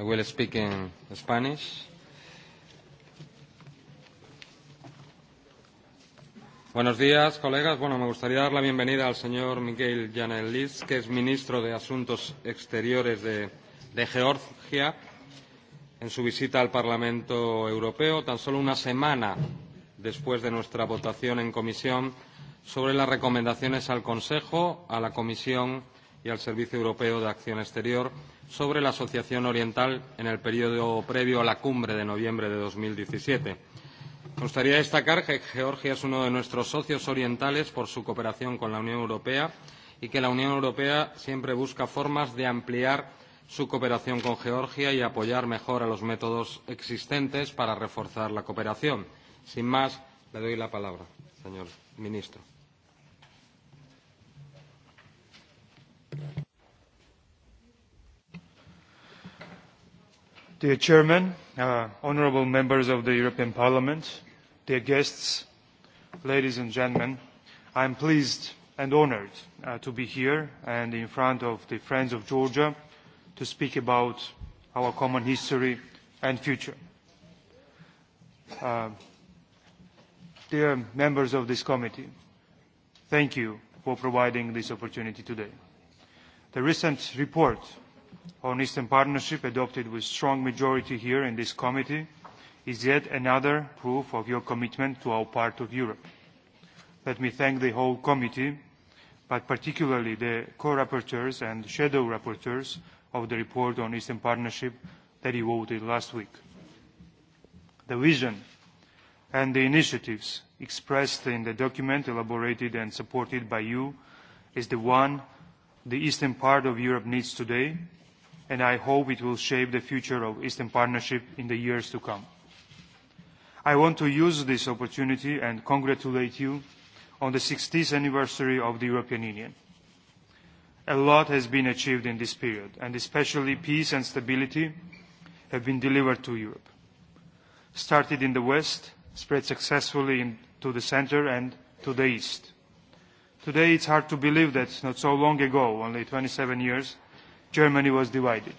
I will speak in Spanish. Buenos días, colegas. Bueno, me gustaría dar la bienvenida al señor Miguel Yaneliz, que es ministro de Asuntos Exteriores de, de Georgia, en su visita al Parlamento Europeo, tan solo una semana después de nuestra votación en comisión sobre las recomendaciones al Consejo, a la Comisión y al Servicio Europeo de Acción Exterior sobre la Asociación Oriental en el periodo previo a la cumbre de noviembre de 2017. Me gustaría destacar que Georgia es uno de nuestros socios orientales por su cooperación con la Unión Europea y que la Unión Europea siempre busca formas de ampliar su cooperación con Georgia y apoyar mejor a los métodos existentes para reforzar la cooperación. Sin más, le doy la palabra, señor ministro. Dear Chairman, uh, honorable members of the European Parliament, dear guests, ladies and gentlemen, I am pleased and honored uh, to be here and in front of the Friends of Georgia to speak about our common history and future. Uh, dear members of this committee, thank you for providing this opportunity today. The recent report on Eastern Partnership adopted with strong majority here in this committee is yet another proof of your commitment to our part of Europe. Let me thank the whole committee, but particularly the co-rapporteurs and shadow rapporteurs of the report on Eastern Partnership that you voted last week. The vision and the initiatives expressed in the document elaborated and supported by you is the one the eastern part of Europe needs today, and I hope it will shape the future of Eastern Partnership in the years to come. I want to use this opportunity and congratulate you on the 60th anniversary of the European Union. A lot has been achieved in this period, and especially peace and stability have been delivered to Europe. Started in the West, spread successfully in, to the center and to the East. Today it's hard to believe that not so long ago, only 27 years, Germany was divided.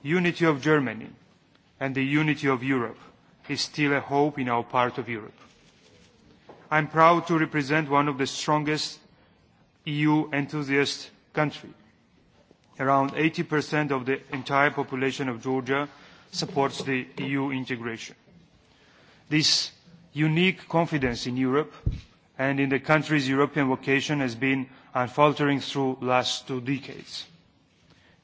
Unity of Germany and the unity of Europe is still a hope in our part of Europe. I'm proud to represent one of the strongest EU enthusiast countries. Around 80% of the entire population of Georgia supports the EU integration. This unique confidence in Europe and in the country's European vocation has been unfaltering through last two decades.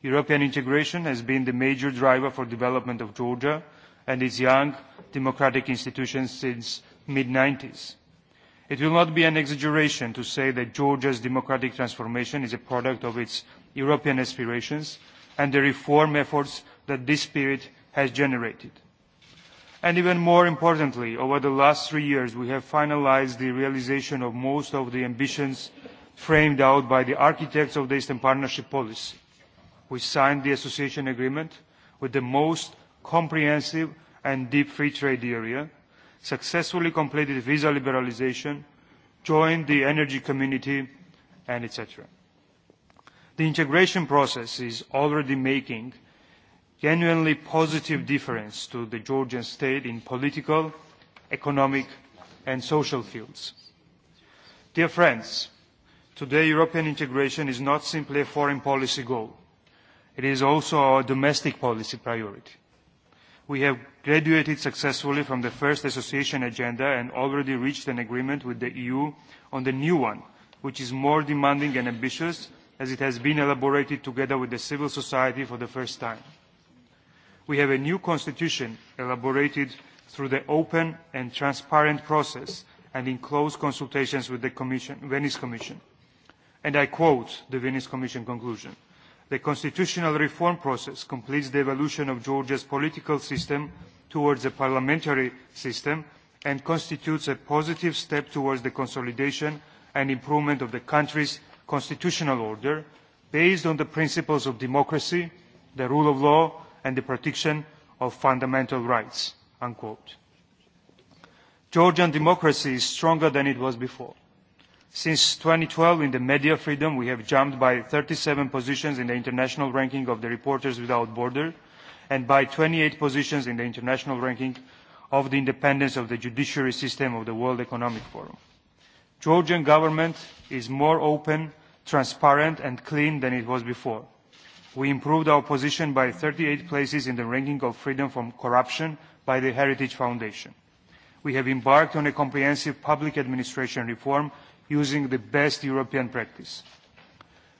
European integration has been the major driver for development of Georgia and its young democratic institutions since mid-90s. It will not be an exaggeration to say that Georgia's democratic transformation is a product of its European aspirations and the reform efforts that this spirit has generated. And even more importantly, over the last three years, we have finalized the realization of most of the ambitions framed out by the architects of the Eastern Partnership Policy. We signed the association agreement with the most comprehensive and deep free trade area, successfully completed visa liberalization, joined the energy community, and etc. The integration process is already making genuinely positive difference to the Georgian state in political, economic and social fields. Dear friends, today European integration is not simply a foreign policy goal. It is also our domestic policy priority. We have graduated successfully from the first association agenda and already reached an agreement with the EU on the new one, which is more demanding and ambitious as it has been elaborated together with the civil society for the first time we have a new constitution elaborated through the open and transparent process and in close consultations with the commission, Venice Commission. And I quote the Venice Commission conclusion. The constitutional reform process completes the evolution of Georgia's political system towards a parliamentary system and constitutes a positive step towards the consolidation and improvement of the country's constitutional order based on the principles of democracy, the rule of law, and the protection of fundamental rights." Unquote. Georgian democracy is stronger than it was before. Since 2012, in the media freedom, we have jumped by 37 positions in the international ranking of the Reporters Without Borders, and by 28 positions in the international ranking of the independence of the judiciary system of the World Economic Forum. Georgian government is more open, transparent and clean than it was before. We improved our position by 38 places in the ranking of freedom from corruption by the Heritage Foundation. We have embarked on a comprehensive public administration reform using the best European practice.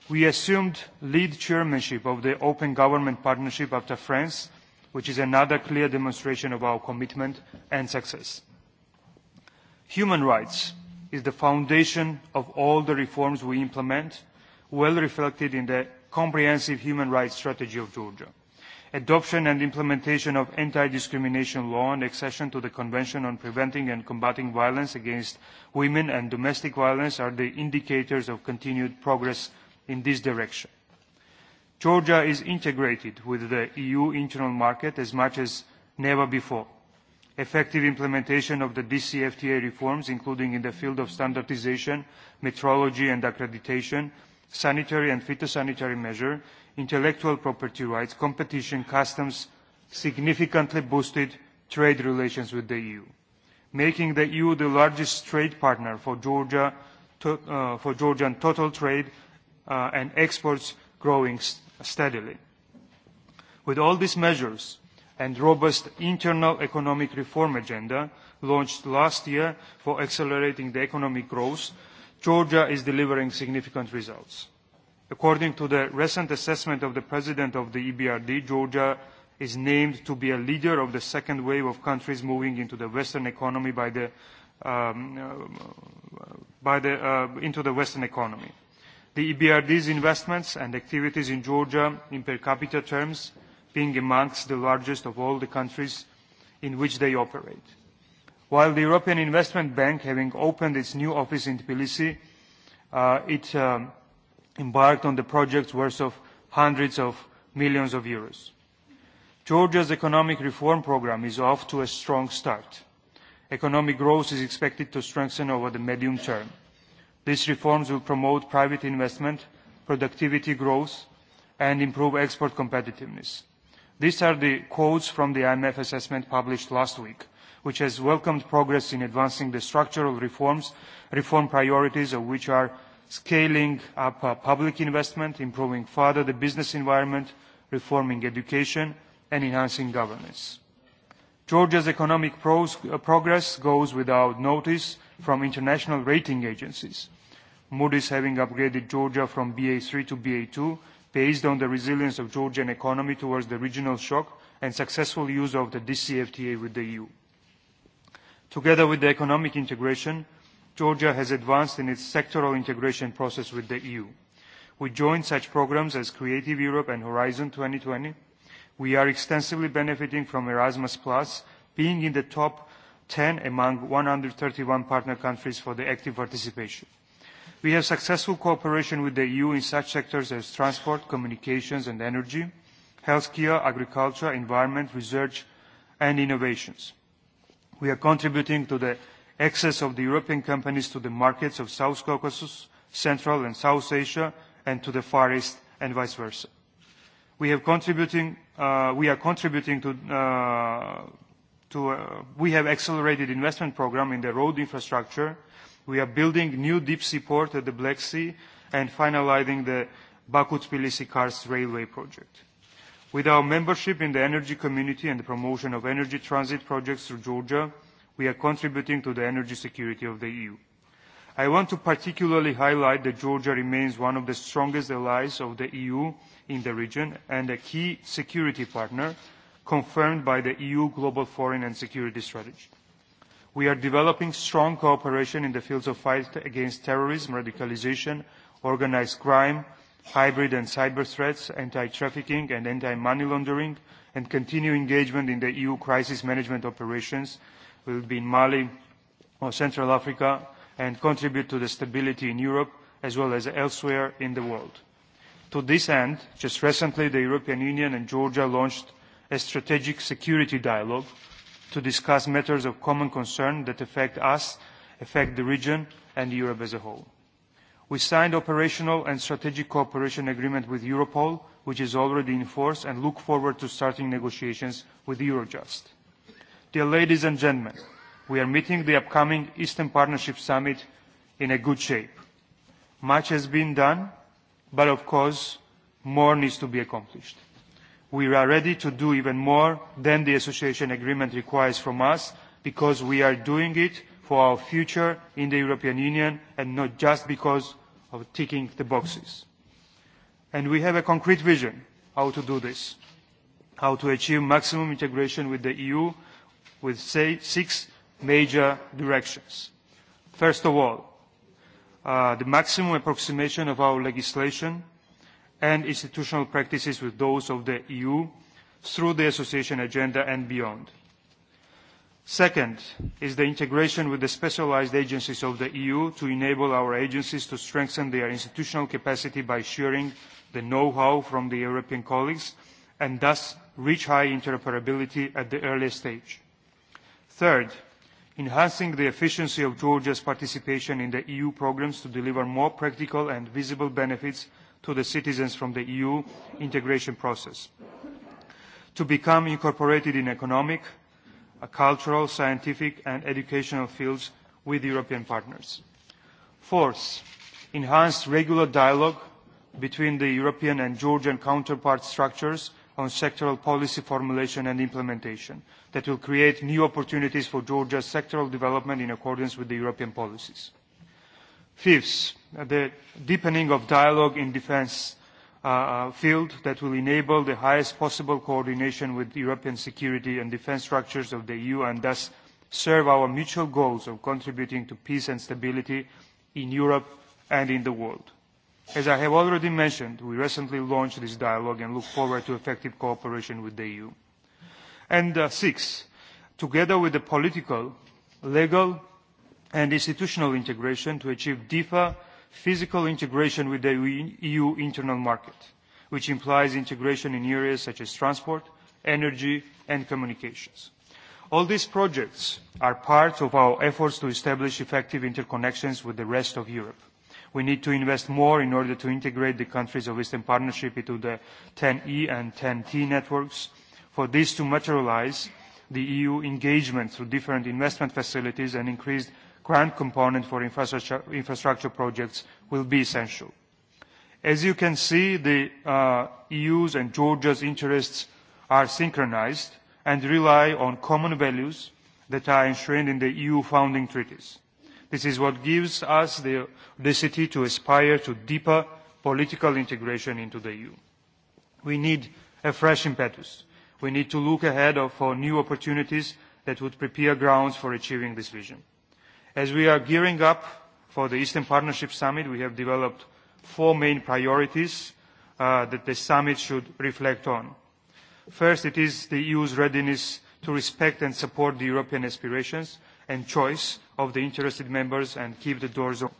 We assumed lead chairmanship of the Open Government Partnership after France, which is another clear demonstration of our commitment and success. Human rights is the foundation of all the reforms we implement, well reflected in the comprehensive human rights strategy of Georgia, adoption and implementation of anti-discrimination law and accession to the Convention on Preventing and Combating Violence Against Women and Domestic Violence are the indicators of continued progress in this direction. Georgia is integrated with the EU internal market as much as never before. Effective implementation of the DCFTA reforms, including in the field of standardization, metrology and accreditation, sanitary and phytosanitary measure, intellectual property rights, competition, customs, significantly boosted trade relations with the EU, making the EU the largest trade partner for Georgia, to, uh, for Georgian total trade uh, and exports growing st steadily. With all these measures and robust internal economic reform agenda launched last year for accelerating the economic growth, Georgia is delivering significant results. According to the recent assessment of the president of the EBRD, Georgia is named to be a leader of the second wave of countries moving into the Western economy by the, um, uh, uh, into the Western economy. The EBRD's investments and activities in Georgia in per capita terms being amongst the largest of all the countries in which they operate. While the European Investment Bank, having opened its new office in Tbilisi, uh, it um, embarked on the projects worth of hundreds of millions of euros. Georgia's economic reform program is off to a strong start. Economic growth is expected to strengthen over the medium term. These reforms will promote private investment, productivity growth, and improve export competitiveness. These are the quotes from the IMF assessment published last week which has welcomed progress in advancing the structural reforms, reform priorities of which are scaling up uh, public investment, improving further the business environment, reforming education, and enhancing governance. Georgia's economic pros, uh, progress goes without notice from international rating agencies. Moody's having upgraded Georgia from BA3 to BA2 based on the resilience of Georgian economy towards the regional shock and successful use of the DCFTA with the EU. Together with the economic integration, Georgia has advanced in its sectoral integration process with the EU. We joined such programs as Creative Europe and Horizon 2020. We are extensively benefiting from Erasmus+, being in the top 10 among 131 partner countries for the active participation. We have successful cooperation with the EU in such sectors as transport, communications and energy, healthcare, agriculture, environment, research and innovations. We are contributing to the access of the European companies to the markets of South Caucasus, Central and South Asia, and to the Far East, and vice versa. We, have contributing, uh, we are contributing to, uh, to uh, we have accelerated investment program in the road infrastructure. We are building new deep sea port at the Black Sea and finalizing the Baku-Tbilisi-Kars railway project. With our membership in the energy community and the promotion of energy transit projects through Georgia, we are contributing to the energy security of the EU. I want to particularly highlight that Georgia remains one of the strongest allies of the EU in the region and a key security partner confirmed by the EU Global Foreign and Security Strategy. We are developing strong cooperation in the fields of fight against terrorism, radicalization, organized crime, hybrid and cyber threats, anti-trafficking and anti-money laundering, and continue engagement in the EU crisis management operations will be in Mali or Central Africa and contribute to the stability in Europe as well as elsewhere in the world. To this end, just recently, the European Union and Georgia launched a strategic security dialogue to discuss matters of common concern that affect us, affect the region, and Europe as a whole. We signed operational and strategic cooperation agreement with Europol, which is already in force, and look forward to starting negotiations with Eurojust. Dear ladies and gentlemen, we are meeting the upcoming Eastern Partnership Summit in a good shape. Much has been done, but of course, more needs to be accomplished. We are ready to do even more than the association agreement requires from us because we are doing it for our future in the European Union and not just because of ticking the boxes. And we have a concrete vision how to do this, how to achieve maximum integration with the EU with, say, six major directions. First of all, uh, the maximum approximation of our legislation and institutional practices with those of the EU through the association agenda and beyond Second is the integration with the specialized agencies of the EU to enable our agencies to strengthen their institutional capacity by sharing the know-how from the European colleagues and thus reach high interoperability at the earliest stage. Third, enhancing the efficiency of Georgia's participation in the EU programs to deliver more practical and visible benefits to the citizens from the EU integration process. To become incorporated in economic, cultural, scientific and educational fields with European partners. Fourth, enhanced regular dialogue between the European and Georgian counterpart structures on sectoral policy formulation and implementation that will create new opportunities for Georgia's sectoral development in accordance with the European policies. Fifth, the deepening of dialogue in defence Uh, uh, field that will enable the highest possible coordination with European security and defence structures of the EU and thus serve our mutual goals of contributing to peace and stability in Europe and in the world. As I have already mentioned, we recently launched this dialogue and look forward to effective cooperation with the EU. And uh, six, together with the political, legal and institutional integration to achieve deeper physical integration with the EU internal market, which implies integration in areas such as transport, energy and communications. All these projects are part of our efforts to establish effective interconnections with the rest of Europe. We need to invest more in order to integrate the countries of Eastern Partnership into the 10E and 10T networks. For this to materialize, the EU engagement through different investment facilities and increased grant component for infrastructure, projects will be essential. As you can see, the uh, EU's and Georgia's interests are synchronized and rely on common values that are enshrined in the EU founding treaties. This is what gives us the audacity to aspire to deeper political integration into the EU. We need a fresh impetus. We need to look ahead for new opportunities that would prepare grounds for achieving this vision. As we are gearing up for the Eastern Partnership Summit, we have developed four main priorities uh, that the summit should reflect on. First, it is the EU's readiness to respect and support the European aspirations and choice of the interested members and keep the doors open.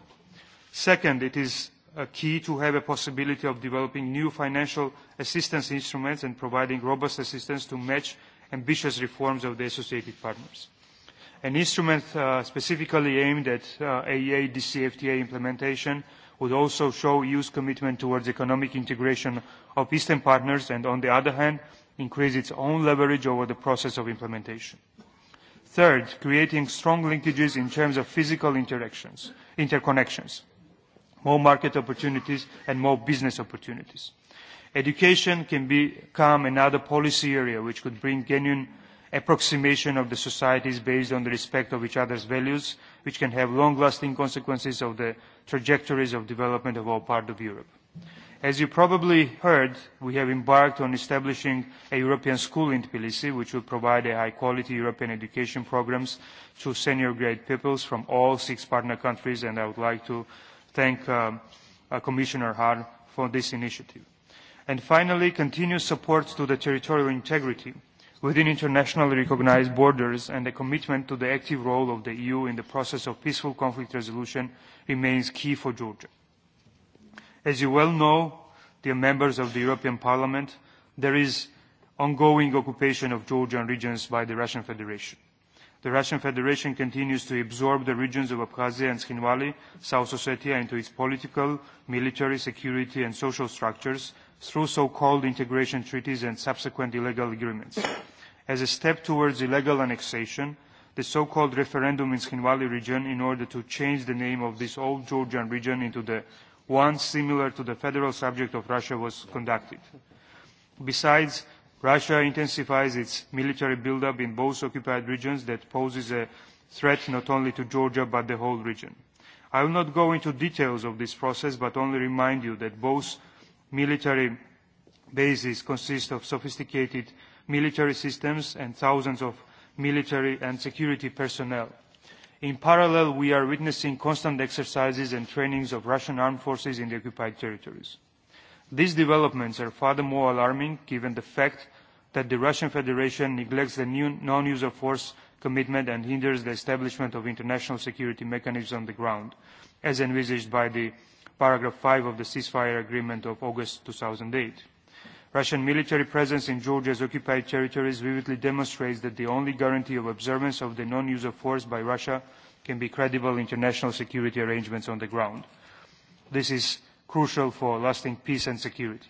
Second, it is a key to have a possibility of developing new financial assistance instruments and providing robust assistance to match ambitious reforms of the associated partners. An instrument uh, specifically aimed at uh, AEA DCFTA implementation would also show EU's commitment towards economic integration of Eastern partners and, on the other hand, increase its own leverage over the process of implementation. Third, creating strong linkages in terms of physical interactions, interconnections, more market opportunities and more business opportunities. Education can become another policy area which could bring genuine approximation of the societies based on the respect of each other's values, which can have long-lasting consequences of the trajectories of development of all parts of Europe. As you probably heard, we have embarked on establishing a European school in Tbilisi, which will provide a high-quality European education programs to senior grade pupils from all six partner countries, and I would like to thank um, uh, Commissioner Hahn for this initiative. And finally, continuous support to the territorial integrity within internationally recognized borders and a commitment to the active role of the EU in the process of peaceful conflict resolution remains key for Georgia. As you well know, dear members of the European Parliament, there is ongoing occupation of Georgian regions by the Russian Federation. The Russian Federation continues to absorb the regions of Abkhazia and Skinvali, South Ossetia, into its political, military, security and social structures through so-called integration treaties and subsequent illegal agreements as a step towards illegal annexation, the so-called referendum in Skinwali region in order to change the name of this old Georgian region into the one similar to the federal subject of Russia was conducted. Besides, Russia intensifies its military buildup in both occupied regions that poses a threat not only to Georgia but the whole region. I will not go into details of this process but only remind you that both military bases consist of sophisticated military systems and thousands of military and security personnel. In parallel, we are witnessing constant exercises and trainings of Russian armed forces in the occupied territories. These developments are more alarming given the fact that the Russian Federation neglects the non-use of force commitment and hinders the establishment of international security mechanisms on the ground, as envisaged by the paragraph 5 of the ceasefire agreement of August 2008. Russian military presence in Georgia's occupied territories vividly demonstrates that the only guarantee of observance of the non-use of force by Russia can be credible international security arrangements on the ground. This is crucial for lasting peace and security.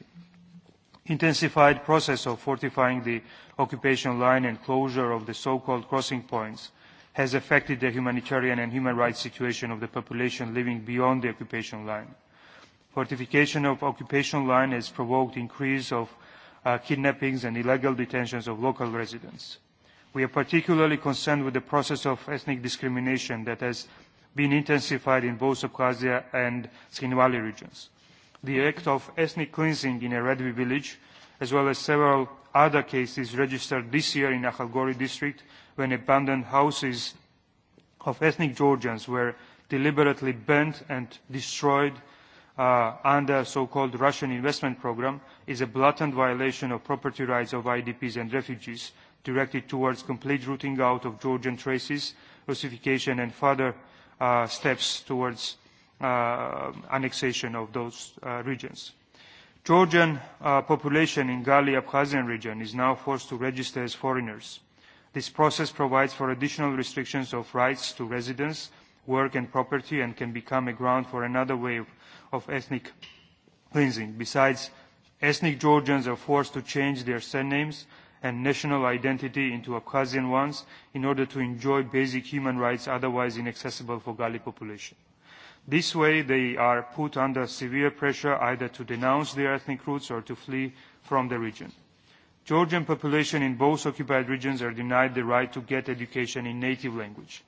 Intensified process of fortifying the occupation line and closure of the so-called crossing points has affected the humanitarian and human rights situation of the population living beyond the occupation line Fortification of occupation line has provoked increase of uh, kidnappings and illegal detentions of local residents. We are particularly concerned with the process of ethnic discrimination that has been intensified in both Abkhazia and Srinivali regions. The act of ethnic cleansing in a Redvi village, as well as several other cases registered this year in Akhalgori district, when abandoned houses of ethnic Georgians were deliberately burnt and destroyed uh, under so-called Russian investment program is a blatant violation of property rights of IDPs and refugees directed towards complete rooting out of Georgian traces, Russification and further uh, steps towards uh, annexation of those uh, regions. Georgian uh, population in Gali-Abkhazian region is now forced to register as foreigners. This process provides for additional restrictions of rights to residence, work and property and can become a ground for another wave of ethnic cleansing. Besides, ethnic Georgians are forced to change their surnames and national identity into Abkhazian ones in order to enjoy basic human rights otherwise inaccessible for Gali population. This way, they are put under severe pressure either to denounce their ethnic roots or to flee from the region. Georgian population in both occupied regions are denied the right to get education in native language.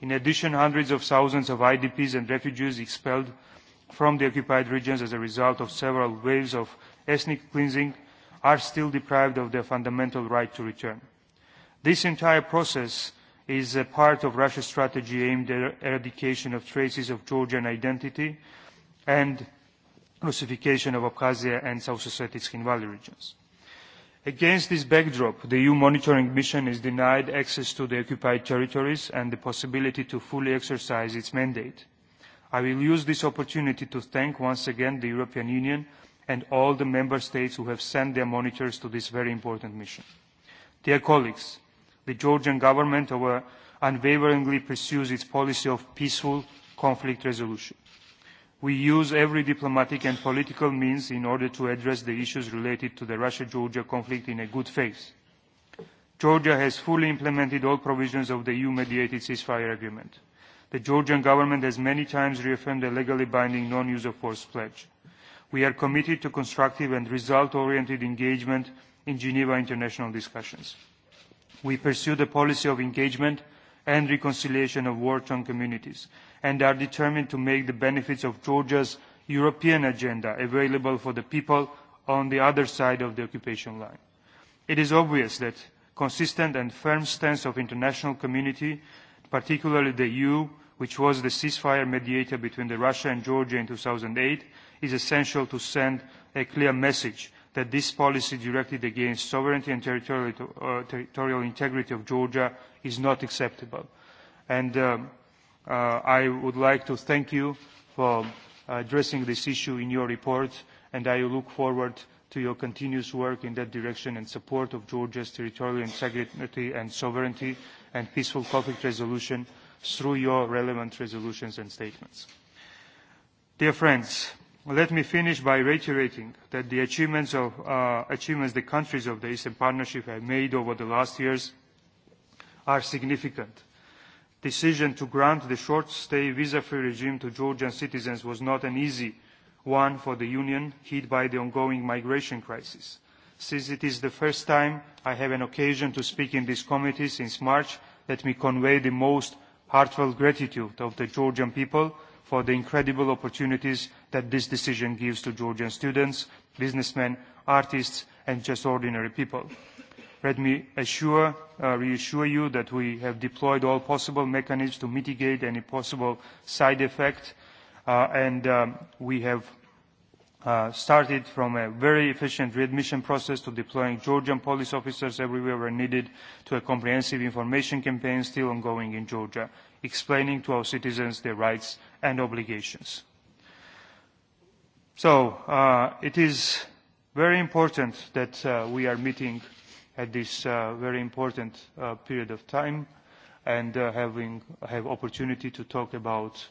In addition, hundreds of thousands of IDPs and refugees expelled from the occupied regions as a result of several waves of ethnic cleansing are still deprived of their fundamental right to return. This entire process is a part of Russia's strategy aimed at eradication of traces of Georgian identity and Russification of Abkhazia and South Ossetia's Khinvali regions. Against this backdrop, the EU monitoring mission is denied access to the occupied territories and the possibility to fully exercise its mandate. I will use this opportunity to thank once again the European Union and all the member states who have sent their monitors to this very important mission. Dear colleagues, the Georgian government unwaveringly pursues its policy of peaceful conflict resolution. We use every diplomatic and political means in order to address the issues related to the Russia-Georgia conflict in a good faith. Georgia has fully implemented all provisions of the EU-mediated ceasefire agreement. The Georgian government has many times reaffirmed a legally binding non-use of force pledge. We are committed to constructive and result-oriented engagement in Geneva international discussions. We pursue the policy of engagement and reconciliation of war-torn communities and are determined to make the benefits of Georgia's European agenda available for the people on the other side of the occupation line. It is obvious that consistent and firm stance of international community, particularly the EU, which was the ceasefire mediator between the Russia and Georgia in 2008, is essential to send a clear message that this policy directed against sovereignty and territorial, uh, territorial integrity of Georgia is not acceptable. And um, uh, I would like to thank you for addressing this issue in your report, and I look forward to your continuous work in that direction and support of Georgia's territorial integrity and sovereignty and peaceful conflict resolution through your relevant resolutions and statements. Dear friends, let me finish by reiterating that the achievements, of, uh, achievements the countries of the Eastern Partnership have made over the last years are significant. Decision to grant the short-stay visa-free regime to Georgian citizens was not an easy one for the Union, hit by the ongoing migration crisis. Since it is the first time I have an occasion to speak in this committee since March, let me convey the most heartfelt gratitude of the Georgian people for the incredible opportunities that this decision gives to Georgian students, businessmen, artists, and just ordinary people. Let me assure, uh, reassure you that we have deployed all possible mechanisms to mitigate any possible side effect, uh, and um, we have Uh, started from a very efficient readmission process to deploying Georgian police officers everywhere where needed to a comprehensive information campaign still ongoing in Georgia, explaining to our citizens their rights and obligations. So uh, it is very important that uh, we are meeting at this very important period of time and having have opportunity to talk about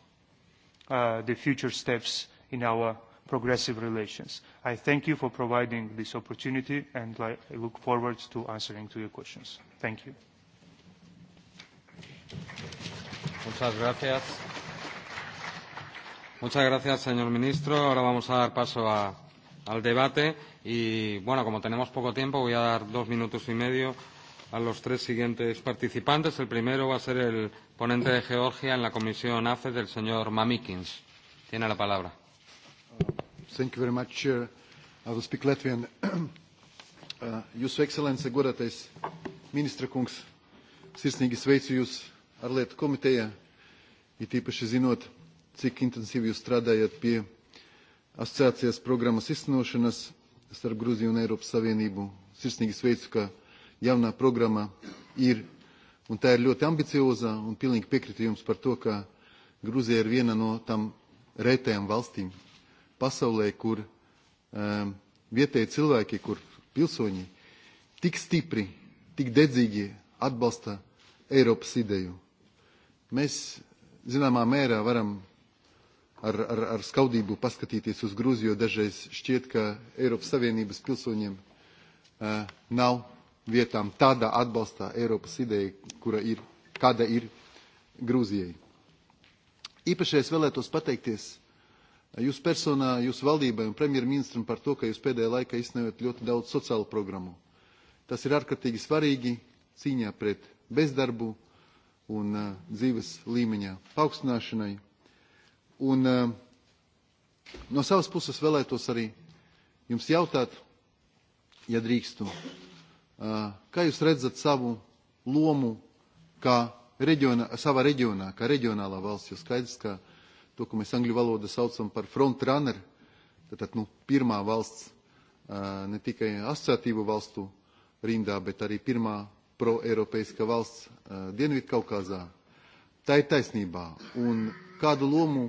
the future steps in our progressive relations. I thank you for providing this opportunity and I look forward to answering to your questions. Thank you. Muchas gracias. Muchas gracias, señor ministro. Ahora vamos a dar paso a, al debate y, bueno, como tenemos poco tiempo, voy a dar dos minutos y medio a los tres siguientes participantes. El primero va a ser el ponente de Georgia en la comisión AFES, el señor Mamikins. Tiene la palabra. Thank you very much, Chair. I will speak Latvian. Uh, Jūsu ekscelence, godātais ministra kungs, sirsnīgi sveicu jūs ārlietu komitejā, it īpaši zinot, cik intensīvi jūs strādājat pie asociācijas programmas izcinošanas starp Grūziju un Eiropas Savienību. Sirsnīgi sveicu, ka jaunā programma ir, un tā ir ļoti ambicioza, un pilnīgi piekritu jums par to, ka Grūzija ir viena no tam retajām valstīm, pasaulē, kur um, vietējie cilvēki, kur pilsoņi tik stipri, tik dedzīgi atbalsta Eiropas ideju. Mēs zināmā mērā varam ar, ar, ar skaudību paskatīties uz Grūziju, jo dažreiz šķiet, ka Eiropas Savienības pilsoņiem uh, nav vietām tādā atbalstā Eiropas ideja, kura ir, kāda ir Grūzijai. Īpašais vēlētos pateikties Jūs personā, jūs valdībai un premjerministram par to, ka jūs pēdējā laikā izsniedzat ļoti daudz sociālu programmu. Tas ir ārkārtīgi svarīgi cīņā pret bezdarbu un uh, dzīves līmeņa paaugstināšanai. Un uh, no savas puses vēlētos arī jums jautāt, ja drīkstu, uh, kā jūs redzat savu lomu kā reģiona, savā reģionā, kā reģionālā valsts, jo skaidrs, ka uh, to, ko mēs angļu valodā saucam par frontrunner, tātad nu, no, pirmā valsts eh, ne tikai asociatīvu valstu rindā, bet arī pirmā proeiropeiska valsts eh, Dienvidkaukazā. Tā ir taisnībā. Un kādu lomu,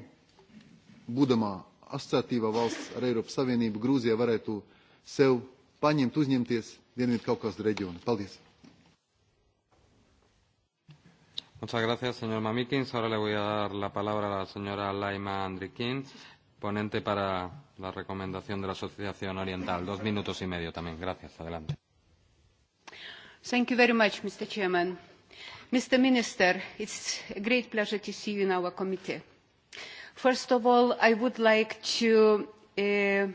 būdama asociatīvā valsts ar Eiropas Savienību, Grūzija varētu sev paņemt, uzņemties Dienvidkaukazas reģionu? Paldies! Muchas gracias, señor Mamikins. Ahora le voy a dar la palabra a la señora Laima Andriquín, ponente para la recomendación de la Asociación Oriental. Dos minutos y medio también. Gracias. Adelante. Thank you very much, Mr. Chairman. Mr. Minister, it's a great pleasure to see you in our committee. First of all, I would like to uh,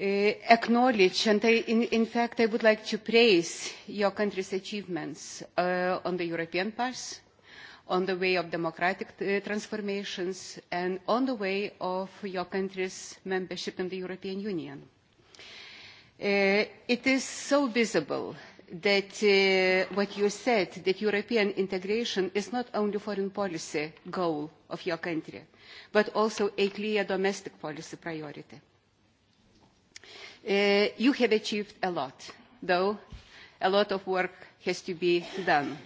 Uh, acknowledge, and in, fact, I would like to praise your country's achievements uh, on the European path, on the way of democratic uh, transformations, and on the way of your country's membership in the European Union. it is so visible that what you said, that European integration is not only foreign policy goal of your country, but also a clear domestic policy priority Uh, you have achieved a lot, though a lot of work has to be done.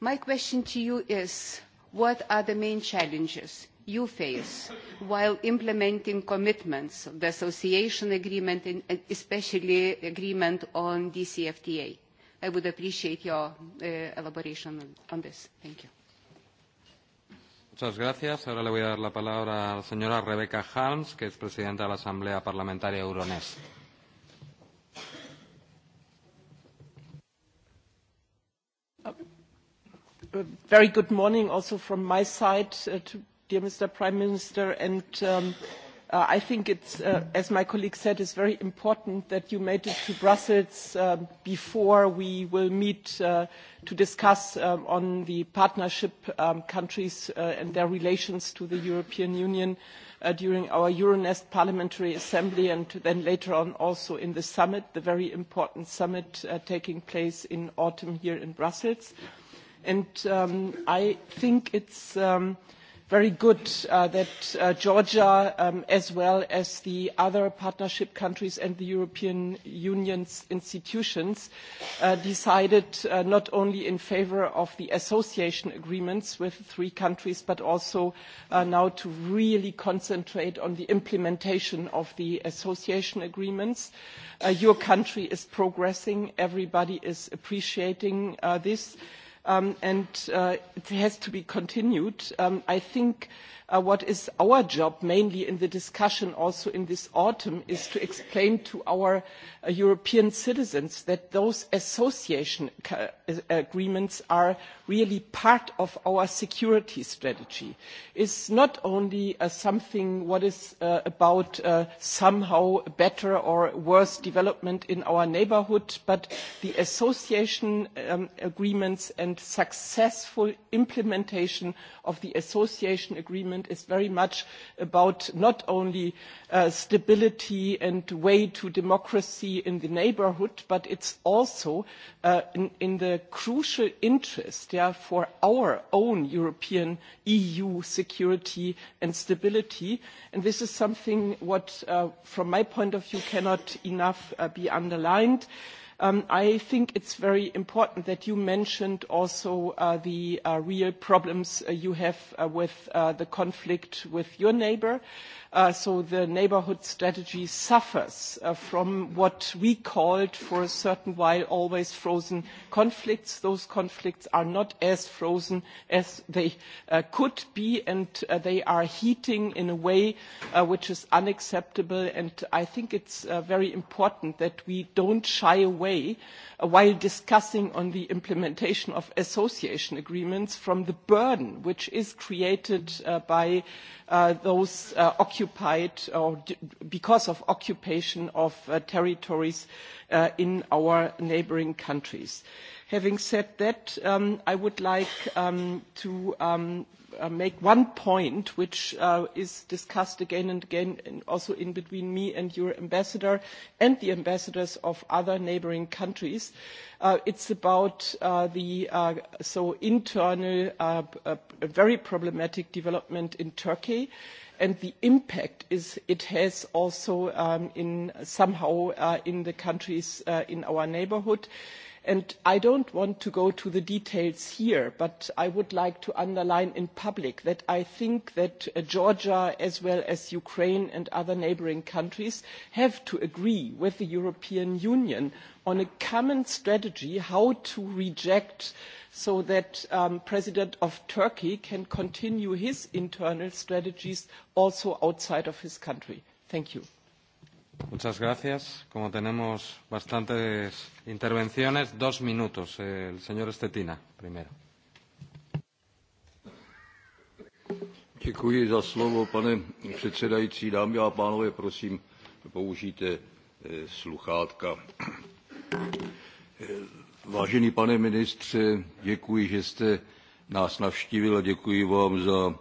My question to you is, what are the main challenges you face while implementing commitments of the association agreement and especially agreement on DCFTA? I would appreciate your uh, elaboration on this. Thank you. Muchas gracias. Ahora le voy a dar la palabra a la señora Rebeca Harms, que es presidenta de la Asamblea Parlamentaria Euronest. very good morning also from my side uh, to dear Mr. Prime Minister. And um, uh, I think it's, uh, as my colleague said, it's very important that you made it to Brussels uh, before we will meet uh, to discuss um, on the partnership um, countries uh, and their relations to the European Union uh, during our Euronest Parliamentary Assembly and then later on also in the summit, the very important summit uh, taking place in autumn here in Brussels. And um, I think it's um, very good uh, that uh, Georgia, um, as well as the other partnership countries and the European Union's institutions, uh, decided uh, not only in favour of the association agreements with three countries, but also uh, now to really concentrate on the implementation of the association agreements. Uh, your country is progressing. Everybody is appreciating this. Uh, um, and uh, it has to be continued. Um, I think Uh, what is our job mainly in the discussion also in this autumn is to explain to our uh, european citizens that those association uh, agreements are really part of our security strategy. it is not only something that is about somehow better or worse development in our neighbourhood but the association um, agreements and successful implementation of the association agreement agreement is very much about not only uh, stability and the way to democracy in the neighbourhood, but it is also uh, in, the crucial interest yeah, for our own European EU security and stability. And this is something what, uh, from my point of view, cannot be underlined. enough. Um, I think it's very important that you mentioned also uh, the uh, real problems uh, you have with the conflict with your neighbor. Uh, so the neighbourhood strategy suffers uh, from what we called for a certain while always frozen conflicts. Those conflicts are not as frozen as they uh, could be and they are heating in a way which is unacceptable and I think it's very important that we don't shy away while discussing on the implementation of association agreements from the burden which is created by those occupations occupied or because of occupation of uh, territories uh, in our neighbouring countries. Having said that, um, I would like um, to um, uh, make one point which uh, is discussed again and again and also in between me and your ambassador and the ambassadors of other neighbouring countries. Uh, it's about uh, the uh, so internal, uh, uh, very problematic development in Turkey. Uh, and the impact is, it has also um, in somehow uh, in the countries uh, in our neighbourhood. And I don't want to go to the details here, but I would like to underline in public that I think that uh, Georgia, as well as Ukraine and other neighbouring countries, have to agree with the European Union on a common strategy how to reject uh, so that um, President of Turkey can continue his internal strategies also outside of his country. Thank you. Muchas gracias. Como tenemos bastantes intervenciones, dos minutos. El señor Estetina, primero. Děkuji za slovo, pane předsedající. Dámy a pánové, prosím, použijte eh, sluchátka. Vážený pane ministře, děkuji, že jste nás navštívil a děkuji vám za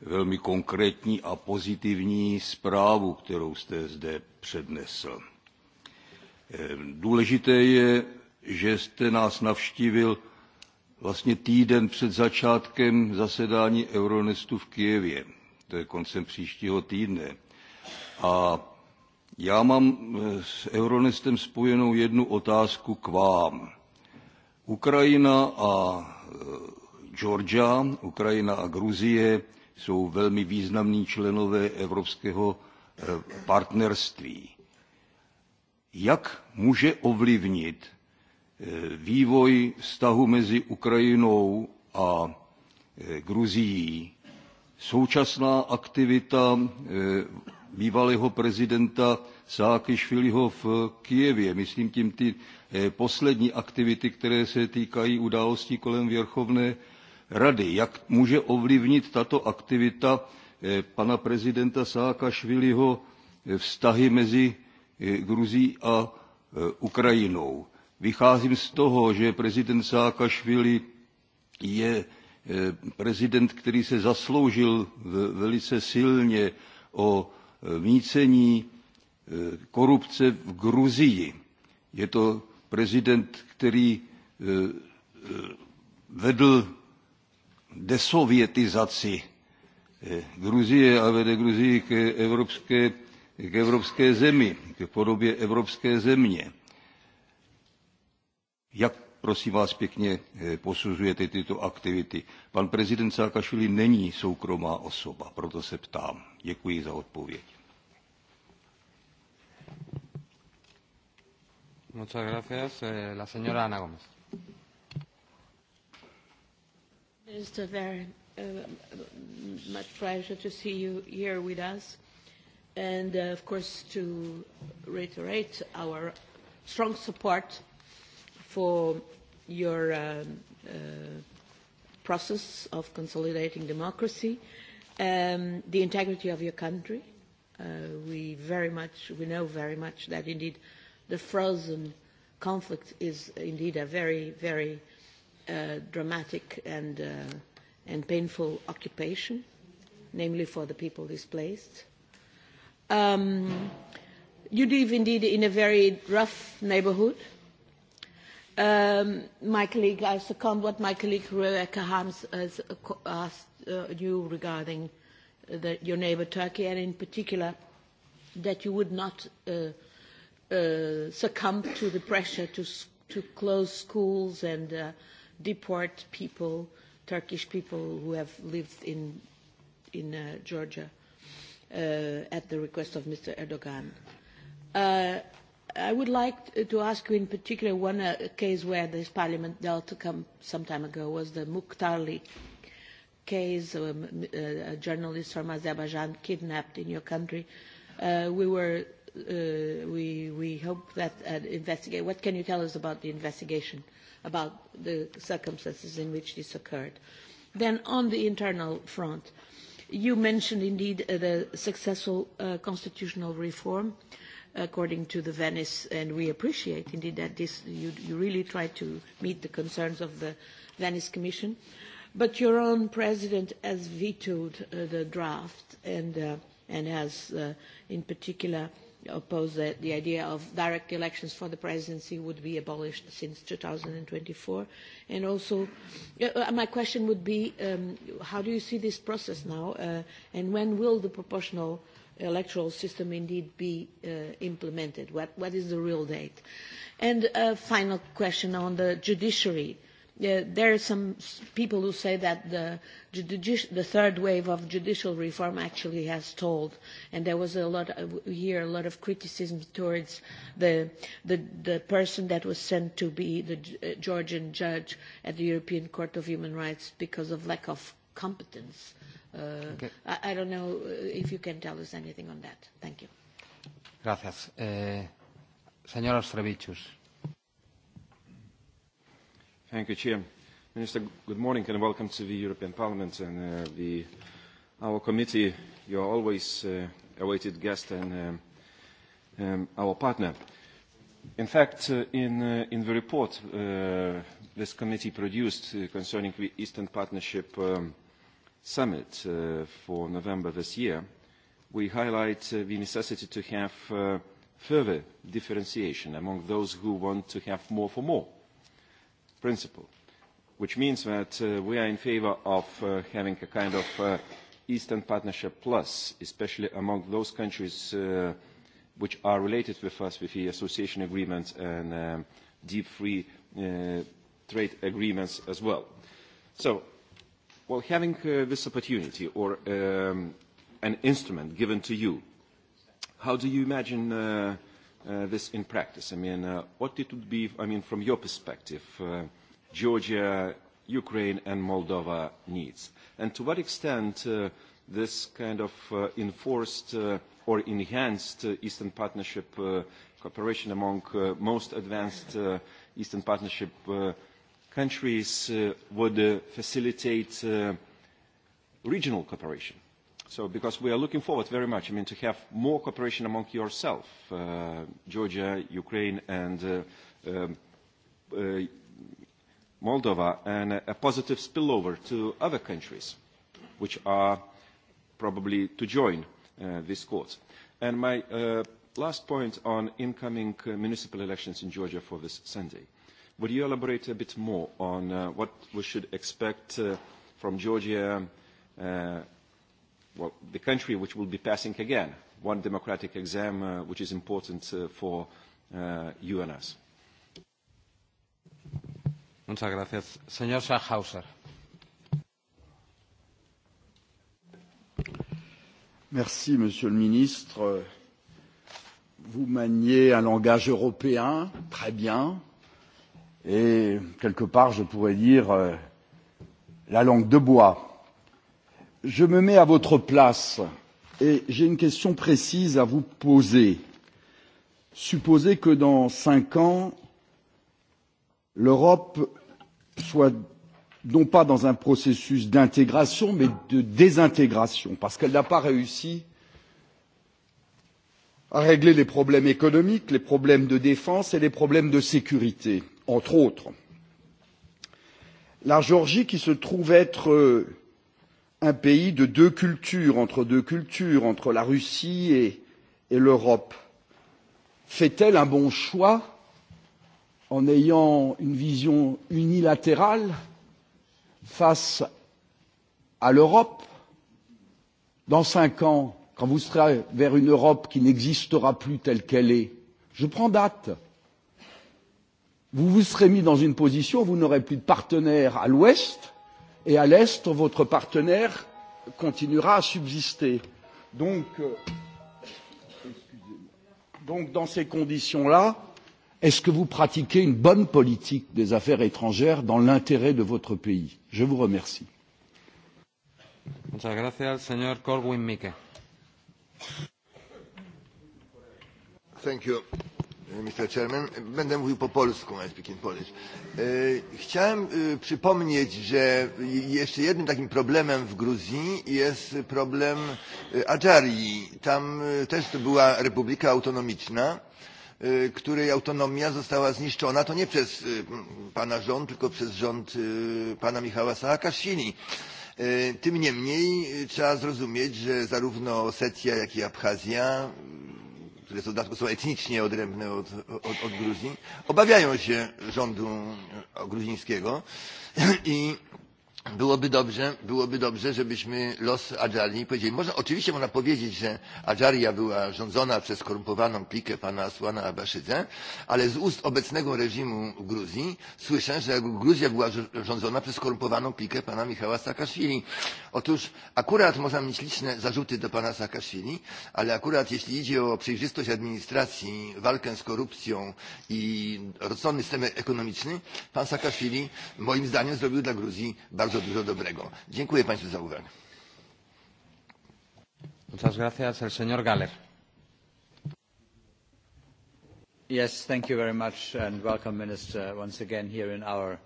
velmi konkrétní a pozitivní zprávu, kterou jste zde přednesl. Ehm, důležité je, že jste nás navštívil vlastně týden před začátkem zasedání Euronestu v Kijevě. To je koncem příštího týdne. A já mám eh, s Euronestem spojenou jednu otázku k vám. Ukrajina a e, Georgia, Ukrajina a Gruzie jsou velmi významní členové evropského e, partnerství. Jak může ovlivnit e, vývoj vztahu mezi Ukrajinou a Gruzií současná aktivita bývalého prezidenta Sákešviliho v Kijevě, myslím tím ty Eh, poslední aktivity, které se týkají událostí kolem Věrchovné rady. Jak může ovlivnit tato aktivita eh, pana prezidenta Saakašviliho eh, vztahy mezi Gruzí a Ukrajinou? Vycházím z toho, že prezident Saakašvili je prezident, který se zasloužil velice silně o mícení korupce v Gruzii. Je to prezident, který eh, eh, vedl desovětizaci eh, Gruzie a vede Gruzii k evropské, k evropské zemi, k podobě evropské země. Jak, prosím vás pěkně, posuzujete tyto aktivity? Pan prezident Saakašvili není soukromá osoba, proto se ptám. Děkuji za odpověď. Muchas gracias. Eh, la señora Ana Gómez. Mr. Barron, uh, much pleasure to see you here with us. And uh, of course, to reiterate our strong support for your um, uh, process of consolidating democracy, um, the integrity of your country. Uh, we very much, we know very much that indeed the frozen conflict is indeed a very, very uh, dramatic and, uh, and painful occupation, namely for the people displaced. Um, you live indeed in a very rough neighborhood. Um, my colleague, I second what my colleague Rebecca Harms has uh, asked uh, you regarding uh, the, your neighbor Turkey, and in particular that you would not uh, uh, to the pressure to, to close schools and uh, deport people, Turkish people who have lived in, in uh, Georgia uh, at the request of Mr. Erdogan. Uh, I would like to ask you in particular one uh, case where this parliament dealt come some time ago was the Mukhtarli case, um, uh, a journalist from Azerbaijan kidnapped in your country. Uh, we were Uh, we, we hope that uh, investigate. What can you tell us about the investigation, about the circumstances in which this occurred? Then on the internal front, you mentioned indeed uh, the successful uh, constitutional reform according to the Venice, and we appreciate indeed that this, you, you really try to meet the concerns of the Venice Commission. But your own president has vetoed uh, the draft and, uh, and has, uh, in particular, uh, oppose the, the idea of direct elections for the presidency would be abolished since 2024. And also, uh, uh, my question would be, um, how do you see this process now, uh, and when will the proportional electoral system indeed be uh, implemented? What, what is the real date? And a uh, final question on the judiciary there are some people who say that the, the third wave of judicial reform actually has told, and there was a lot of, here a lot of criticism towards the, the, the person that was sent to be the uh, Georgian judge at the European Court of Human Rights because of lack of competence. Uh, okay. I, I don't know uh, if you can tell us anything on that. Thank you. Gracias. Eh, señor Ostrovichus. Thank you, Chair. Minister, good morning and welcome to the European Parliament and uh, the, our committee. You are always uh, awaited guest and um, um, our partner. In fact, uh, in, uh, in the report uh, this committee produced uh, concerning the Eastern Partnership um, Summit uh, for November this year, we highlight uh, the necessity to have uh, further differentiation among those who want to have more for more principle, which means that uh, we are in favor of uh, having a kind of uh, Eastern Partnership Plus, especially among those countries which are related with us with the association agreements and um, deep free trade agreements as well. So, well, having this opportunity or um, an instrument given to you, how do you imagine Uh, this in practice? I mean, uh, what it would be, I mean, from your perspective, uh, Georgia, Ukraine and Moldova needs? And to what extent uh, this kind of uh, enforced uh, or enhanced uh, Eastern Partnership uh, cooperation among uh, most advanced uh, Eastern Partnership uh, countries uh, would uh, facilitate uh, regional cooperation? So because we are looking forward very much, I mean, to have more cooperation among yourself, uh, Georgia, Ukraine, and uh, um, uh, Moldova, and a positive spillover to other countries, which are probably to join uh, this court. And my uh, last point on incoming uh, municipal elections in Georgia for this Sunday. Would you elaborate a bit more on uh, what we should expect uh, from Georgia uh, well, the country which will be passing again one democratic exam uh, which is important uh, for uh, you and us. Muchas gracias. Señor Schaffhauser. Merci, Monsieur le Ministre. Vous maniez un langage européen très bien et quelque part, je pourrais dire, euh, la langue de bois je me mets à votre place et j'ai une question précise à vous poser. Supposez que dans cinq ans, l'Europe soit non pas dans un processus d'intégration, mais de désintégration, parce qu'elle n'a pas réussi à régler les problèmes économiques, les problèmes de défense et les problèmes de sécurité, entre autres. La Géorgie, qui se trouve être un pays de deux cultures, entre deux cultures, entre la Russie et, et l'Europe, fait-elle un bon choix en ayant une vision unilatérale face à l'Europe Dans cinq ans, quand vous serez vers une Europe qui n'existera plus telle qu'elle est, je prends date. Vous vous serez mis dans une position, où vous n'aurez plus de partenaires à l'ouest, et à l'est votre partenaire continuera à subsister. donc, euh, donc dans ces conditions là est ce que vous pratiquez une bonne politique des affaires étrangères dans l'intérêt de votre pays? je vous remercie. Muchas gracias, señor Corwin Mikke. Thank you. E, Mr. Chairman. Będę mówił po polsku, I speak in Polish. E, chciałem e, przypomnieć, że jeszcze jednym takim problemem w Gruzji jest problem Adżarii. Tam też to była republika autonomiczna której autonomia została zniszczona to nie przez pana rząd, tylko przez rząd pana Michała Saakaszwili. Tym niemniej trzeba zrozumieć, że zarówno Osetia, jak i Abchazja które są, dodatku są etnicznie odrębne od, od, od Gruzji, obawiają się rządu e, gruzińskiego i byłoby dobrze, byłoby dobrze, żebyśmy los Adżarii powiedzieli. Można, oczywiście można powiedzieć, że Adżaria była rządzona przez skorumpowaną klikę pana Asłana Abaszydze, ale z ust obecnego reżimu w Gruzji słyszę, że Gruzja była rządzona przez skorumpowaną klikę pana Michała Saakaszwili. Otóż akurat można mieć liczne zarzuty do pana Saakaszwili, ale akurat jeśli idzie o przejrzystość administracji, walkę z korupcją i rozsądny system ekonomiczny, pan Saakaszwili moim zdaniem zrobił dla Gruzji bardzo bardzo dużo dobrego. Dziękuję Państwu za uwagę. Muchas gracias, el señor Galler. Yes, thank you very much and welcome, Minister, once again here in our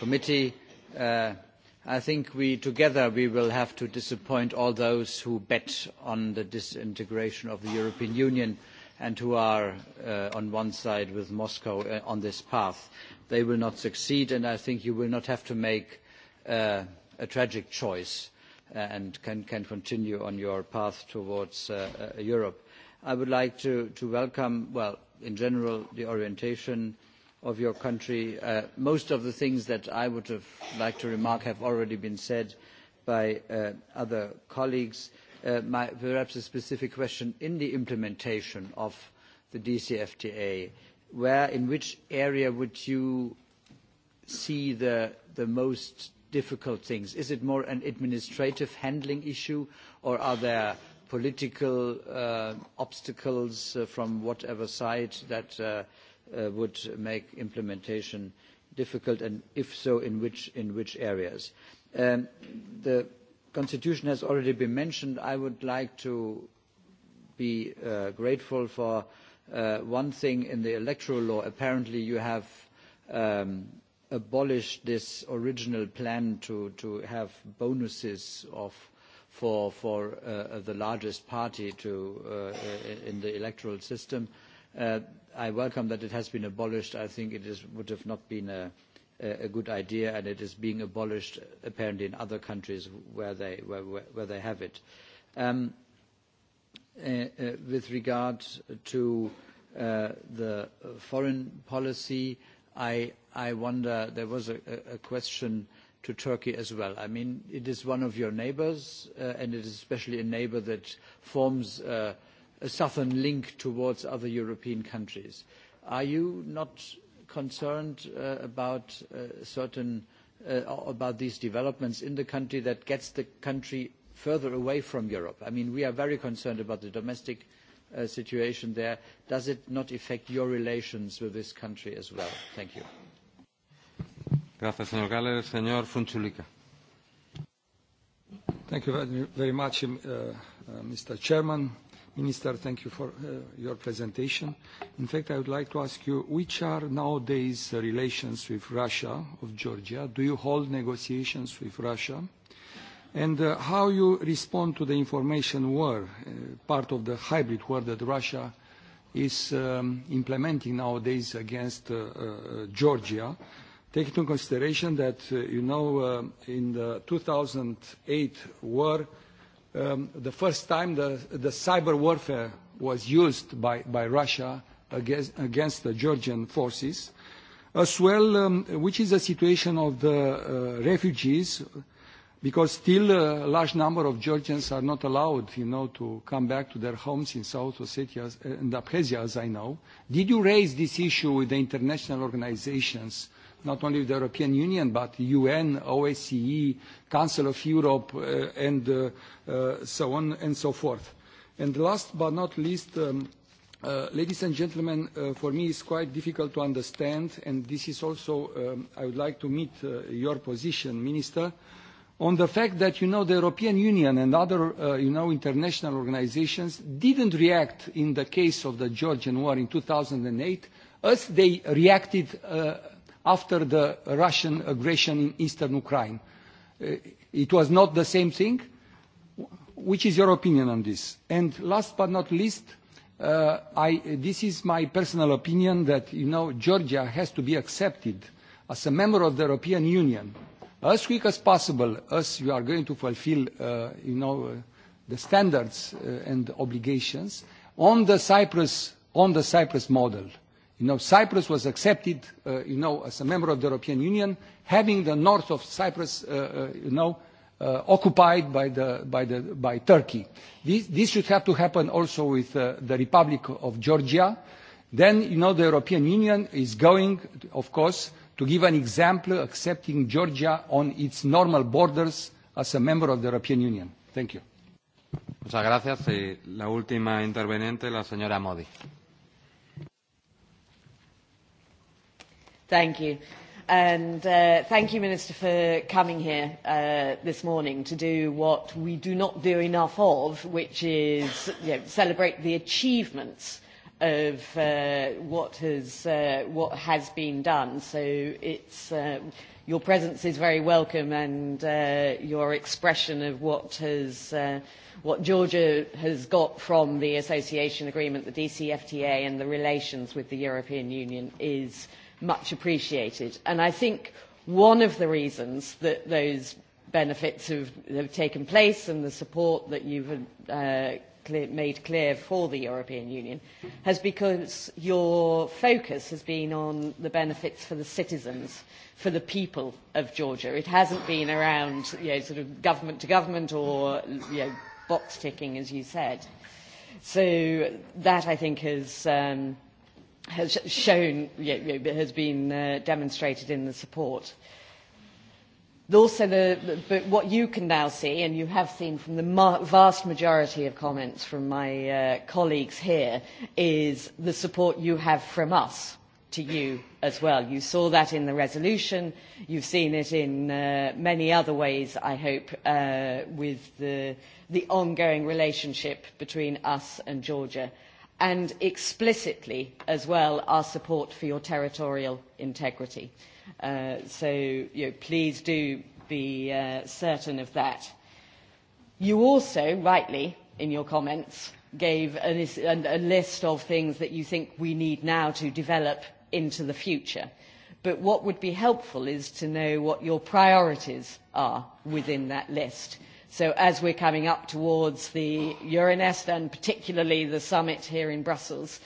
committee. Uh, I think we together we will have to disappoint all those who bet on the disintegration of the European Union and who are uh, on one side with Moscow uh, on this path. They will not succeed, and I think you will not have to make uh, a tragic choice uh, and can, can continue on your path towards uh, uh, Europe. I would like to, to welcome, well, in general, the orientation of your country. Uh, most of the things that I would have liked to remark have already been said by uh, other colleagues. Uh, my, perhaps a specific question in the implementation of the DCFTA, where in which area would you see the, the most difficult things? Is it more an administrative handling issue, or are there political uh, obstacles uh, from whatever side that uh, uh, would make implementation difficult, and if so, in which, in which areas? Um, the Constitution has already been mentioned. I would like to be uh, grateful for uh, one thing in the electoral law. Apparently, you have um, abolish this original plan to, to have bonuses of, for, for uh, the largest party to, uh, in the electoral system. Uh, I welcome that it has been abolished. I think it is, would have not been a, a good idea, and it is being abolished apparently in other countries where they, where, where they have it. Um, with regard to the foreign policy, I, wonder, there was a, question to Turkey as well. I mean, it is one of your neighbors, uh, and it is especially a neighbor that forms uh, a southern link towards other European countries. Are you not concerned uh, about certain about these developments in the country that gets the country further away from Europe? I mean, we are very concerned about the domestic Uh, situation there, does it not affect your relations with this country as well? Thank you. Gracias, señor Galler. Señor Funchulica. Thank you very much, uh, uh Mr. Chairman. Minister, thank you for uh, your presentation. In fact, I would like to ask you, which are nowadays relations with Russia of Georgia? Do you hold negotiations with Russia? and uh, how you respond to the information war, uh, part of the hybrid war that Russia is um, implementing nowadays against uh, uh Georgia, take into consideration that, uh, you know, uh, in the 2008 war, um, the first time the, the cyber warfare was used by, by Russia against, against the Georgian forces, as well, um, which is the situation of the refugees because still a uh, large number of Georgians are not allowed, you know, to come back to their homes in South Ossetia and uh, Abkhazia, as I know. Did you raise this issue with the international organizations, not only the European Union, but UN, OSCE, Council of Europe, uh, and uh, uh, so on and so forth? And last but not least, um, Uh, ladies and gentlemen, uh, for me it's quite difficult to understand, and this is also, um, I would like to meet uh, your position, Minister. Uh, on the fact that, you know, the European Union and other, uh, you know, international organizations didn't react in the case of the Georgian war in 2008 as they reacted uh, after the Russian aggression in eastern Ukraine. Uh, it was not the same thing. Which is your opinion on this? And last but not least, uh, I, this is my personal opinion that, you know, Georgia has to be accepted as a member of the European Union as quick as possible as you are going to fulfill uh, you know, uh, the standards uh, and obligations on the Cyprus, on the Cyprus model. You know, Cyprus was accepted, you know, as a member of the European Union, having the north of Cyprus, you know, occupied by, the, by, the, by Turkey. This, this should have to happen also with the Republic of Georgia. Then, you know, the European Union is going, of course, To give an example, accepting Georgia on its normal borders as a member of the European Union. Thank you. Muchas gracias. Y la última interveniente, la señora Modi. Thank you. And uh, thank you, Minister, for coming here uh, this morning to do what we do not do enough of, which is you know, celebrate the achievements of uh, what, has, uh, what has been done. So it's, uh, your presence is very welcome and uh, your expression of what, has, uh, what Georgia has got from the association agreement, the DCFTA and the relations with the European Union is much appreciated. And I think one of the reasons that those benefits have, have taken place and the support that you've uh, clear, made clear for the European Union has because your focus has been on the benefits for the citizens, for the people of Georgia. It hasn't been around you know, sort of government to government or you know, box ticking, as you said. So that I think has um, has shown you know, has been uh, demonstrated in the support. Uh, also the, but what you can now see, and you have seen from the vast majority of comments from my uh, colleagues here, is the support you have from us to you as well. You saw that in the resolution. You've seen it in uh, many other ways, I hope, uh, with the, the ongoing relationship between us and Georgia, and explicitly as well our support for your territorial integrity. Uh, so you know, please do be uh, certain of that. You also, rightly, in your comments, gave a, a list of things that you think we need now to develop into the future. But what would be helpful is to know what your priorities are within that list. So as we're coming up towards the Euronest and particularly the summit here in Brussels, uh,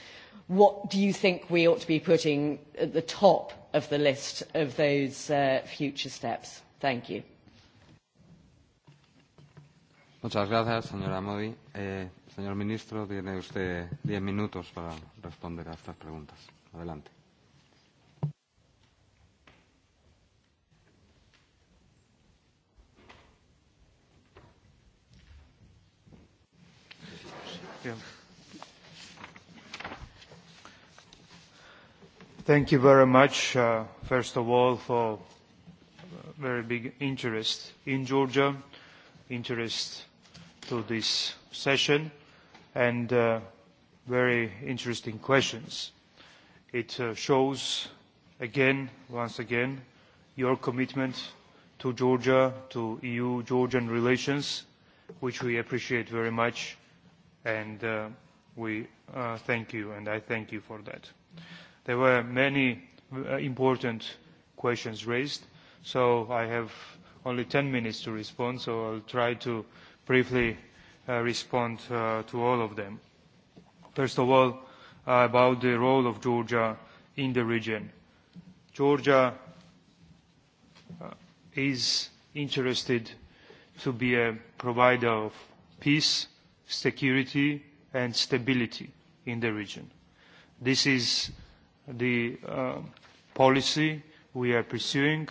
what do you think we ought to be putting at the top of the list of those uh, future steps? Thank you. Muchas gracias, señora Modi. Eh, señor ministro, tiene usted diez minutos para responder a estas preguntas. Adelante. Yeah. Thank you very much, uh, first of all, for very big interest in Georgia, interest to this session, and uh, very interesting questions. It uh, shows again, once again, your commitment to Georgia, to EU-Georgian relations, which we appreciate very much, and we thank you, and I thank you for that. There were many uh, important questions raised, so I have only 10 minutes to respond, so I'll try to briefly uh, respond uh, to all of them. First of all, uh, about the role of Georgia in the region. Georgia uh, is interested to be a provider of peace, security, and stability in the region. This is the uh, policy we are pursuing.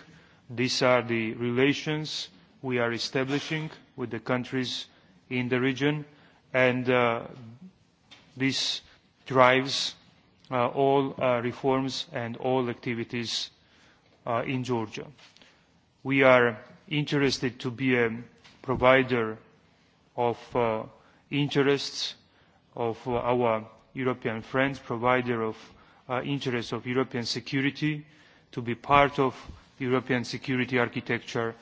These are the relations we are establishing with the countries in the region, and uh, this drives uh, all uh, reforms and all activities uh, in Georgia. We are interested to be a provider of uh, interests of our European friends, provider of Uh, interests of European security to be part of European security architecture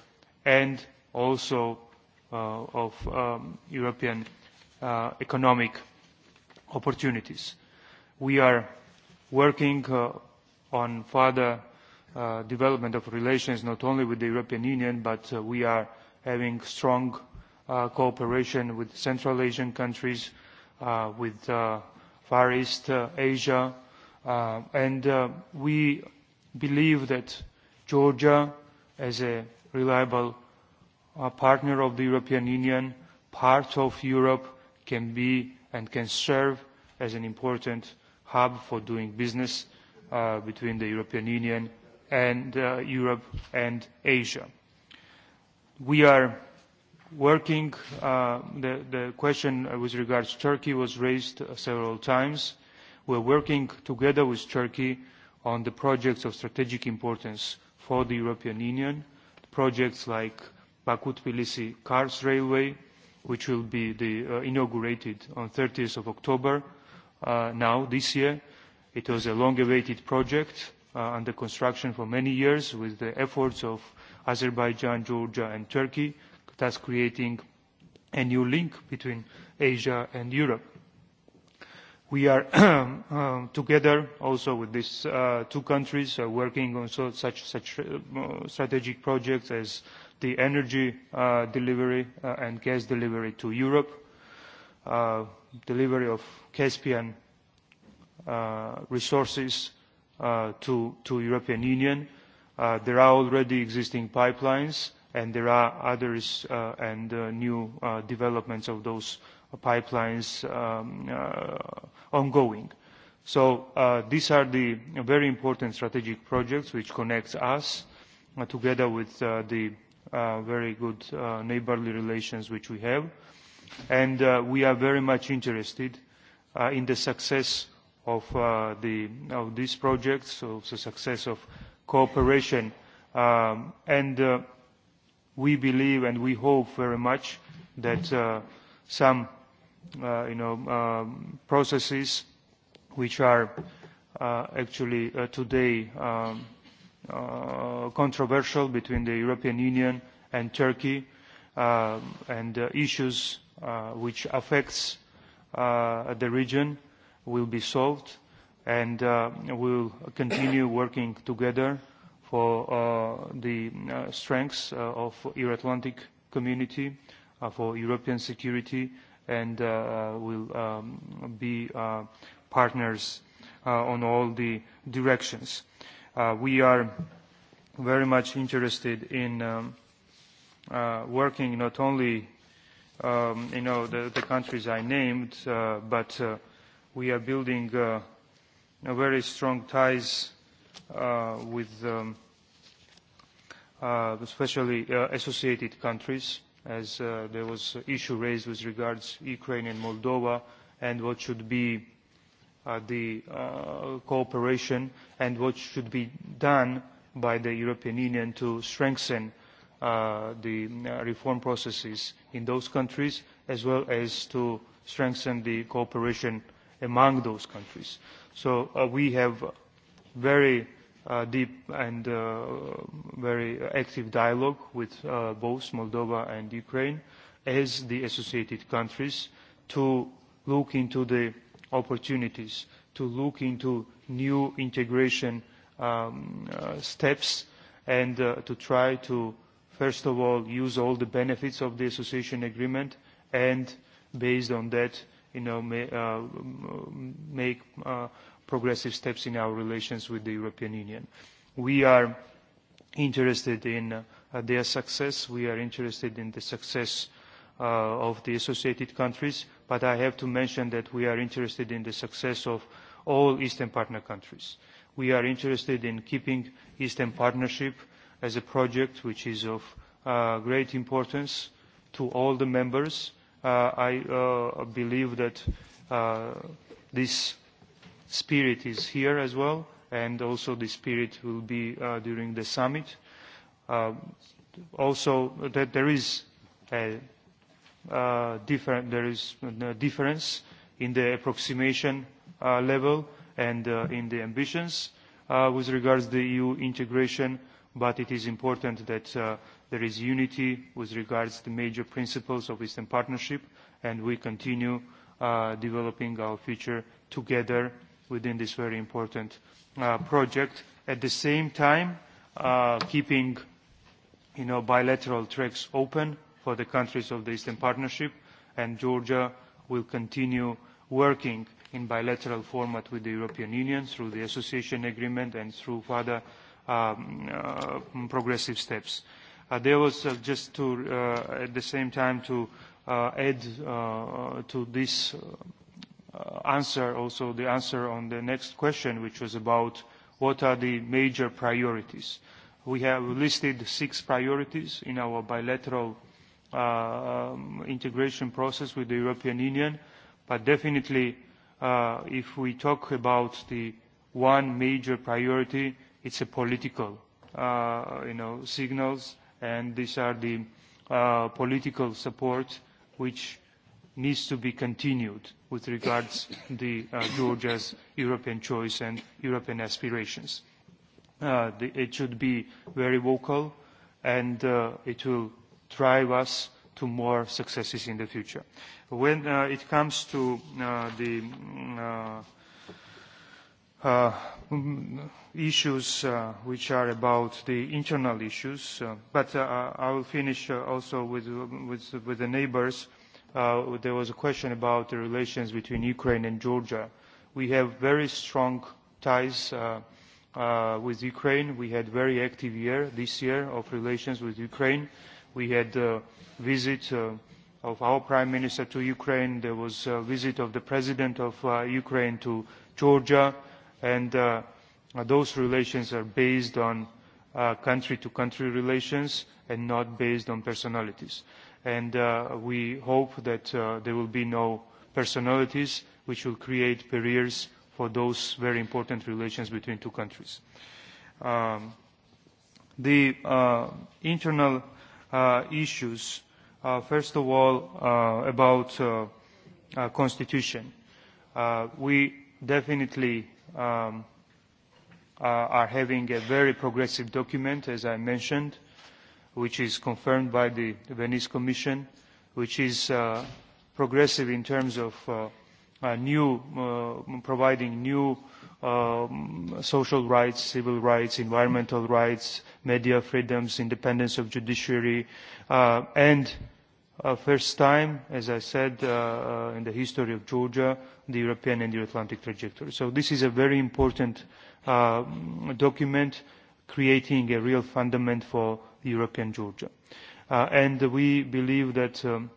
and also uh, of um, European uh, economic opportunities. We are working uh, on further uh, development of relations not only with the European Union, but uh, we are having strong uh, cooperation with Central Asian countries, uh, with uh, Far East uh, Asia, Uh, and uh, we believe that Georgia, as a reliable uh, partner of the European Union, part of Europe, can be and can serve as an important hub for doing business uh, between the European Union and uh, Europe and Asia. We are working, uh, the, the question with regards to Turkey was raised several times. Uh, We're working together with Turkey on the projects of strategic importance for the European Union, projects like Baku-Tbilisi kars Railway, which will be uh, inaugurated on 30th of October uh, now, this year. It was a long-awaited project uh, under construction for many years with the efforts of Azerbaijan, Georgia and Turkey, thus creating a new link between Asia and Europe. We are um, together also with these uh, two countries uh, working on so, such, such uh, strategic projects as the energy uh, delivery uh, and gas delivery to Europe, uh, delivery of Caspian uh, resources uh, to, to European Union. Uh, there are already existing pipelines and there are others uh, and uh, new uh, developments of those uh, pipelines um, uh, ongoing. So uh, these are the very important strategic projects which connect us uh, together with the very good neighborly relations which we have. And we are very much interested in the success of, the, of these projects, of the success of cooperation. Um, and we believe and we hope very much that some Uh, you know, um, processes which are uh, actually uh, today um, uh, controversial between the European Union and Turkey uh, and uh, issues uh, which affects uh, the region will be solved and uh, we'll continue working together for uh, the uh, strengths uh, of Euro-Atlantic community, uh, for European security, and uh, uh, will um, be uh, partners uh, on all the directions. Uh, we are very much interested in um, uh, working not only um, you know, the, the countries I named, uh, but uh, we are building uh, a very strong ties uh, with um, uh, especially uh, associated countries as uh, there was issue raised with regards Ukraine and Moldova and what should be uh, the uh, cooperation and what should be done by the European Union to strengthen uh, the uh, reform processes in those countries as well as to strengthen the cooperation among those countries. So uh, we have very uh, deep and uh, very active dialogue with uh, both Moldova and Ukraine as the associated countries to look into the opportunities, to look into new integration um, uh, steps and uh, to try to, first of all, use all the benefits of the association agreement and based on that, you know, may, uh, make uh, progressive steps in our relations with the European Union. We are interested in uh, their success. We are interested in the success uh, of the associated countries, but I have to mention that we are interested in the success of all Eastern partner countries. We are interested in keeping Eastern Partnership as a project which is of uh, great importance to all the members. I believe that this spirit is here as well, and also the spirit will be uh, during the summit. Uh, also, that there is a uh, different, there is a difference in the approximation uh, level and uh, in the ambitions uh, with regards to the EU integration, but it is important that uh, there is unity with regards to the major principles of Eastern Partnership, and we continue uh, developing our future together within this very important uh, project. At the same time, uh, keeping you know, bilateral tracks open for the countries of the Eastern Partnership, and Georgia will continue working in bilateral format with the European Union through the association agreement and through further um, uh, progressive steps. Uh, there was uh, just to, uh, at the same time to uh, add uh, to this uh, Uh, answer also the answer on the next question, which was about what are the major priorities. We have listed six priorities in our bilateral uh, um, integration process with the European Union. But definitely, uh, if we talk about the one major priority, it's a political, uh, you know, signals, and these are the uh, political support which needs to be continued with regards the uh, Georgia's European choice and European aspirations. Uh, the, it should be very vocal, and uh, it will drive us to more successes in the future. When uh, it comes to uh, the mm, uh, Uh, issues uh, which are about the internal issues, uh, but uh, I will finish uh, also with, with, with the neighbors uh, there was a question about the relations between Ukraine and Georgia. We have very strong ties uh, uh, with Ukraine. We had very active year this year of relations with Ukraine. We had a visit uh, of our prime minister to Ukraine. There was a visit of the president of uh, Ukraine to Georgia. And uh, those relations are based on uh, country-to-country uh, -country relations and not based on personalities and uh, we hope that uh, there will be no personalities which will create barriers for those very important relations between two countries. Um, the uh, internal uh, issues, uh, first of all, uh, about uh, uh, constitution. Uh, we definitely um, uh, are having a very progressive document, as I mentioned, which is confirmed by the Venice Commission, which is uh, progressive in terms of uh, uh, new, uh, providing new um, social rights, civil rights, environmental rights, media freedoms, independence of judiciary, uh, and uh, first time, as I said, uh, uh in the history of Georgia, the European and the Atlantic trajectory. So this is a very important uh, document creating a real fundament for European Georgia. Uh, and we believe that um,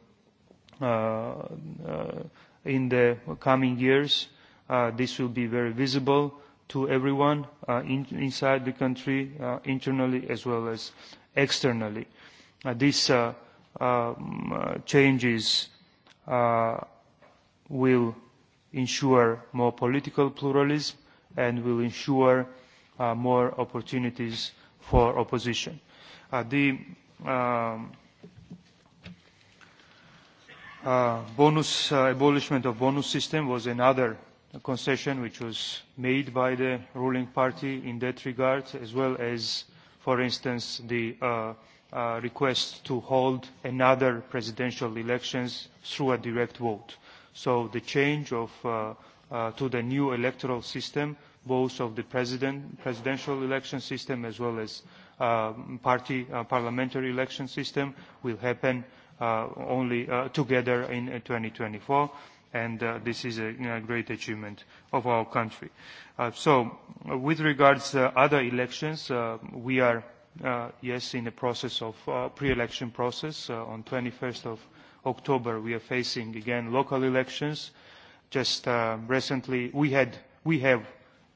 uh, uh, in the coming years, uh, this will be very visible to everyone uh, in, inside the country, uh, internally as well as externally. Uh, these uh, um, uh, changes uh, will ensure more political pluralism and will ensure uh, more opportunities for opposition the um, bonus uh, abolishment of bonus system was another concession which was made by the ruling party in that regard, as well as, for instance, the uh, uh, request to hold another presidential elections through a direct vote. So the change of, uh, uh, to the new electoral system, both of the president, presidential election system as well as uh, party uh, parliamentary election system will happen uh, only uh, together in 2024 uh, and uh, this is a you know, great achievement of our country. Uh, so uh, with regards to uh, other elections, uh, we are, uh, yes, in the process of uh, pre-election process. Uh, on 21st of October, we are facing, again, local elections. Just uh, recently, we, had, we have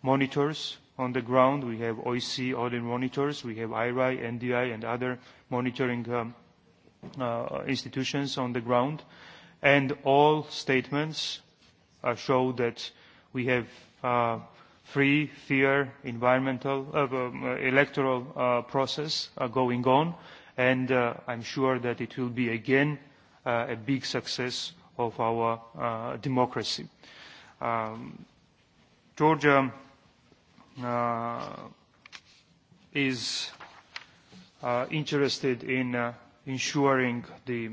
monitors on the ground. We have OEC audit monitors. We have IRI, NDI, and other monitoring um, uh, institutions on the ground. And all statements uh, show that we have uh, free, fair, environmental, uh, um, uh, electoral uh, process uh, going on. And uh, I'm sure that it will be again uh, a big success of our uh, democracy. Um, Georgia Uh, is uh, interested in uh, ensuring the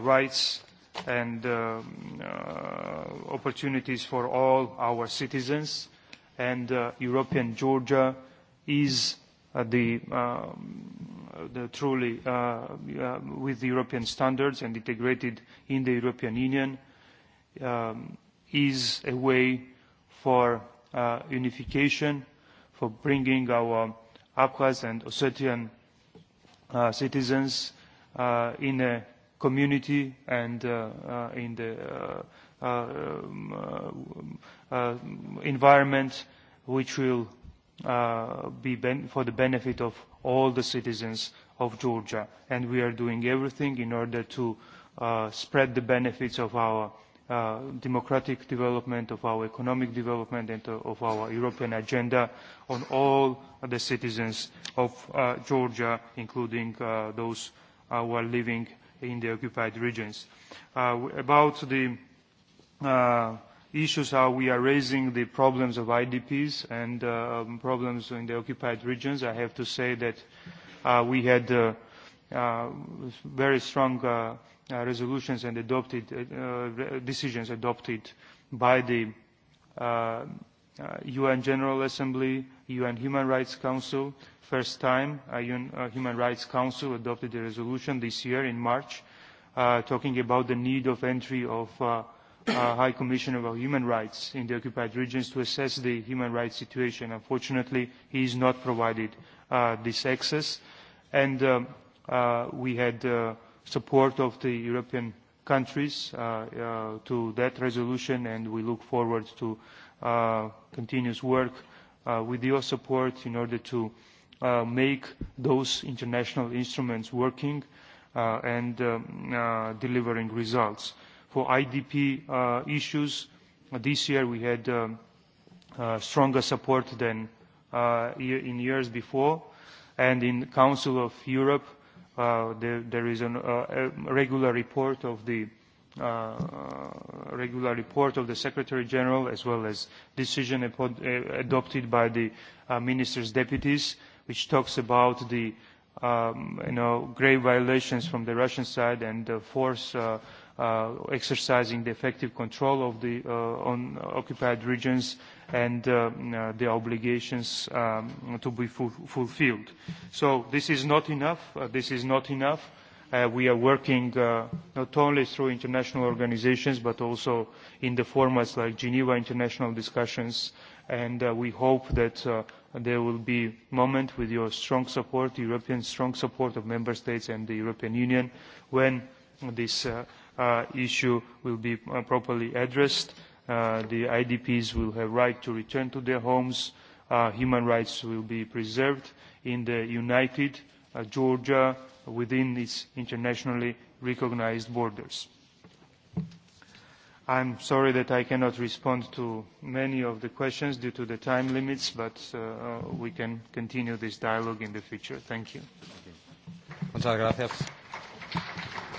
rights and um, opportunities for all our citizens, and European Georgia is the, um, the truly with the European standards and integrated in the European Union um, is a way for uh, unification, for bringing our Abkhaz and Ossetian uh, citizens uh, in a community and uh, uh, in the uh, uh, um, uh, environment which will uh, be ben for the benefit of all the citizens of Georgia. And we are doing everything in order to uh, spread the benefits of our uh, democratic development, of our economic development, and uh, of our European agenda on all the citizens of uh, Georgia, including uh, those uh, who are living in the occupied regions. Uh, about the uh, issues how we are raising the problems of IDPs and uh, um, problems in the occupied regions, I have to say that uh, we had uh, uh, very strong uh, Uh, resolutions and adopted uh, decisions adopted by the uh, UN uh, General Assembly, UN Human Rights Council. First time, a uh, UN uh, Human Rights Council adopted a resolution this year in March uh, talking about the need of entry of uh, uh, High Commissioner of Human Rights in the occupied regions to assess the human rights situation. Unfortunately, he is not provided uh, this access. And uh, uh, we had uh, support of the European countries uh, uh, to that resolution, and we look forward to uh, continuous work uh, with your support in order to uh, make those international instruments working uh, and um, uh, delivering results. For IDP uh, issues, this year we had um, uh, stronger support than uh, in years before, and in Council of Europe, uh, uh, there, there is an, uh, a regular report of the uh, uh, regular report of the Secretary General as well as decision uh, adopted by the uh, minister's deputies which talks about the um, you know, grave violations from the Russian side and the force uh, uh, exercising the effective control of the uh, on occupied regions and uh, uh, the obligations um, to be fulfilled. So this is not enough. Uh, this is not enough. Uh, we are working uh, not only through international organizations but also in the formats like Geneva International Discussions and uh, we hope that uh, there will be a moment with your strong support, European strong support of member states and the European Union when this uh, uh, issue will be uh, properly addressed. Uh, the IDPs will have right to return to their homes. Uh, human rights will be preserved in the united uh, Georgia within its internationally recognized borders. I'm sorry that I cannot respond to many of the questions due to the time limits, but uh, we can continue this dialogue in the future. Thank you. Muchas gracias.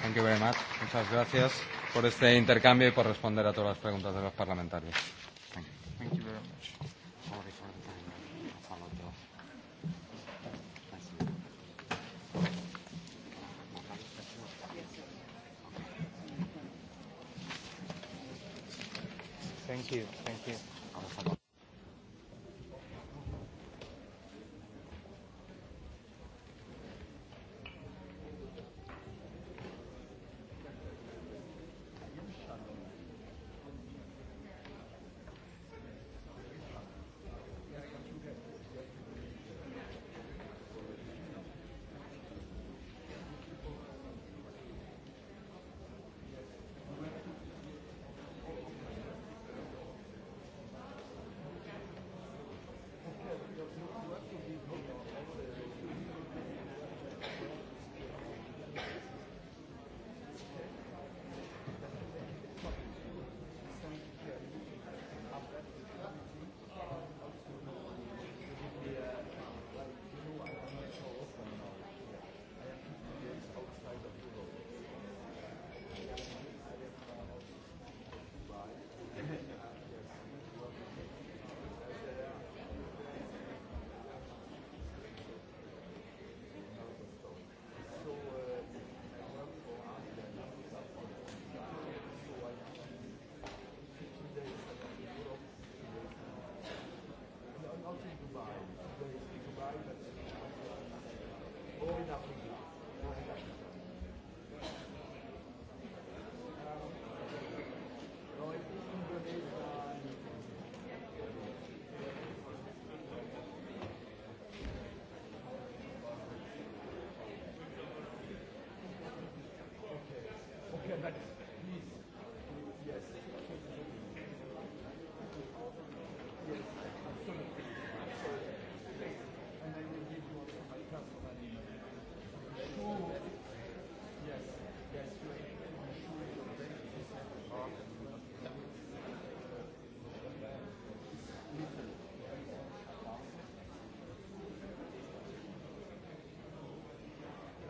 Thank you very much. Muchas gracias por este intercambio y por responder a todas las preguntas de los parlamentarios. Thank you.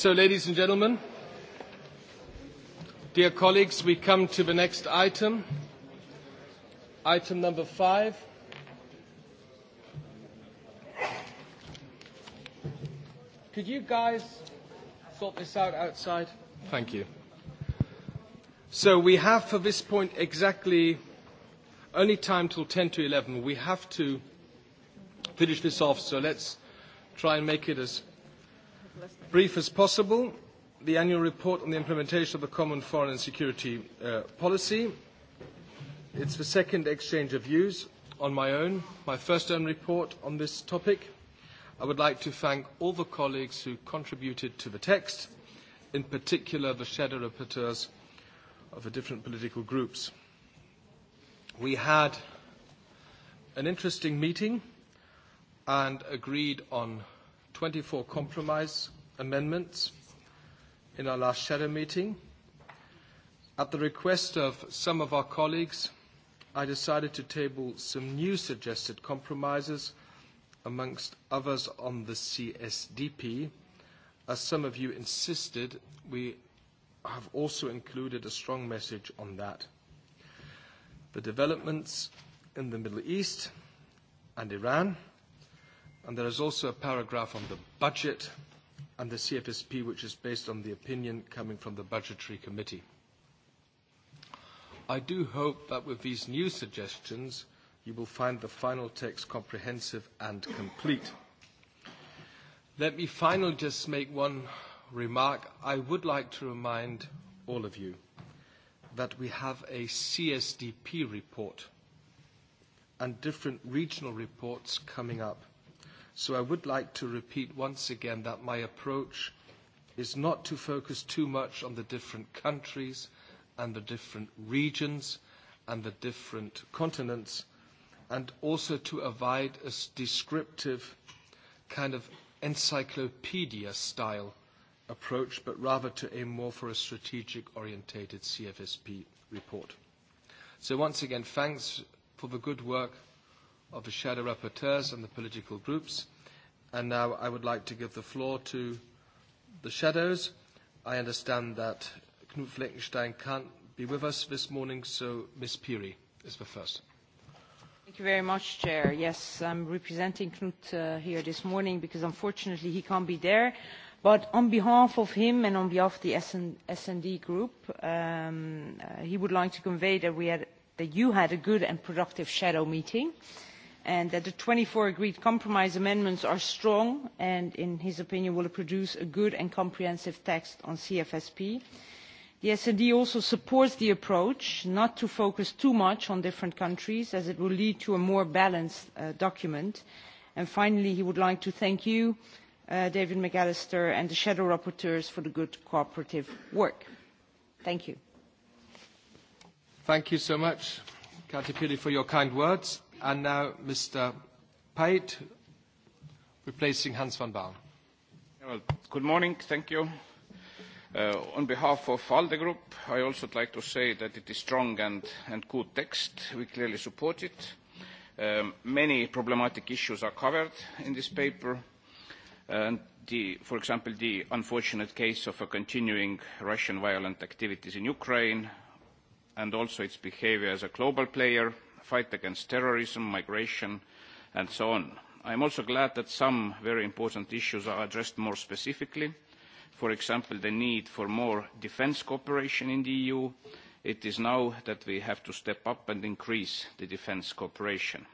So, ladies and gentlemen, dear colleagues, we come to the next item, item number five. Could you guys sort this out outside? Thank you. So we have for this point exactly only time till 10 to 11. We have to finish this off, so let's try and make it as brief as possible, the annual report on the implementation of the common foreign and security uh, policy. It's the second exchange of views on my own, my first own report on this topic. I would like to thank all the colleagues who contributed to the text, in particular the shadow rapporteurs of the different political groups. We had an interesting meeting and agreed on 24 compromise amendments in our last shadow meeting. At the request of some of our colleagues, I decided to table some new suggested compromises, amongst others on the CSDP, as some of you insisted, we have also included a strong message on that. The developments in the Middle East and Iran, and there is also a paragraph on the budget and the CFSP, which is based on the opinion coming from the Budgetary Committee. I do hope that with these new suggestions, you will find the final text comprehensive and complete. Let me finally just make one remark. I would like to remind all of you that we have a CSDP report and different regional reports coming up. So I would like to repeat once again that my approach is not to focus too much on the different countries and the different regions and the different continents, and also to avoid a descriptive kind of encyclopedia style approach, but rather to aim more for a strategic orientated CFSP report. So once again, thanks for the good work of the shadow rapporteurs and the political groups. And now I would like to give the floor to the shadows. I understand that Knut Fleckenstein can't be with us this morning, so Ms. Peary is the first. Thank you very much, Chair. Yes, I'm representing Knut uh, here this morning because unfortunately he can't be there. But on behalf of him and on behalf of the S&D group, um, uh, he would like to convey that, we had, that you had a good and productive shadow meeting. Uh, and that the twenty four agreed compromise amendments are strong and in his opinion will produce a good and comprehensive text on cfsp. the sd also supports the approach not to focus too much on different countries as it will lead to a more balanced uh, document. And finally he would like to thank you uh, david mcallister and the shadow rapporteurs for the good cooperative work. thank you. thank you so much katia piri for your kind words and now Mr. Pate, replacing Hans van Baal. Well, good morning. Thank you. Uh, on behalf of ALDE Group, I also would like to say that it is strong and, and good text. We clearly support it. Um, many problematic issues are covered in this paper. And the, for example, the unfortunate case of a continuing Russian violent activities in Ukraine and also its behavior as a global player fight against terrorism, migration, and so on. I am also glad that some very important issues are addressed more specifically. For example, the need for more defence cooperation in the EU. It is now that we have to step up and increase the defence cooperation.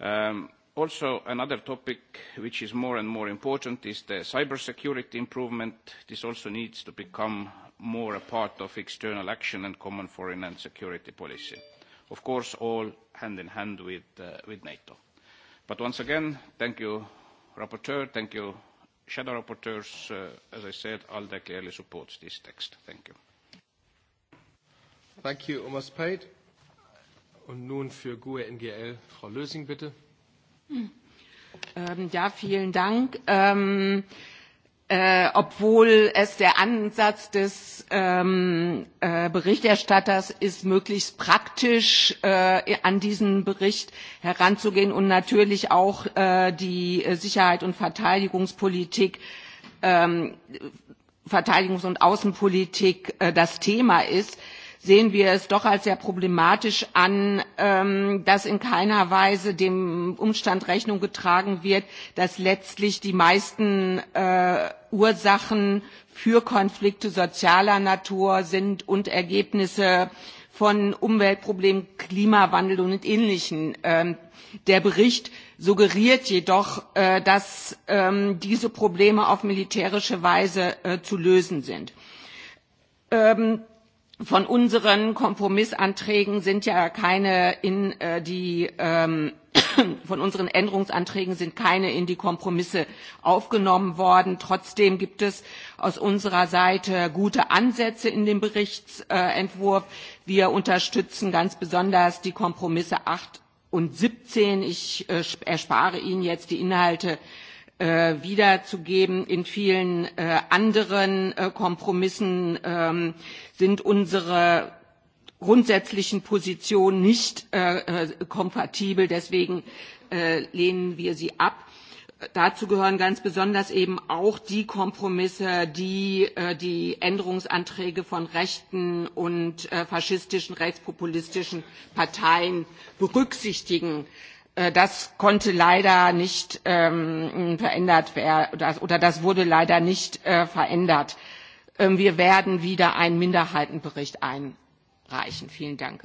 Um, also, another topic which is more and more important is the cybersecurity improvement. This also needs to become more a part of external action and common foreign and security policy of course all hand in hand with, uh, with NATO. But once again, thank you, Rapporteur, thank you, Shadow Rapporteurs. Uh, as I said, ALDE clearly supports this text. Thank you. Thank you, Omas Peit. Und nun für GUE NGL Frau Lösing, bitte. Hm. Ähm, ja, vielen Dank. Ähm, Äh, obwohl es der Ansatz des ähm, äh, Berichterstatters ist, möglichst praktisch äh, an diesen Bericht heranzugehen und natürlich auch äh, die Sicherheit und Verteidigungspolitik ähm, Verteidigungs- und Außenpolitik äh, das Thema ist, äh, sehen wir es doch als sehr problematisch an, ähm, dass in keiner Weise dem Umstand Rechnung getragen wird, dass letztlich die meisten äh, Ursachen für Konflikte sozialer Natur sind und Ergebnisse von Umweltproblemen, Klimawandel und Ähnlichem. Ähm, der Bericht suggeriert jedoch, äh, dass ähm, diese Probleme auf militärische Weise äh, zu lösen sind von unseren Kompromissanträgen sind ja keine in äh, die ähm, von unseren Änderungsanträgen sind keine in die Kompromisse aufgenommen worden. Trotzdem gibt es aus unserer Seite gute Ansätze in dem Berichtsentwurf. Wir unterstützen ganz besonders die Kompromisse 8 und 17. Ich äh, erspare Ihnen jetzt die Inhalte Äh, wiederzugeben. In vielen äh, anderen äh, Kompromissen ähm, sind unsere grundsätzlichen Positionen nicht kompatibel. Deswegen lehnen wir sie ab. Dazu gehören ganz besonders eben auch die Kompromisse, die äh, die Änderungsanträge von rechten und äh, faschistischen, rechtspopulistischen Parteien berücksichtigen. Äh, das konnte leider nicht ähm, verändert werden oder das wurde leider nicht äh, verändert. Ähm, wir werden wieder einen Minderheitenbericht einreichen. Vielen Dank.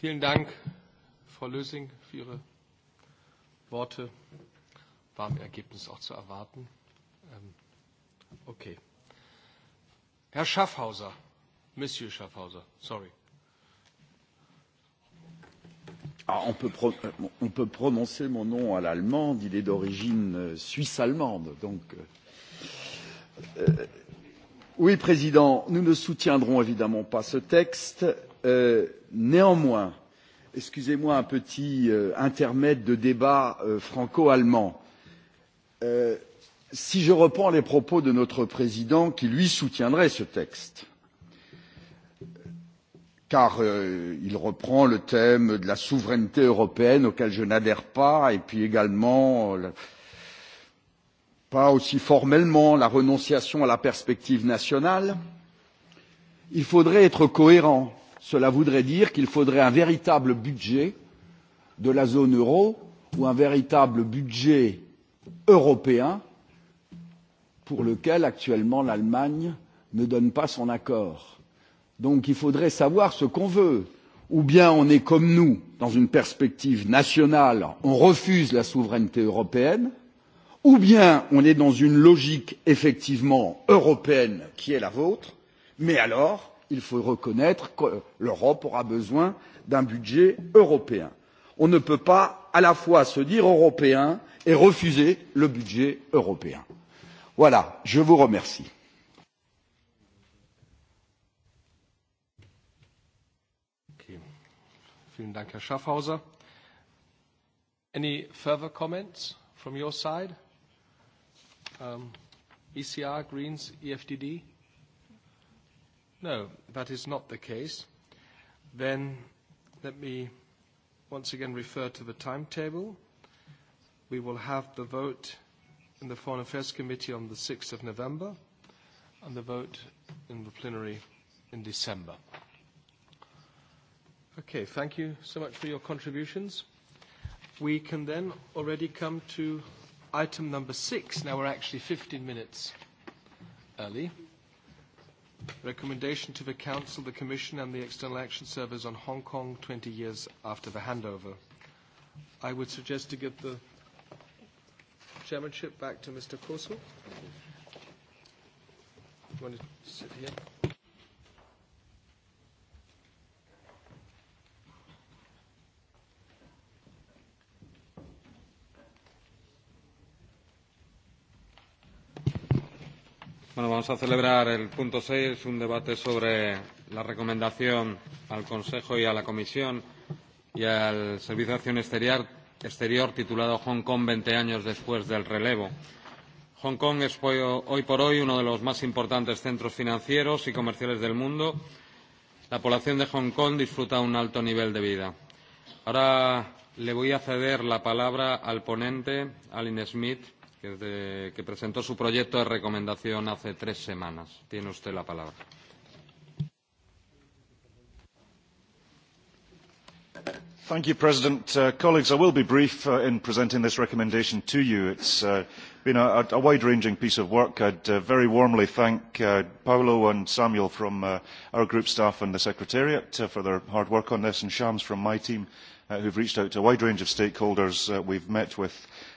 Vielen Dank, Frau Lösing, für Ihre Worte. War im Ergebnis auch zu erwarten. Ähm, okay. Herr Schaffhauser, Monsieur Schaffhauser, sorry. Ah, on, peut pro- euh, on peut prononcer mon nom à l'allemande, il est d'origine euh, suisse-allemande. Donc, euh, euh, oui, Président, nous ne soutiendrons évidemment pas ce texte. Euh, néanmoins, excusez-moi un petit euh, intermède de débat euh, franco-allemand. Euh, si je reprends les propos de notre président qui, lui, soutiendrait ce texte, car euh, il reprend le thème de la souveraineté européenne auquel je n'adhère pas, et puis également, euh, pas aussi formellement, la renonciation à la perspective nationale. Il faudrait être cohérent. Cela voudrait dire qu'il faudrait un véritable budget de la zone euro ou un véritable budget européen pour lequel actuellement l'Allemagne ne donne pas son accord Donc il faudrait savoir ce qu'on veut. Ou bien on est comme nous, dans une perspective nationale, on refuse la souveraineté européenne, ou bien on est dans une logique effectivement européenne qui est la vôtre, mais alors il faut reconnaître que l'Europe aura besoin d'un budget européen. On ne peut pas à la fois se dire européen et refuser le budget européen. Voilà, je vous remercie. Vielen Dank, Herr Schaffhauser. Any further comments from your side? Um, ECR, Greens, EFDD? No, that is not the case. Then let me once again refer to the timetable. We will have the vote in the Foreign Affairs Committee on the 6th of November and the vote in the plenary in December. Okay, thank you so much for your contributions. We can then already come to item number six. Now we're actually 15 minutes early. Recommendation to the Council, the Commission and the External Action Service on Hong Kong 20 years after the handover. I would suggest to give the chairmanship back to Mr. Corso. You want to sit here? Bueno, vamos a celebrar el punto 6, un debate sobre la recomendación al Consejo y a la Comisión y al Servicio de Acción Exterior, exterior titulado Hong Kong 20 años después del relevo. Hong Kong es hoy por hoy uno de los más importantes centros financieros y comerciales del mundo. La población de Hong Kong disfruta un alto nivel de vida. Ahora le voy a ceder la palabra al ponente, Aline Smith, que, de, que presentó su proyecto de recomendación hace tres semanas. Tiene usted la palabra. Thank you, President. Uh, colleagues, I will be brief uh, in presenting this recommendation to you. It's uh, been a, a wide-ranging piece of work. I'd uh, very warmly thank uh, Paolo and Samuel from uh, our group staff and the Secretariat uh, for their hard work on this, and Shams from my team, uh, who've reached out to a wide range of stakeholders uh, we've met with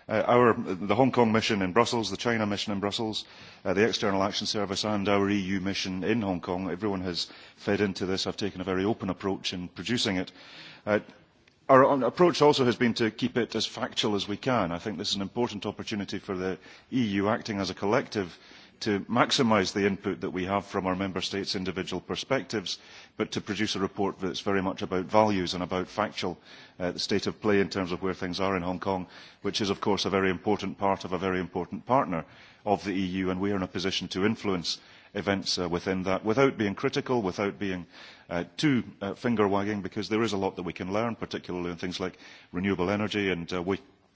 Uh, our, the Hong Kong mission in Brussels, the China mission in Brussels, uh, the External Action Service and our EU mission in Hong Kong, everyone has fed into this. I've taken a very open approach in producing it. Uh, our approach also has been to keep it as factual as we can. I think this is an important opportunity for the EU acting as a collective uh, to maximise the input that we have from our member states' individual perspectives, but to produce a report that's very much about values and about factual uh, the state of play in terms of where things are in Hong Kong, which is, of course, a very important part of a very important partner of the EU, and we are in a position to influence events uh, within that without being critical, without being uh, too uh, finger wagging, because there is a lot that we can learn, particularly on things like renewable energy and uh,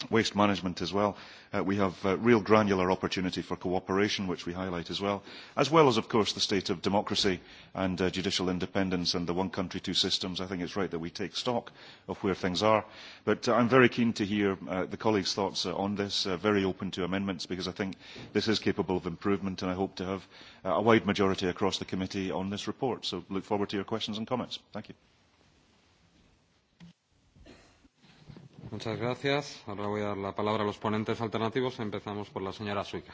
waste management as well. Uh, we have uh, real granular opportunity for cooperation, which we highlight as well, as well as, of course, the state of democracy and uh, judicial independence and the one country, two systems. I think it's right that we take stock of where things are. But uh, I'm very keen to hear uh, the colleagues' thoughts uh, on this, uh, very open to amendments, because I think this is capable of improvement, and I hope to have uh, a wide majority across the committee on this report. So look forward to your questions and comments. Thank you. Muchas gracias. Ahora voy a dar la palabra a los ponentes alternativos. Empezamos por la señora Suica.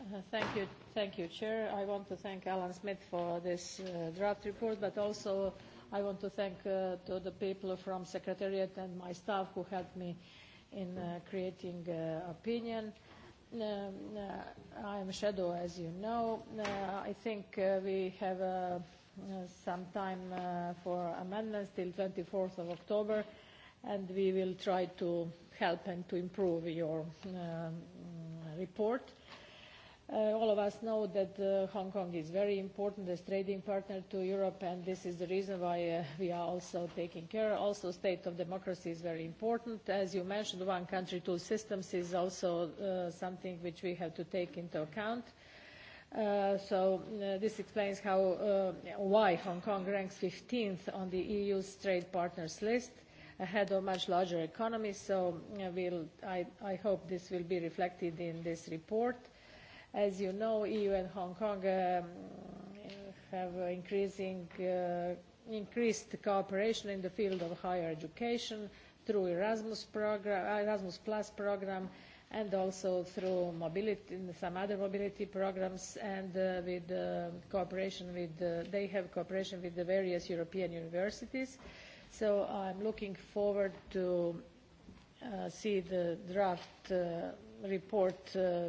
Uh, thank you, thank you, Chair. I want to thank Alan Smith for this uh, draft report, but also I want to thank uh, to the people from Secretariat and my staff who helped me in uh, creating uh, opinion. Um, uh, I am shadow, as you know. Uh, I think uh, we have a Uh, some time uh, for amendments till 24th of October, and we will try to help and to improve your uh, mm, report. Uh, all of us know that uh, Hong Kong is very important as trading partner to Europe, and this is the reason why uh, we are also taking care. Also, state of democracy is very important. As you mentioned, one country, two systems is also something which we have to take into account. Uh, so uh, this explains how, uh, why Hong Kong ranks 15th on the EU's trade partners list, ahead of much larger economies. So I, hope this will be reflected in this report. As you know, EU and Hong Kong um, have increasing, increased cooperation in the field of higher education through Erasmus, Erasmus program, and also through mobility, some other mobility programs and uh, with uh, cooperation with, uh, they have cooperation with the various European universities. So I'm looking forward to uh, see the draft uh, report uh,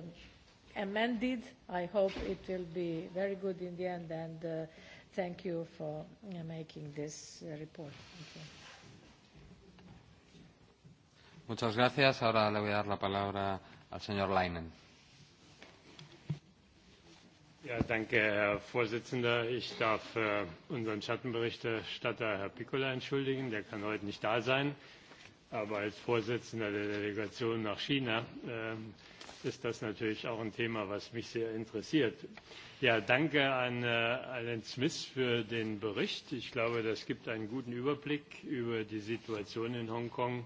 amended. I hope it will be very good in the end and thank you for making this report. Thank you. Muchas gracias. Ahora le voy a dar la palabra al señor Leinen. Ja, danke, Herr Vorsitzender. Ich darf äh, unseren Schattenberichterstatter, Herr Piccola, entschuldigen. Der kann heute nicht da sein. Aber als Vorsitzender der Delegation nach China äh, ist das natürlich auch ein Thema, was mich sehr interessiert. Ja, danke an äh, Alan Smith für den Bericht. Ich glaube, das gibt einen guten Überblick über die Situation in Hongkong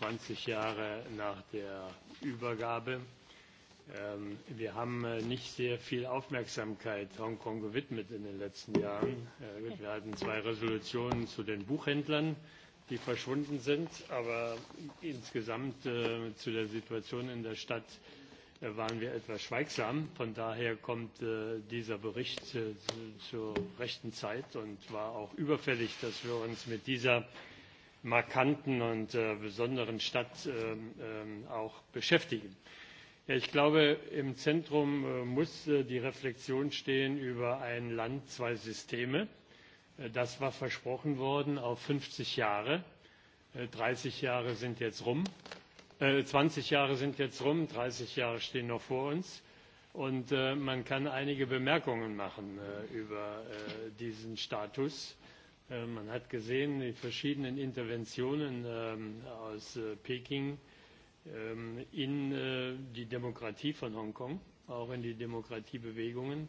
20 Jahre nach der Übergabe. Ähm, wir haben äh, nicht sehr viel Aufmerksamkeit Hongkong gewidmet in den letzten Jahren. Äh, wir hatten zwei Resolutionen zu den Buchhändlern, die verschwunden sind, aber insgesamt äh, zu der Situation in der Stadt waren wir etwas schweigsam. Von daher kommt dieser Bericht zur rechten Zeit und war auch überfällig, dass wir uns mit dieser markanten und äh, besonderen Stadt ähm, ähm, auch beschäftigen. Ja, ich glaube, im Zentrum äh, muss äh, die Reflexion stehen über ein Land, zwei Systeme. das war versprochen worden auf 50 Jahre. Äh, 30 Jahre sind jetzt rum. Äh, 20 Jahre sind jetzt rum, 30 Jahre stehen noch vor uns. Und man kann einige Bemerkungen machen über diesen Status Äh, man hat gesehen, die verschiedenen Interventionen ähm, aus äh, Peking ähm, in äh, die Demokratie von Hongkong, auch in die Demokratiebewegungen.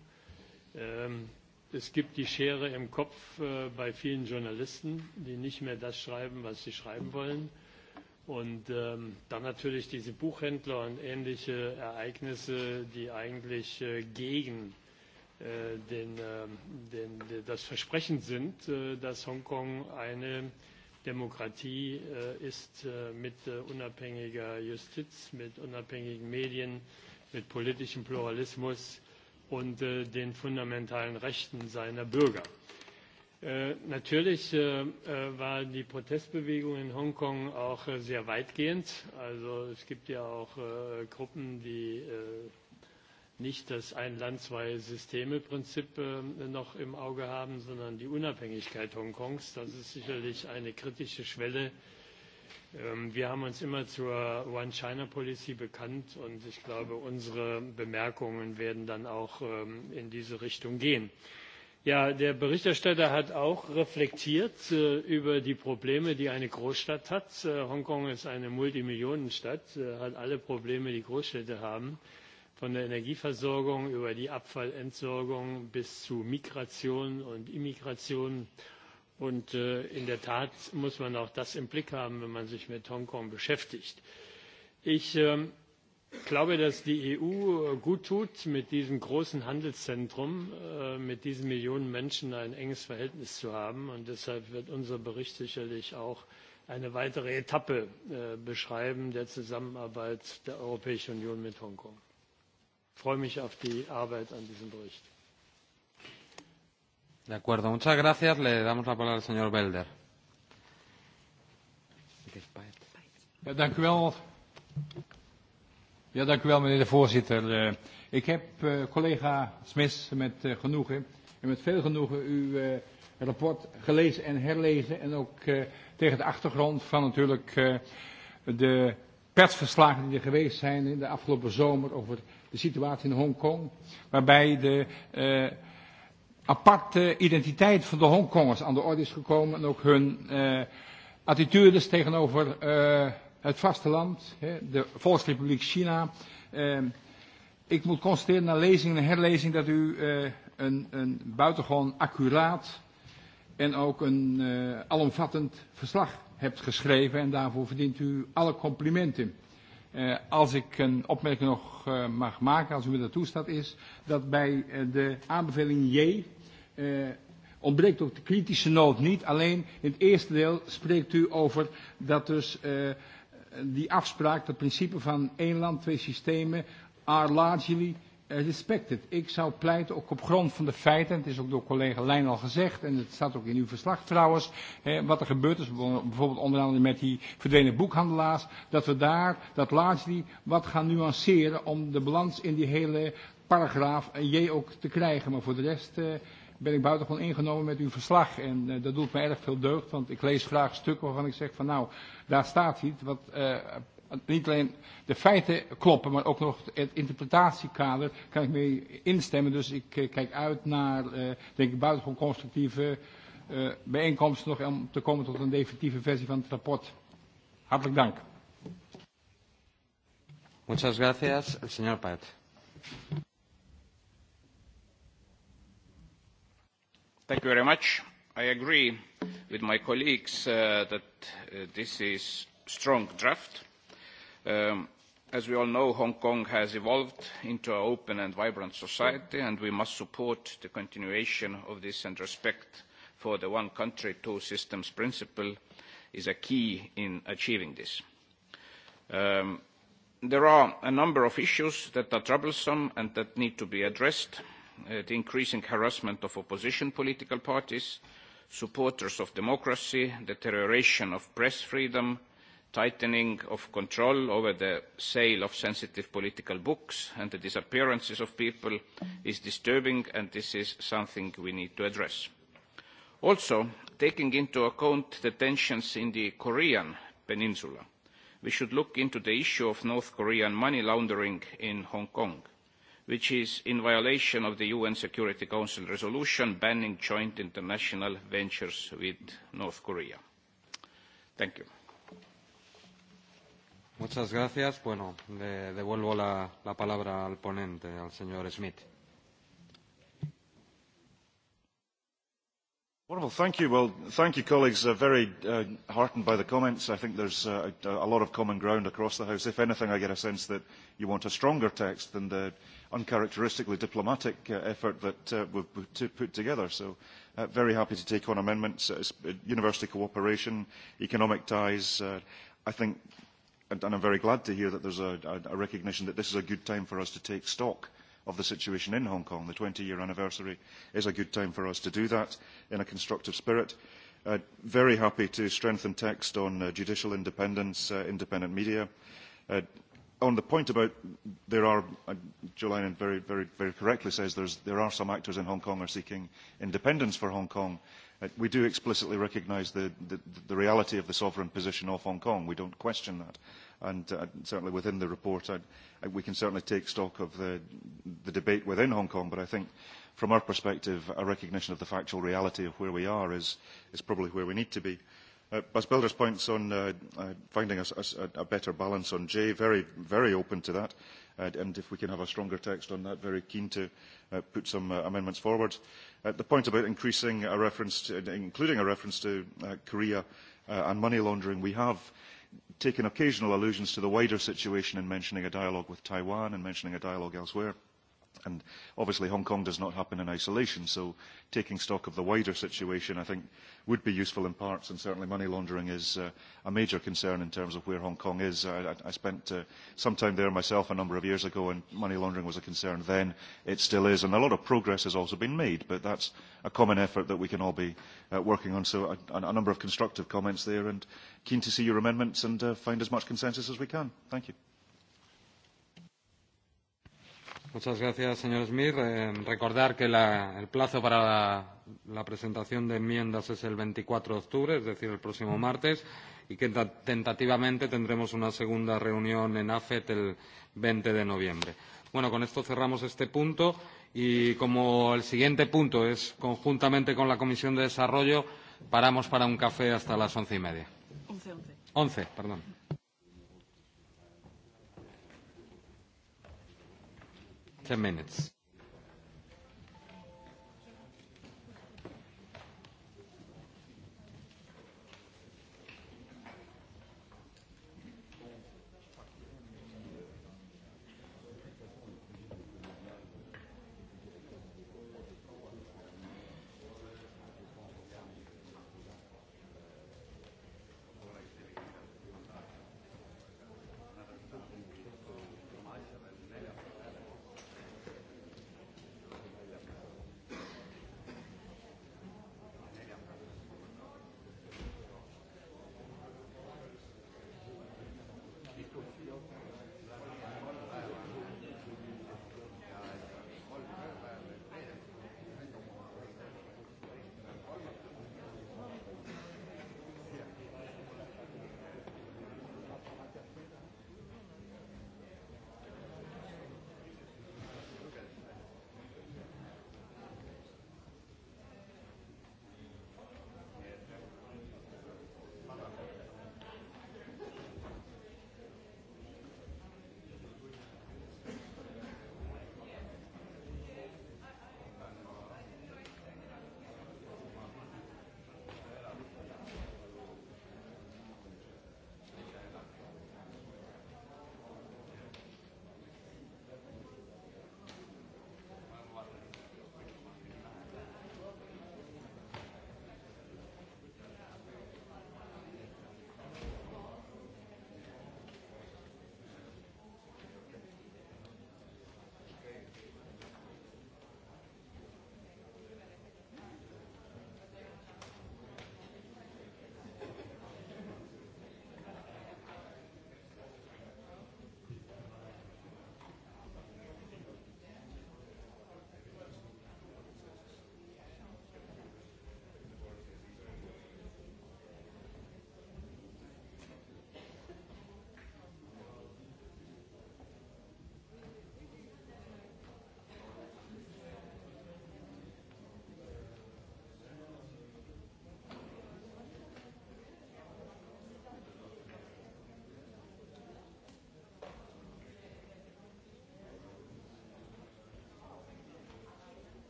Ähm, es gibt die Schere im Kopf bei vielen Journalisten, die nicht mehr das schreiben, was sie schreiben wollen. Und ähm, dann natürlich diese Buchhändler und ähnliche Ereignisse, die eigentlich äh, gegen äh, Äh, ähm, den, den, das Versprechen sind, äh, dass Hongkong eine Demokratie äh, ist mit unabhängiger Justiz, mit unabhängigen Medien, mit politischem Pluralismus und den fundamentalen Rechten seiner Bürger. Natürlich war die Protestbewegung in Hongkong auch sehr weitgehend. Also es gibt ja auch Gruppen, die nicht das Ein-Land-Zwei-Systeme-Prinzip äh, noch im Auge haben, sondern die Unabhängigkeit Hongkongs. Das ist sicherlich eine kritische Schwelle. Ähm, wir haben uns immer zur One-China-Policy bekannt und ich glaube, unsere Bemerkungen werden dann auch ähm, in diese Richtung gehen. der Berichterstatter hat auch reflektiert äh, über die Probleme, die eine Großstadt hat. Äh, Hongkong ist eine Multimillionenstadt, hat alle Probleme, die Großstädte haben von der Energieversorgung über die Abfallentsorgung bis zu Migration und Immigration. Und äh, in der Tat muss man auch das im Blick haben, wenn man sich mit Hongkong beschäftigt. Ich ähm, glaube, dass die EU äh, gut tut, mit diesem großen Handelszentrum, äh, mit diesen Millionen Menschen ein enges Verhältnis zu haben. Und deshalb wird unser Bericht sicherlich auch eine weitere Etappe beschreiben der Zusammenarbeit der Europäischen Union mit Hongkong freue mich auf die Arbeit an diesem Bericht. De acuerdo, muchas gracias. Le damos la palabra al señor Belder. Ja, dank u wel. Ja, dank u wel, meneer de voorzitter. Uh, ik heb uh, collega Smits met uh, genoegen en met veel genoegen uw uh, rapport gelezen en herlezen. En ook uh, tegen de achtergrond van natuurlijk uh, de persverslagen die er geweest zijn in de afgelopen zomer over de situatie in Hongkong, waarbij de uh, aparte identiteit van de Hongkongers aan de orde is gekomen en ook hun uh, attitudes tegenover uh, het vasteland, de Volksrepubliek China. Uh, ik moet constateren na lezing en herlezing dat u uh, een, een buitengewoon accuraat en ook een uh, alomvattend verslag hebt geschreven en daarvoor verdient u alle complimenten. Uh, als ik een opmerking nog uh, mag maken, als u me dat toestaat, is dat bij uh, de aanbeveling J uh, ontbreekt ook de kritische nood niet. Alleen in het eerste deel spreekt u over dat dus uh, die afspraak, dat principe van één land, twee systemen, are largely Eh, respected. Ik zou pleiten, ook op grond van de feiten, het is ook door collega Lijn al gezegd, en het staat ook in uw verslag trouwens, hè, eh, wat er gebeurd is, bijvoorbeeld onder andere met die verdwenen boekhandelaars, dat we daar, dat largely, wat gaan nuanceren om de balans in die hele paragraaf en J ook te krijgen. Maar voor de rest eh, ben ik buitengewoon ingenomen met uw verslag. En eh, dat doet me erg veel deugd, want ik lees graag stukken waarvan ik zeg van nou, daar staat iets wat Eh, niet alleen de feiten kloppen, maar ook nog het interpretatiekader kan ik mee instemmen. Dus ik uh, kijk uit naar, uh, denk ik, buitengewoon constructieve uh, bijeenkomsten nog om te komen tot een definitieve versie van het rapport. Hartelijk dank. Muchas gracias, el señor Paet. Thank you very much. I agree with my colleagues uh, that uh, this is strong draft Um, as we all know, Hong Kong has evolved into an open and vibrant society, and we must support the continuation of this and respect for the one country, two systems principle is a key in achieving this. Um, there are a number of issues that are troublesome and that need to be addressed. Uh, the increasing harassment of opposition political parties, supporters of democracy, deterioration of press freedom, tightening of control over the sale of sensitive political books and the disappearances of people is disturbing and this is something we need to address. Also, taking into account the tensions in the Korean peninsula, we should look into the issue of North Korean money laundering in Hong Kong, which is in violation of the UN Security Council resolution banning joint international ventures with North Korea. Thank you. Muchas gracias. Bueno, le devuelvo la, la palabra al ponente, al señor Smith. Wonderful. Thank you. Well, thank you, colleagues. Uh, very uh, heartened by the comments. I think there's uh, a, lot of common ground across the House. If anything, I get a sense that you want a stronger text than the uncharacteristically diplomatic uh, effort that uh, we've put together. So uh, very happy to take on amendments, uh, university cooperation, economic ties. Uh, I think and, and I'm very glad to hear that there's a, a, a recognition that this is a good time for us to take stock of the situation in Hong Kong. The 20-year anniversary is a good time for us to do that in a constructive spirit. Uh, very happy to strengthen text on uh, judicial independence, uh, independent media. Uh, on the point about there are, uh, Joe Linen very, very, very correctly says there's, there are some actors in Hong Kong are seeking independence for Hong Kong. Uh, we do explicitly recognise the, the, the reality of the sovereign position of Hong Kong. We don't question that. And uh, certainly within the report, I, I, we can certainly take stock of the, the debate within Hong Kong. But I think from our perspective, a recognition of the factual reality of where we are is, is probably where we need to be. Uh, Bas points on uh, uh, finding a, a, a better balance on J, very, very open to that. Uh, and if we can have a stronger text on that, very keen to uh, put some uh, amendments forward. Uh, the point about increasing a reference, to, including a reference to uh, Korea uh, and money laundering, we have taken occasional allusions to the wider situation in mentioning a dialogue with Taiwan and mentioning a dialogue elsewhere. And obviously Hong Kong does not happen in isolation, so taking stock of the wider situation I think would be useful in parts, and certainly money laundering is uh, a major concern in terms of where Hong Kong is. I, I spent uh, some time there myself a number of years ago, and money laundering was a concern then. It still is, and a lot of progress has also been made, but that's a common effort that we can all be uh, working on. So a, a number of constructive comments there, and keen to see your amendments and uh, find as much consensus as we can. Thank you. Muchas gracias, señor Smith. Eh, recordar que la, el plazo para la, la presentación de enmiendas es el 24 de octubre, es decir, el próximo martes, y que tentativamente tendremos una segunda reunión en AFET el 20 de noviembre. Bueno, con esto cerramos este punto y como el siguiente punto es conjuntamente con la Comisión de Desarrollo, paramos para un café hasta las once y media. Once, once. Once, perdón. 10 minutes.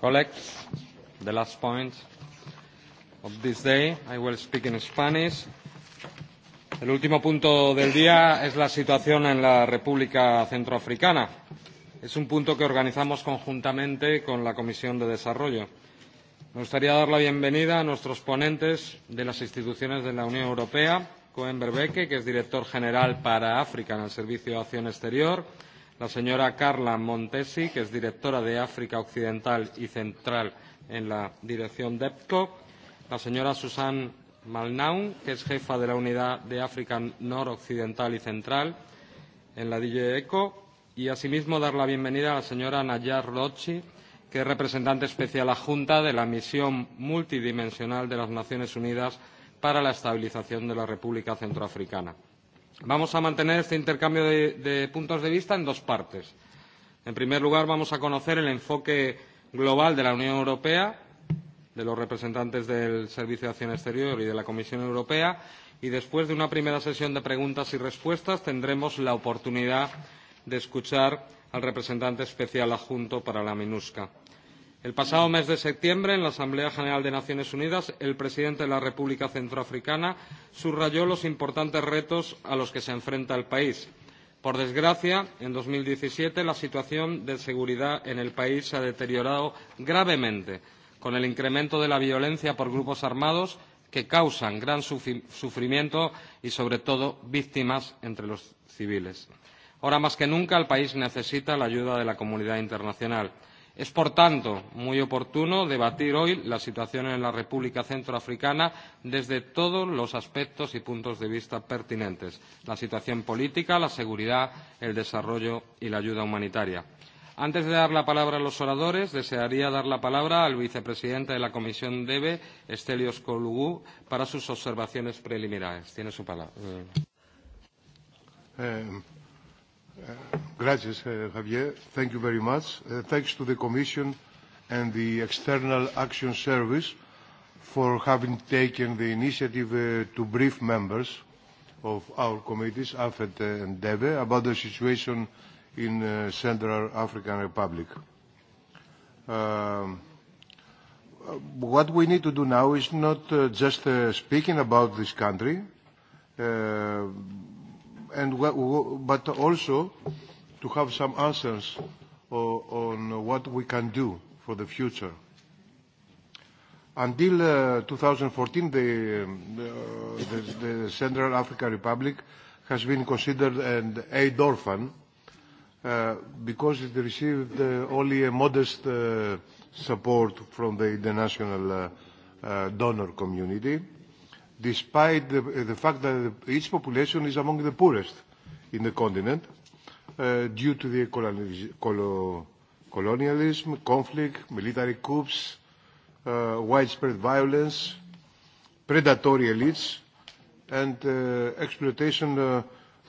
colleagues, the last point of this day. I will speak in Spanish. El último punto del día es la situación en la República Centroafricana. Es un punto que organizamos conjuntamente con la Comisión de Desarrollo. Me gustaría dar la bienvenida a nuestros ponentes de las instituciones de la Unión Europea, Cohen Berbeke, que es director general para África en el Servicio de Acción Exterior, la señora Carla Montesi, que es directora de África Occidental y Central en la dirección DEPCO, la señora Susan Malnaun, que es jefa de la unidad de África Noroccidental y Central en la DJ ECO, y asimismo dar la bienvenida a la señora Nayar Rochi, que es representante especial adjunta de la misión multidimensional de las Naciones Unidas para la estabilización de la República Centroafricana. Vamos a mantener este intercambio de, de puntos de vista en dos partes. En primer lugar, vamos a conocer el enfoque global de la Unión Europea, de los representantes del Servicio de Acción Exterior y de la Comisión Europea, y después de una primera sesión de preguntas y respuestas tendremos la oportunidad de escuchar al representante especial adjunto para la MINUSCA. El pasado mes de septiembre, en la Asamblea General de Naciones Unidas, el presidente de la República Centroafricana subrayó los importantes retos a los que se enfrenta el país. Por desgracia, en 2017 la situación de seguridad en el país se ha deteriorado gravemente, con el incremento de la violencia por grupos armados que causan gran sufrimiento y, sobre todo, víctimas entre los civiles. Ahora más que nunca, el país necesita la ayuda de la comunidad internacional. Es, por tanto, muy oportuno debatir hoy la situación en la República Centroafricana desde todos los aspectos y puntos de vista pertinentes la situación política, la seguridad, el desarrollo y la ayuda humanitaria. Antes de dar la palabra a los oradores, desearía dar la palabra al vicepresidente de la Comisión DEBE, Estelios Colugú, para sus observaciones preliminares. Tiene su palabra. Eh, Gracias, eh, Javier. Thank you very much. Uh, thanks to the Commission and the External Action Service for having taken the initiative uh, to brief members of our committees, AFET uh, and DEVE, about the situation in Central African Republic. Um, what we need to do now is not just speaking about this country, and but also to have some answers on what we can do for the future. Until uh, 2014, the, uh, the, the Central African Republic has been considered an aid orphan uh, because it received uh, only a modest uh, support from the international uh, uh, donor community despite the, the fact that its population is among the poorest in the continent uh, due to the colonialism, conflict, military coups, uh, widespread violence, predatory elites, and uh, exploitation uh,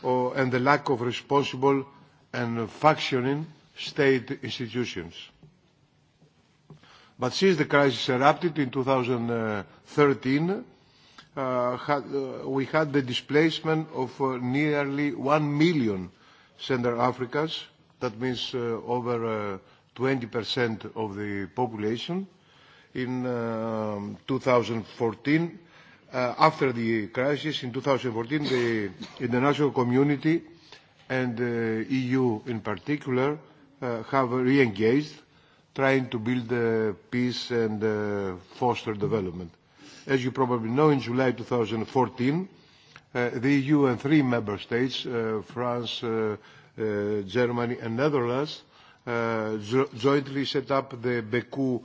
or, and the lack of responsible and functioning state institutions. But since the crisis erupted in 2013, Uh, uh, we had the displacement of uh, nearly 1 million Central Africans. That means uh, over uh, 20% of the population in 2014. Um, uh, after the crisis in 2014, the international community and the uh, EU in particular uh, have re-engaged, trying to build uh, peace and uh, foster development. As you probably know, in July 2014, uh, the EU and three member states, uh, France, uh, Germany and Netherlands, jointly set up the BECU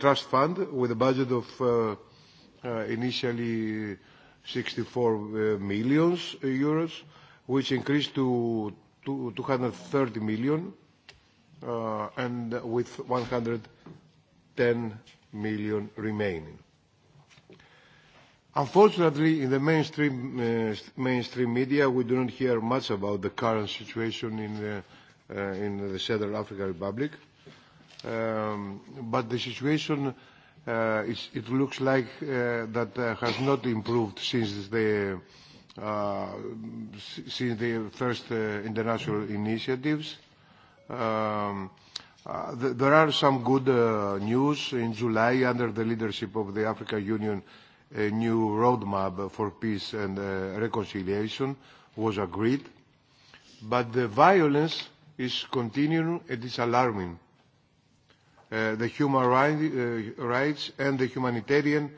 Trust Fund with a budget of initially 64 million euros, which increased to 230 million, and with 110 million remaining. Unfortunately, in the mainstream, uh, mainstream media, we do not hear much about the current situation in the, uh, in the Central African Republic. Um, but the situation, uh, is, it looks like uh, that uh, has not improved since the, uh, since the first uh, international initiatives. Um, Uh, th there are some good uh, news. In July, under the leadership of the African Union, a new roadmap for peace and uh, reconciliation was agreed, but the violence is continuing and is alarming. Uh, the human right, uh, rights and the humanitarian,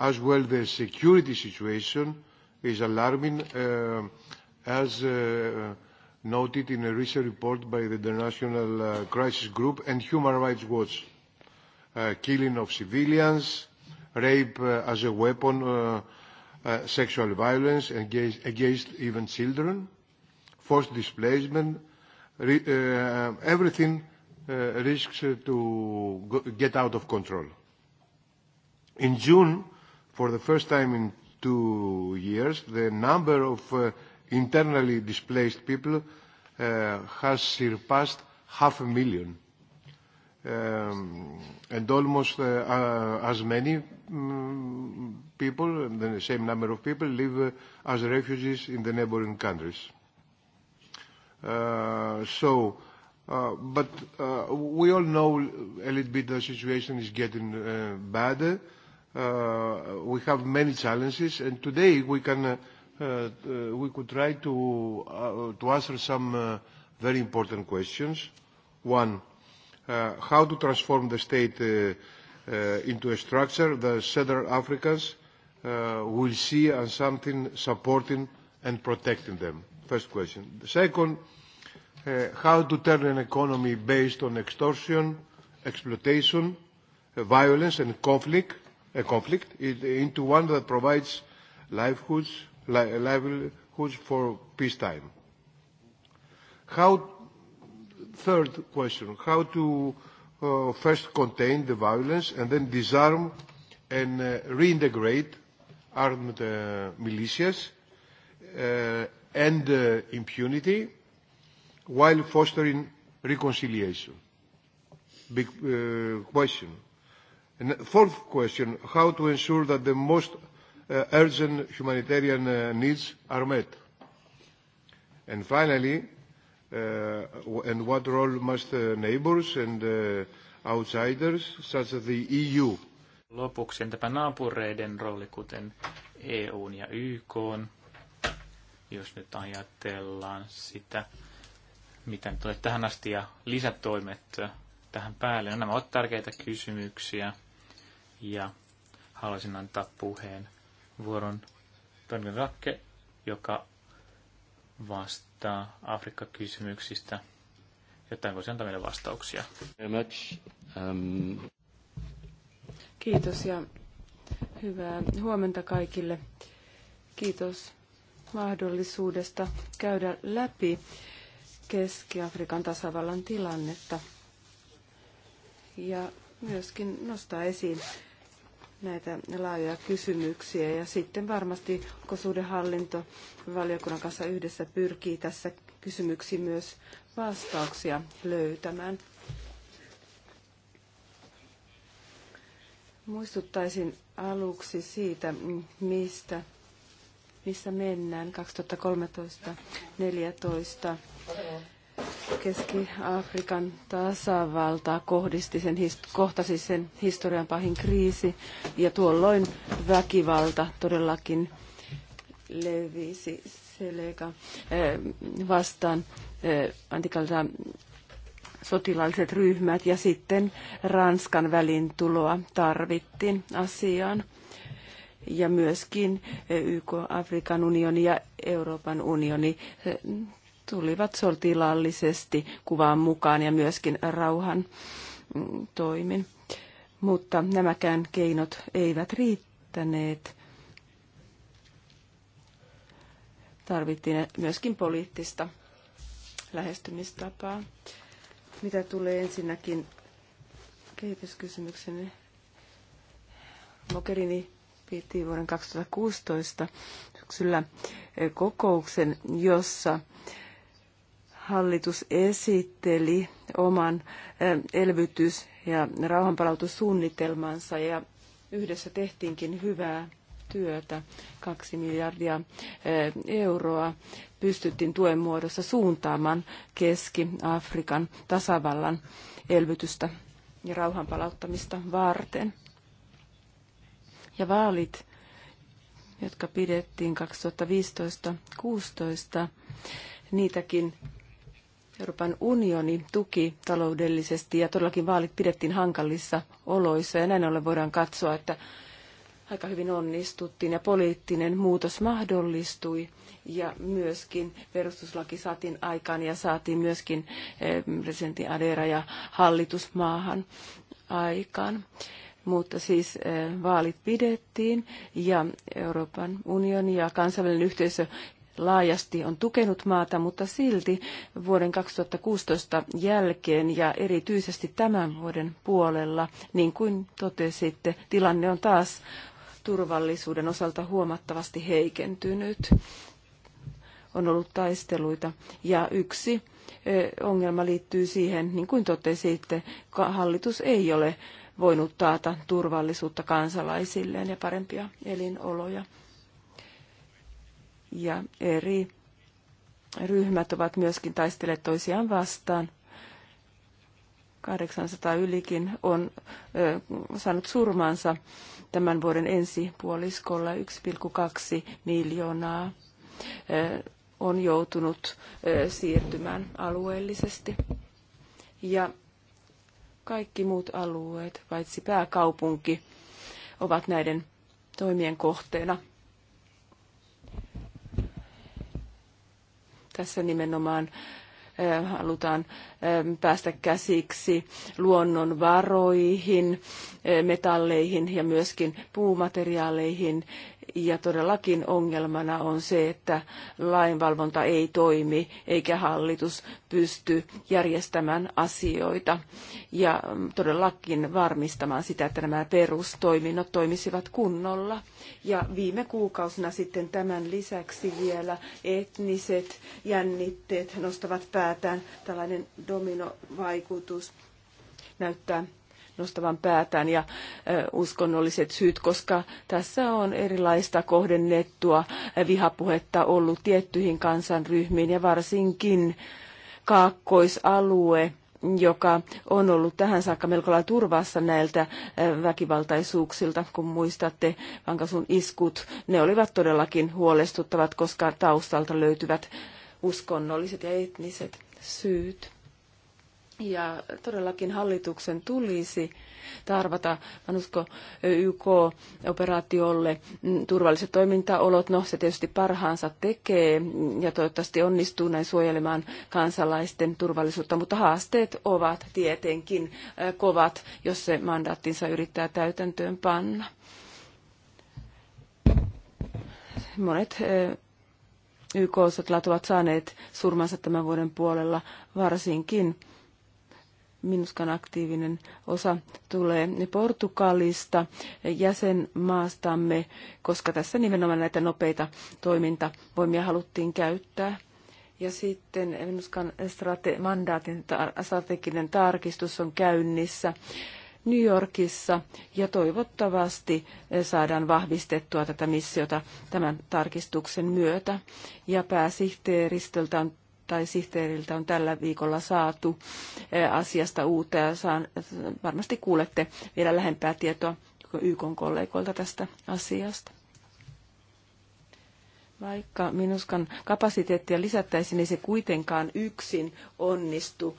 as well the security situation, is alarming, uh, as uh, noted in a recent report by the International uh, Crisis Group and Human Rights Watch. Killing of civilians, rape uh, as a weapon, uh, uh, sexual violence against, against even children, forced displacement, re, everything risks to go, get out of control. In June, for the first time in two years, the number of internally displaced people uh, has surpassed half a million, um, and almost uh, uh, as many Mm, people, the same number of people, live uh, as refugees in the neighboring countries. Uh, so, uh, but uh, we all know a little bit the situation is getting uh, bad. Uh, we have many challenges, and today we can, uh, uh, we could try to uh, to answer some uh, very important questions. One, uh, how to transform the state. Uh, uh, into a structure, the Southern Africans uh, will see as something supporting and protecting them? First question. The second, uh, how to turn an economy based on extortion, exploitation, uh, violence and conflict, a conflict it, into one that provides livelihoods, li livelihoods for peacetime. How, third question, how to uh, uh, first contain the violence and then disarm and uh, reintegrate armed uh, militias uh, and uh, impunity while fostering reconciliation. Big uh, question. And fourth question, how to ensure that the most uh, urgent humanitarian uh, needs are met? And finally, Uh, and what role must neighbors and outsiders such as the EU? Lopuksi entäpä naapureiden rooli, kuten EUn ja YKn, jos nyt ajatellaan sitä, mitä nyt olet tähän asti ja lisätoimet tähän päälle. No, nämä ovat tärkeitä kysymyksiä ja haluaisin antaa puheen vuoron Toni Rakke, joka vastaa Afrikka-kysymyksistä, jotta voisi antaa meille vastauksia. Um, Kiitos ja hyvää huomenta kaikille. Kiitos mahdollisuudesta käydä läpi Keski-Afrikan tasavallan tilannetta ja myöskin nostaa esiin näitä laajoja kysymyksiä ja sitten varmasti kosuudenhallinto valiokunnan kanssa yhdessä pyrkii tässä kysymyksiin myös vastauksia löytämään. Muistuttaisin aluksi siitä, mistä, missä mennään 2013-2014 Keski-Afrikan tasavalta kohdisti sen, kohtasi sen historian pahin kriisi ja tuolloin väkivalta todellakin levisi Seleka eh, vastaan eh, antikalta sotilaalliset ryhmät ja sitten Ranskan tuloa tarvittiin asiaan ja myöskin eh, YK, Afrikan unioni ja Euroopan unioni tulivat sotilaallisesti kuvaan mukaan ja myöskin rauhan mm, toimin. Mutta nämäkään keinot eivät riittäneet. Tarvittiin myöskin poliittista lähestymistapaa. Mitä tulee ensinnäkin kehityskysymyksen, niin Mokerini piti vuoden 2016 syksyllä kokouksen, jossa hallitus esitteli oman elvytys- ja rauhanpalautussuunnitelmansa ja yhdessä tehtiinkin hyvää työtä. Kaksi miljardia euroa pystyttiin tuen muodossa suuntaamaan Keski-Afrikan tasavallan elvytystä ja rauhanpalauttamista varten. Ja vaalit, jotka pidettiin 2015-2016, niitäkin Euroopan unioni tuki taloudellisesti ja todellakin vaalit pidettiin hankalissa oloissa ja näin ollen voidaan katsoa, että aika hyvin onnistuttiin ja poliittinen muutos mahdollistui ja myöskin perustuslaki saatiin aikaan ja saatiin myöskin eh, presidentti Adera ja hallitus maahan aikaan. Mutta siis eh, vaalit pidettiin ja Euroopan unioni ja kansainvälinen yhteisö laajasti on tukenut maata, mutta silti vuoden 2016 jälkeen ja erityisesti tämän vuoden puolella, niin kuin totesitte, tilanne on taas turvallisuuden osalta huomattavasti heikentynyt. On ollut taisteluita ja yksi ongelma liittyy siihen, niin kuin totesitte, hallitus ei ole voinut taata turvallisuutta kansalaisilleen ja parempia elinoloja ja eri ryhmät ovat myöskin taistelleet toisiaan vastaan. 800 ylikin on ö, saanut surmansa tämän vuoden ensipuoliskolla 1,2 miljoonaa ö, on joutunut ö, siirtymään alueellisesti. Ja kaikki muut alueet, paitsi pääkaupunki, ovat näiden toimien kohteena. Tässä nimenomaan äh, halutaan ähm, päästä käsiksi luonnonvaroihin, äh, metalleihin ja myöskin puumateriaaleihin ja todellakin ongelmana on se, että lainvalvonta ei toimi eikä hallitus pysty järjestämään asioita ja todellakin varmistamaan sitä, että nämä perustoiminnot toimisivat kunnolla. Ja viime kuukausina sitten tämän lisäksi vielä etniset jännitteet nostavat päätään. Tällainen dominovaikutus näyttää nostavan päätään ja uskonnolliset syyt, koska tässä on erilaista kohdennettua vihapuhetta ollut tiettyihin kansanryhmiin ja varsinkin kaakkoisalue joka on ollut tähän saakka melko lailla turvassa näiltä väkivaltaisuuksilta, kun muistatte Vankasun iskut. Ne olivat todellakin huolestuttavat, koska taustalta löytyvät uskonnolliset ja etniset syyt. Ja todellakin hallituksen tulisi tarvata, Manusko, YK-operaatiolle mm, turvalliset toimintaolot. No, se tietysti parhaansa tekee ja toivottavasti onnistuu näin suojelemaan kansalaisten turvallisuutta, mutta haasteet ovat tietenkin äh, kovat, jos se mandaattinsa yrittää täytäntöön panna. Monet äh, YK-sotilaat ovat saaneet surmansa tämän vuoden puolella varsinkin Minuskan aktiivinen osa tulee Portugalista, jäsenmaastamme, koska tässä nimenomaan näitä nopeita toimintavoimia haluttiin käyttää. Ja sitten Minuskan strate- mandaatin ta- strateginen tarkistus on käynnissä. New Yorkissa ja toivottavasti saadaan vahvistettua tätä missiota tämän tarkistuksen myötä. Ja pääsihteeristöltä on tai sihteeriltä on tällä viikolla saatu eh, asiasta uutta ja saan, varmasti kuulette vielä lähempää tietoa YK kollegoilta tästä asiasta. Vaikka minuskan kapasiteettia lisättäisiin, niin se kuitenkaan yksin onnistu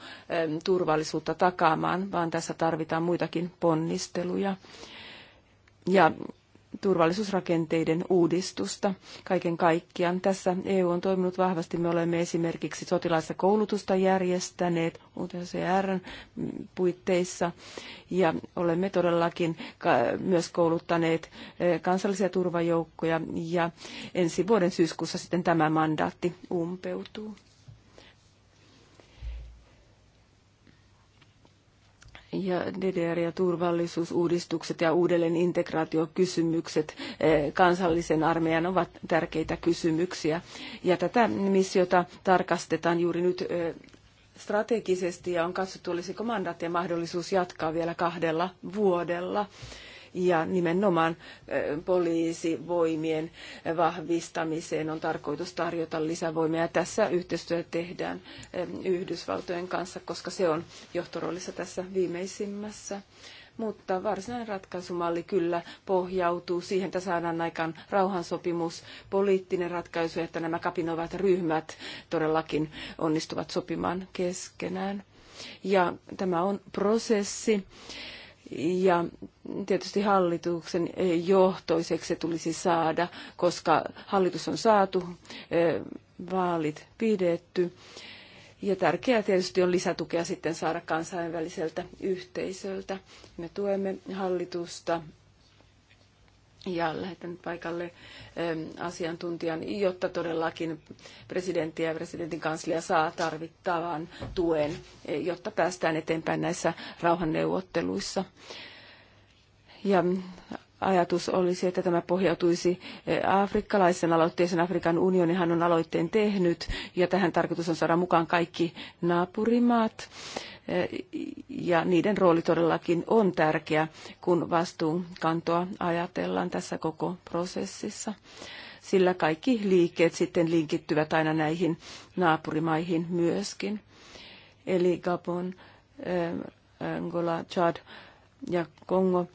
turvallisuutta takaamaan, vaan tässä tarvitaan muitakin ponnisteluja. Ja turvallisuusrakenteiden uudistusta kaiken kaikkiaan. Tässä EU on toiminut vahvasti. Me olemme esimerkiksi sotilaista koulutusta järjestäneet UTCRn puitteissa ja olemme todellakin myös kouluttaneet eh, kansallisia turvajoukkoja ja ensi vuoden syyskuussa sitten tämä mandaatti umpeutuu. ja DDR ja turvallisuusuudistukset ja uudelleen integraatiokysymykset eh, kansallisen armeijan ovat tärkeitä kysymyksiä. Ja tätä missiota tarkastetaan juuri nyt eh, strategisesti ja on katsottu, olisiko mandaatti ja mahdollisuus jatkaa vielä kahdella vuodella ja nimenomaan poliisivoimien vahvistamiseen on tarkoitus tarjota lisävoimia. Tässä yhteistyötä tehdään Yhdysvaltojen kanssa, koska se on johtoroolissa tässä viimeisimmässä mutta varsinainen ratkaisumalli kyllä pohjautuu siihen, että saadaan aikaan rauhansopimus, poliittinen ratkaisu, että nämä kapinoivat ryhmät todellakin onnistuvat sopimaan keskenään. Ja tämä on prosessi ja tietysti hallituksen johtoiseksi se tulisi saada, koska hallitus on saatu, vaalit pidetty. Ja tärkeää tietysti on lisätukea sitten saada kansainväliseltä yhteisöltä. Me tuemme hallitusta ja lähettänyt paikalle ähm, asiantuntijan, jotta todellakin presidentti ja presidentin kanslia saa tarvittavan tuen, eh, jotta päästään eteenpäin näissä rauhanneuvotteluissa. Ja ajatus olisi, että tämä pohjautuisi e, afrikkalaisen aloitteeseen. Afrikan unionihan on aloitteen tehnyt ja tähän tarkoitus on saada mukaan kaikki naapurimaat. E, ja niiden rooli todellakin on tärkeä, kun vastuunkantoa ajatellaan tässä koko prosessissa sillä kaikki liikkeet sitten linkittyvät aina näihin naapurimaihin myöskin. Eli Gabon, e, Angola, Chad, ja Kongo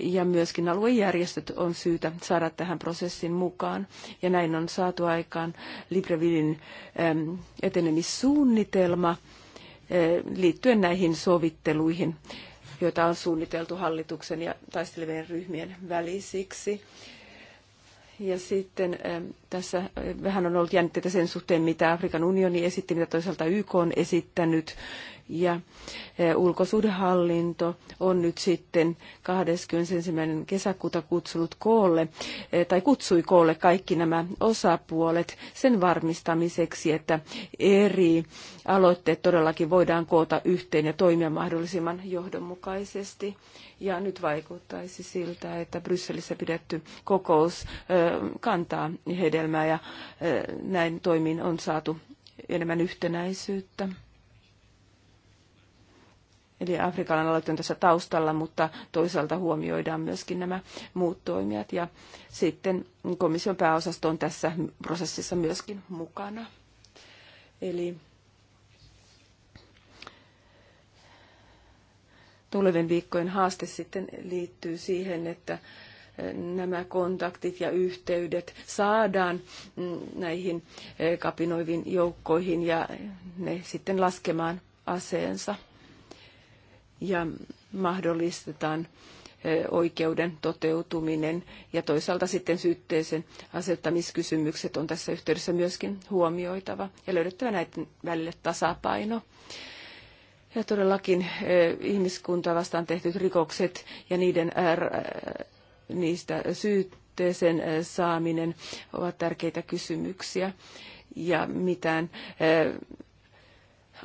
ja myöskin aluejärjestöt on syytä saada tähän prosessin mukaan. Ja näin on saatu aikaan Librevillin ähm, etenemissuunnitelma äh, liittyen näihin sovitteluihin, joita on suunniteltu hallituksen ja taistelevien ryhmien välisiksi. Ja sitten ähm, tässä äh, vähän on ollut jännitteitä sen suhteen, mitä Afrikan unioni esitti, mitä toisaalta YK on esittänyt ja eh, ulkosuhdehallinto on nyt sitten 21. kesäkuuta kutsunut koolle, eh, tai kutsui koolle kaikki nämä osapuolet sen varmistamiseksi, että eri aloitteet todellakin voidaan koota yhteen ja toimia mahdollisimman johdonmukaisesti. Ja nyt vaikuttaisi siltä, että Brysselissä pidetty kokous eh, kantaa hedelmää ja näin toimiin on saatu enemmän yhtenäisyyttä. Eli Afrikan aloite on tässä taustalla, mutta toisaalta huomioidaan myöskin nämä muut toimijat. Ja sitten komission pääosasto on tässä prosessissa myöskin mukana. Eli tulevien viikkojen haaste sitten liittyy siihen, että nämä kontaktit ja yhteydet saadaan näihin kapinoiviin joukkoihin ja ne sitten laskemaan aseensa ja mahdollistetaan oikeuden toteutuminen ja toisaalta sitten syytteisen asettamiskysymykset on tässä yhteydessä myöskin huomioitava ja löydettävä näiden välille tasapaino. Ja todellakin ihmiskuntaa vastaan tehtyt rikokset ja niiden, niistä syytteeseen saaminen ovat tärkeitä kysymyksiä ja mitään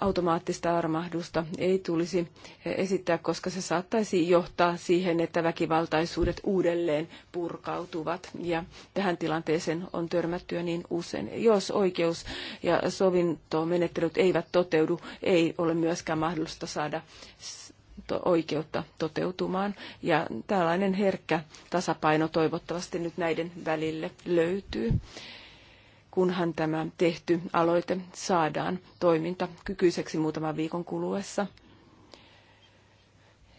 automaattista armahdusta ei tulisi esittää, koska se saattaisi johtaa siihen, että väkivaltaisuudet uudelleen purkautuvat. Ja tähän tilanteeseen on törmättyä niin usein. Jos oikeus- ja sovintomenettelyt eivät toteudu, ei ole myöskään mahdollista saada oikeutta toteutumaan. Ja tällainen herkkä tasapaino toivottavasti nyt näiden välille löytyy kunhan tämä tehty aloite saadaan toimintakykyiseksi muutaman viikon kuluessa.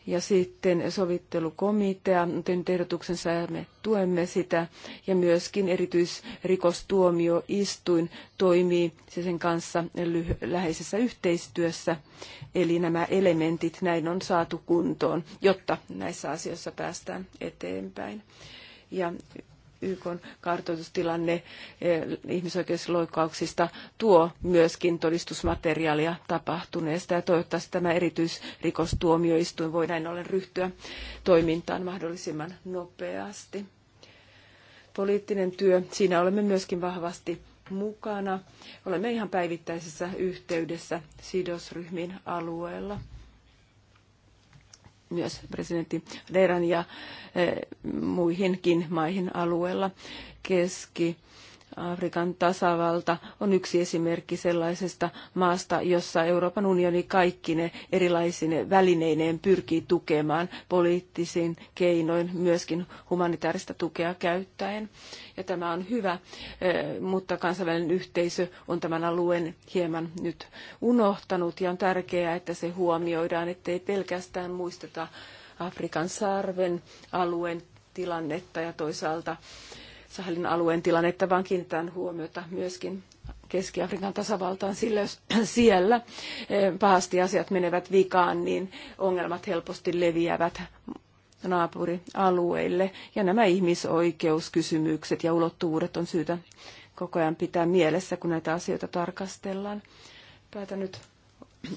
Ja sitten sovittelukomitea on tehnyt ehdotuksensa ja me tuemme sitä. Ja myöskin erityisrikostuomioistuin toimii sen kanssa läheisessä yhteistyössä. Eli nämä elementit näin on saatu kuntoon, jotta näissä asioissa päästään eteenpäin. Ja YK kartoitustilanne eh, ihmisoikeusloikkauksista tuo myöskin todistusmateriaalia tapahtuneesta ja toivottavasti tämä erityisrikostuomioistuin voi näin ollen ryhtyä toimintaan mahdollisimman nopeasti. Poliittinen työ, siinä olemme myöskin vahvasti mukana. Olemme ihan päivittäisessä yhteydessä sidosryhmin alueella myös presidentti Deran ja eh, muihinkin maihin alueella. Keski Afrikan tasavalta on yksi esimerkki sellaisesta maasta, jossa Euroopan unioni kaikkine erilaisine välineineen pyrkii tukemaan poliittisin keinoin, myöskin humanitaarista tukea käyttäen. Ja tämä on hyvä, eh, mutta kansainvälinen yhteisö on tämän alueen hieman nyt unohtanut ja on tärkeää, että se huomioidaan, ettei pelkästään muisteta Afrikan sarven alueen tilannetta ja toisaalta Sahelin alueen tilannetta, vaan kiinnitetään huomiota myöskin Keski-Afrikan tasavaltaan, sillä jos siellä eh, pahasti asiat menevät vikaan, niin ongelmat helposti leviävät naapurialueille. Ja nämä ihmisoikeuskysymykset ja ulottuvuudet on syytä koko ajan pitää mielessä, kun näitä asioita tarkastellaan. Päätän nyt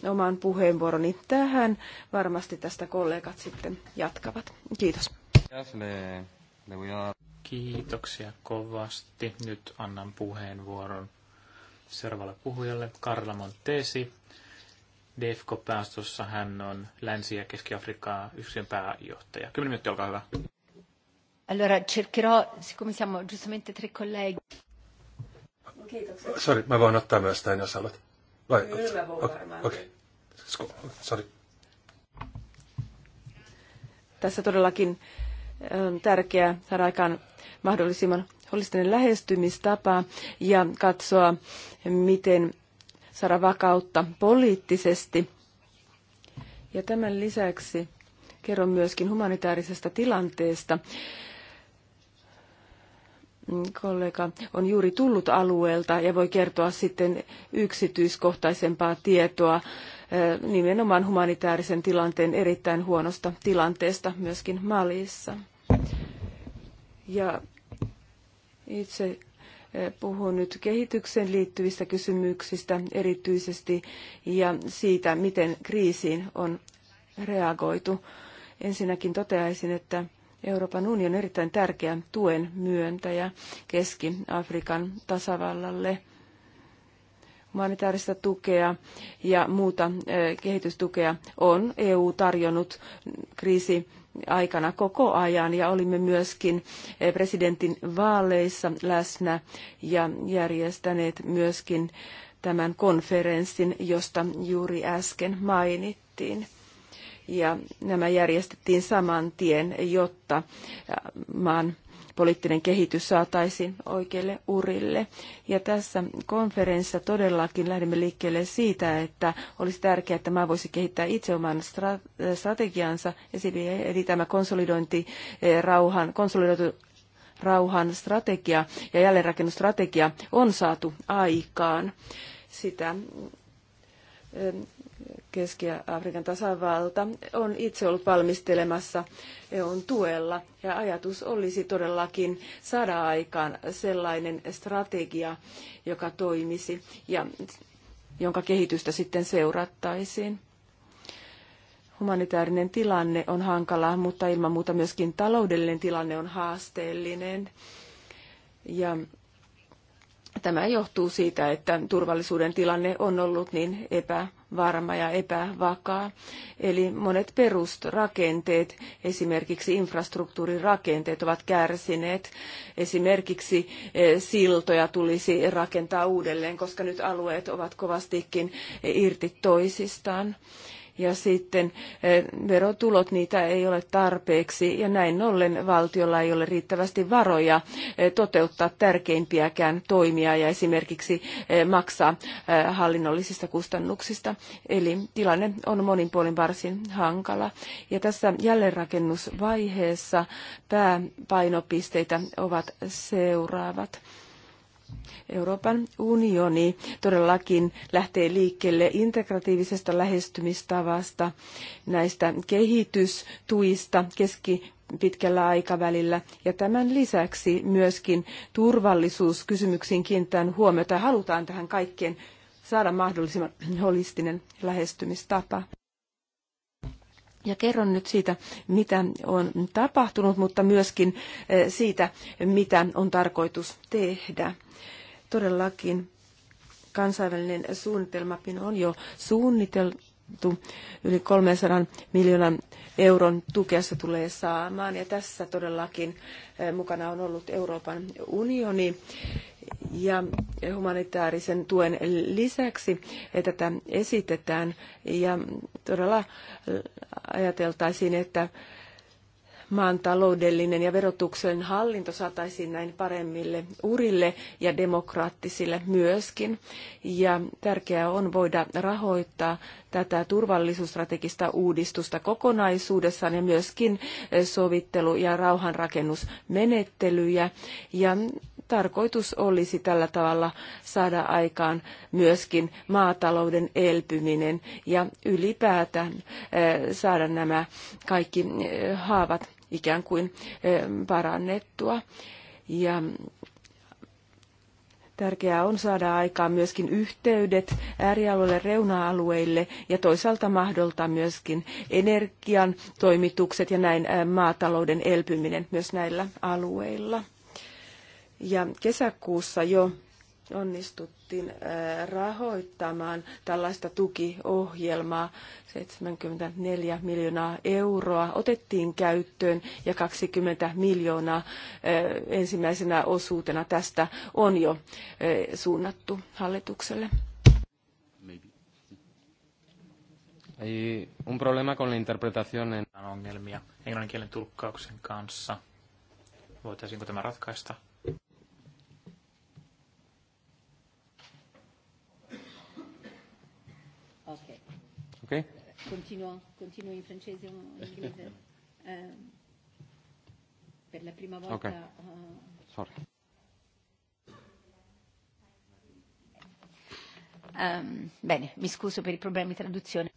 oman puheenvuoroni tähän. Varmasti tästä kollegat sitten jatkavat. Kiitos. Kiitoksia kovasti. Nyt annan puheenvuoron seuraavalle puhujalle, Karla Montesi. DEFCO-päästössä hän on Länsi- ja Keski-Afrikaa yksikön pääjohtaja. Kymmenen minuuttia, olkaa hyvä. Allora, cercherò, siccome siamo giustamente tre colleghi. Sorry, mä voin ottaa myös tämän, jos haluat. Vai, Kyllä, voi varmaan. Okei, okay. sorry. Tässä todellakin on tärkeää saada aikaan mahdollisimman holistinen lähestymistapa ja katsoa, miten saada vakautta poliittisesti. Ja tämän lisäksi kerron myöskin humanitaarisesta tilanteesta. Kollega on juuri tullut alueelta ja voi kertoa sitten yksityiskohtaisempaa tietoa eh, nimenomaan humanitaarisen tilanteen erittäin huonosta tilanteesta myöskin Malissa. Ja itse eh, puhun nyt kehitykseen liittyvistä kysymyksistä erityisesti ja siitä, miten kriisiin on reagoitu. Ensinnäkin toteaisin, että Euroopan unioni on erittäin tärkeä tuen myöntäjä Keski-Afrikan tasavallalle humanitaarista tukea ja muuta eh, kehitystukea on EU tarjonnut kriisi aikana koko ajan ja olimme myöskin eh, presidentin vaaleissa läsnä ja järjestäneet myöskin tämän konferenssin, josta juuri äsken mainittiin. Ja nämä järjestettiin saman tien, jotta eh, maan poliittinen kehitys saataisiin oikeille urille. Ja tässä konferenssissa todellakin lähdemme liikkeelle siitä, että olisi tärkeää, että maa voisi kehittää itse oman strategiansa, eli tämä konsolidointi, rauhan, konsolidoitu rauhan strategia ja jälleenrakennusstrategia on saatu aikaan. Sitä Keski-Afrikan tasavalta on itse ollut valmistelemassa EUn tuella. Ja ajatus olisi todellakin saada aikaan sellainen strategia, joka toimisi ja jonka kehitystä sitten seurattaisiin. Humanitaarinen tilanne on hankala, mutta ilman muuta myöskin taloudellinen tilanne on haasteellinen. Ja tämä johtuu siitä, että turvallisuuden tilanne on ollut niin epä varma ja epävakaa. Eli monet perustrakenteet, esimerkiksi infrastruktuurirakenteet, ovat kärsineet. Esimerkiksi eh, siltoja tulisi rakentaa uudelleen, koska nyt alueet ovat kovastikin eh, irti toisistaan ja sitten eh, verotulot, niitä ei ole tarpeeksi ja näin ollen valtiolla ei ole riittävästi varoja eh, toteuttaa tärkeimpiäkään toimia ja esimerkiksi eh, maksaa hallinnollisista kustannuksista. Eli tilanne on monin puolin varsin hankala. Ja tässä jälleenrakennusvaiheessa pääpainopisteitä ovat seuraavat. Euroopan unioni todellakin lähtee liikkeelle integratiivisesta lähestymistavasta, näistä kehitystuista keski pitkällä aikavälillä. Ja tämän lisäksi myöskin turvallisuuskysymyksiin kiinnitetään huomiota. Halutaan tähän kaikkeen saada mahdollisimman holistinen lähestymistapa. Ja kerron nyt siitä, mitä on tapahtunut, mutta myöskin eh, siitä, mitä on tarkoitus tehdä. Todellakin kansainvälinen suunnitelmapin on jo suunniteltu. Yli 300 miljoonan euron tukea se tulee saamaan. Ja tässä todellakin eh, mukana on ollut Euroopan unioni ja humanitaarisen tuen lisäksi tätä esitetään ja todella ajateltaisiin, että maan taloudellinen ja verotuksen hallinto saataisiin näin paremmille urille ja demokraattisille myöskin. Ja tärkeää on voida rahoittaa tätä turvallisuusstrategista uudistusta kokonaisuudessaan ja myöskin sovittelu- ja rauhanrakennusmenettelyjä. Ja tarkoitus olisi tällä tavalla saada aikaan myöskin maatalouden elpyminen ja ylipäätään eh, saada nämä kaikki eh, haavat ikään kuin eh, parannettua. Ja Tärkeää on saada aikaan myöskin yhteydet äärialueille, reuna-alueille ja toisaalta mahdolta myöskin energian toimitukset ja näin maatalouden elpyminen myös näillä alueilla. Ja kesäkuussa jo onnistuttiin rahoittamaan tällaista tukiohjelmaa. 74 miljoonaa euroa otettiin käyttöön ja 20 miljoonaa ensimmäisenä osuutena tästä on jo suunnattu hallitukselle. Hay un problema con la interpretación en... ongelmia englanninkielen tulkkauksen kanssa. Voitaisiinko tämä ratkaista? Ok? Continuo, continuo in francese o in inglese. Eh, per la prima volta... Okay. Uh, Sorry. Um, bene, mi scuso per i problemi di traduzione.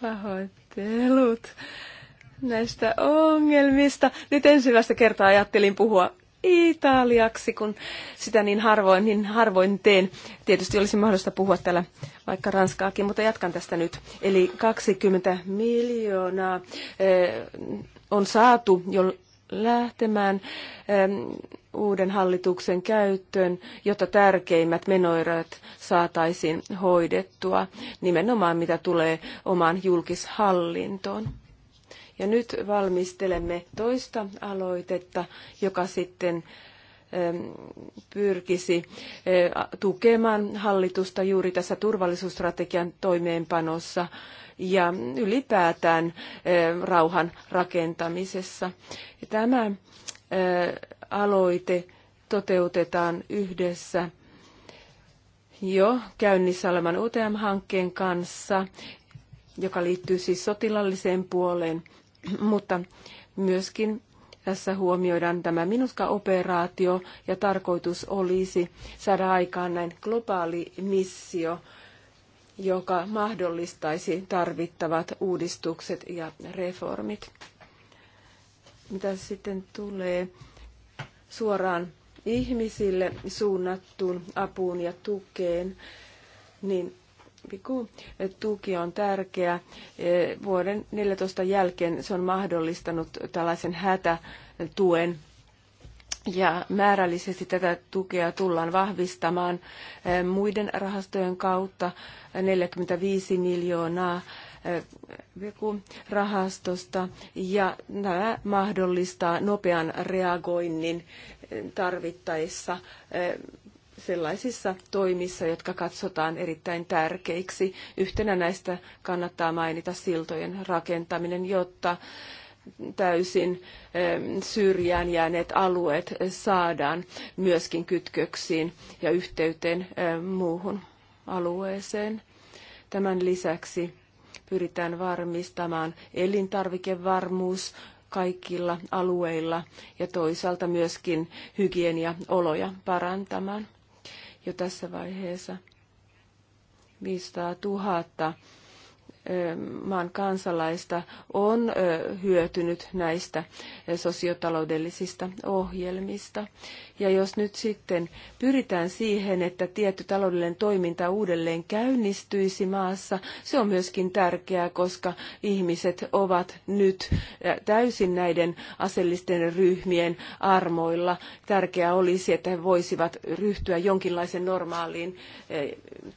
Pahoittelut näistä ongelmista. Nyt ensimmäistä kertaa ajattelin puhua italiaksi, kun sitä niin harvoin, niin harvoin teen. Tietysti olisi mahdollista puhua täällä vaikka ranskaakin, mutta jatkan tästä nyt. Eli 20 miljoonaa eh, on saatu jo lähtemään eh, uuden hallituksen käyttöön, jotta tärkeimmät menoerät saataisiin hoidettua, nimenomaan mitä tulee omaan julkishallintoon. Ja nyt valmistelemme toista aloitetta, joka sitten ähm, pyrkisi äh, tukemaan hallitusta juuri tässä turvallisuusstrategian toimeenpanossa ja ylipäätään äh, rauhan rakentamisessa. Tämä äh, aloite toteutetaan yhdessä jo käynnissä olevan UTM-hankkeen kanssa, joka liittyy siis sotilalliseen puoleen Mutta myöskin tässä huomioidaan tämä Minuska-operaatio ja tarkoitus olisi saada aikaan näin globaali missio, joka mahdollistaisi tarvittavat uudistukset ja reformit. Mitä sitten tulee suoraan ihmisille suunnattuun apuun ja tukeen, niin Eh, tuki on tärkeä. Eh, vuoden 14 jälkeen se on mahdollistanut tällaisen hätätuen ja määrällisesti tätä tukea tullaan vahvistamaan eh, muiden rahastojen kautta 45 miljoonaa rahastosta ja tämä mahdollistaa nopean reagoinnin tarvittaessa sellaisissa toimissa, jotka katsotaan erittäin tärkeiksi. Yhtenä näistä kannattaa mainita siltojen rakentaminen, jotta täysin syrjään jääneet alueet saadaan myöskin kytköksiin ja yhteyteen muuhun alueeseen. Tämän lisäksi pyritään varmistamaan elintarvikevarmuus kaikilla alueilla ja toisaalta myöskin hygieniaoloja parantamaan jo tässä vaiheessa 500 000 maan kansalaista on hyötynyt näistä sosiotaloudellisista ohjelmista. Ja jos nyt sitten pyritään siihen, että tietty taloudellinen toiminta uudelleen käynnistyisi maassa, se on myöskin tärkeää, koska ihmiset ovat nyt täysin näiden aseellisten ryhmien armoilla. Tärkeää olisi, että he voisivat ryhtyä jonkinlaisen normaaliin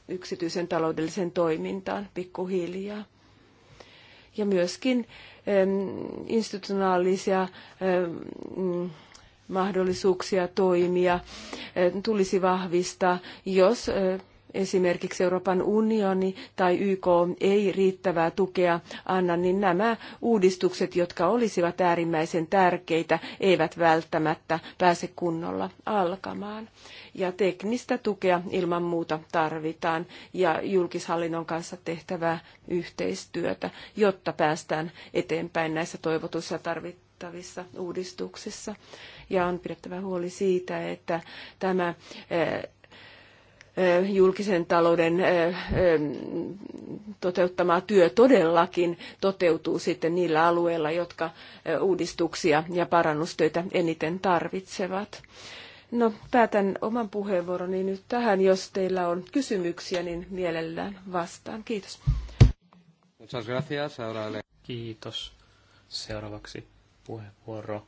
yksityisen taloudellisen toimintaan pikkuhiljaa. Ja myöskin institutionaalisia mahdollisuuksia toimia eh, tulisi vahvistaa, jos eh, esimerkiksi Euroopan unioni tai YK ei riittävää tukea anna, niin nämä uudistukset, jotka olisivat äärimmäisen tärkeitä, eivät välttämättä pääse kunnolla alkamaan. Ja teknistä tukea ilman muuta tarvitaan ja julkishallinnon kanssa tehtävää yhteistyötä, jotta päästään eteenpäin näissä toivotuissa tarvittavissa uudistuksissa ja on pidettävä huoli siitä, että tämä eh, eh, julkisen talouden eh, toteuttama työ todellakin toteutuu sitten niillä alueilla, jotka uudistuksia ja parannustöitä eniten tarvitsevat. No, päätän oman puheenvuoroni nyt tähän. Jos teillä on kysymyksiä, niin mielellään vastaan. Kiitos. Kiitos. Seuraavaksi puheenvuoro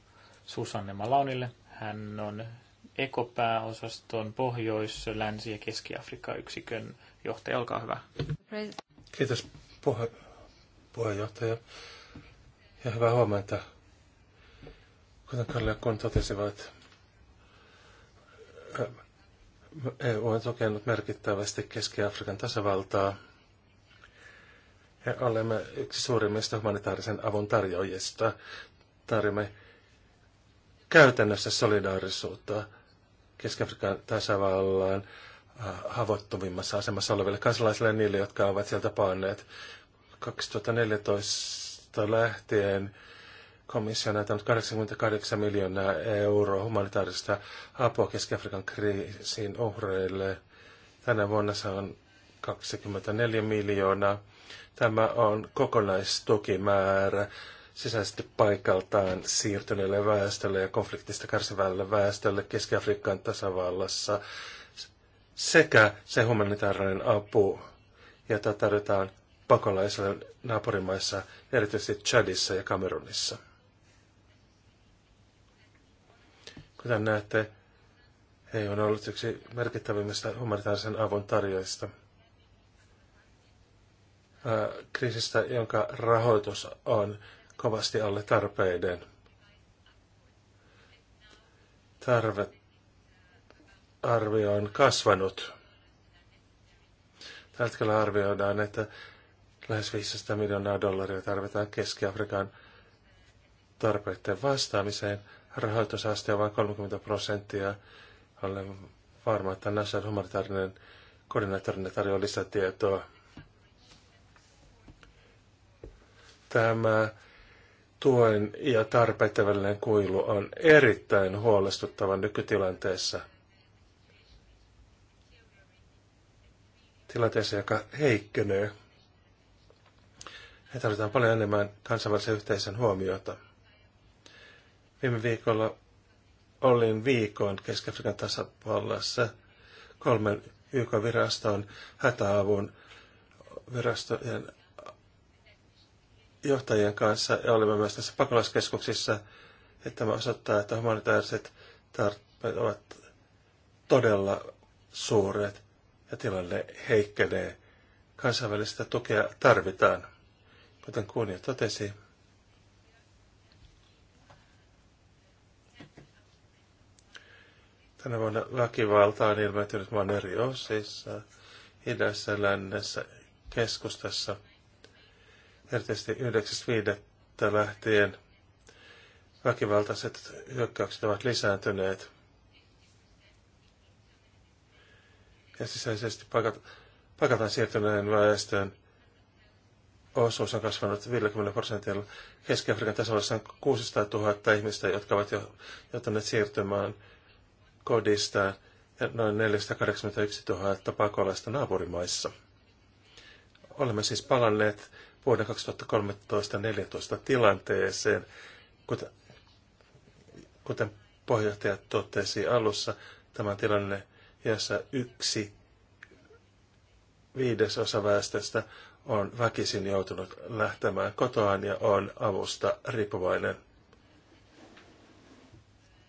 Susanne Malaunille. Hän on ekopääosaston Pohjois-, Länsi- ja Keski-Afrikan yksikön johtaja. Olkaa hyvä. Kiitos puhe- puheenjohtaja ja hyvää huomenta. Kuten Kalle kun totesivat, EU on tukenut merkittävästi Keski-Afrikan tasavaltaa ja olemme yksi suurimmista humanitaarisen avun tarjoajista. Tarjoamme käytännössä solidaarisuutta Keski-Afrikan tasavallan äh, havoittuvimmassa asemassa oleville kansalaisille niille, jotka ovat sieltä paanneet. 2014 lähtien komissio on antanut 88 miljoonaa euroa humanitaarista apua Keski-Afrikan kriisin uhreille. Tänä vuonna se on 24 miljoonaa. Tämä on kokonaistukimäärä sisäisesti paikaltaan siirtyneelle väestölle ja konfliktista kärsivälle väestölle Keski-Afrikan tasavallassa sekä se humanitaarinen apu, jota tarvitaan pakolaisille naapurimaissa, erityisesti Chadissa ja Kamerunissa. Kuten näette, he on ollut yksi merkittävimmistä humanitaarisen avun tarjoajista kriisistä, jonka rahoitus on kovasti alle tarpeiden. Tarve arvio on kasvanut. Tällä hetkellä arvioidaan, että lähes 500 miljoonaa dollaria tarvitaan Keski-Afrikan tarpeiden vastaamiseen. Rahoitusaste on vain 30 prosenttia. Olen varma, että Nasser humanitaarinen koordinaattorinen tarjoaa lisätietoa. Tämä tuen ja tarpeiden välinen kuilu on erittäin huolestuttava nykytilanteessa. Tilanteessa, joka heikkenee. He tarvitaan paljon enemmän kansainvälisen yhteisön huomiota. Viime viikolla olin viikon Keski-Afrikan tasapallossa kolmen YK-viraston hätäavun virastojen johtajien kanssa ja olimme myös tässä pakolaiskeskuksissa, että tämä osoittaa, että humanitaariset tarpeet ovat todella suuret ja tilanne heikkenee. Kansainvälistä tukea tarvitaan, kuten Kuunio totesi. Tänä vuonna väkivalta on ilmentynyt maan eri osissa, idässä, lännessä, keskustassa – erityisesti 9.5. lähtien väkivaltaiset hyökkäykset ovat lisääntyneet. Ja sisäisesti pakataan siirtyneen väestön osuus on kasvanut 50 prosentilla. Keski-Afrikan tasavallassa on 600 000 ihmistä, jotka ovat jo joutuneet siirtymään kodistaan ja noin 481 000 pakolaista naapurimaissa. Olemme siis palanneet vuoden 2013-2014 tilanteeseen, kuten, pohjohtaja totesi alussa, tämä tilanne, jossa yksi viidesosa väestöstä on väkisin joutunut lähtemään kotoaan ja on avusta riippuvainen.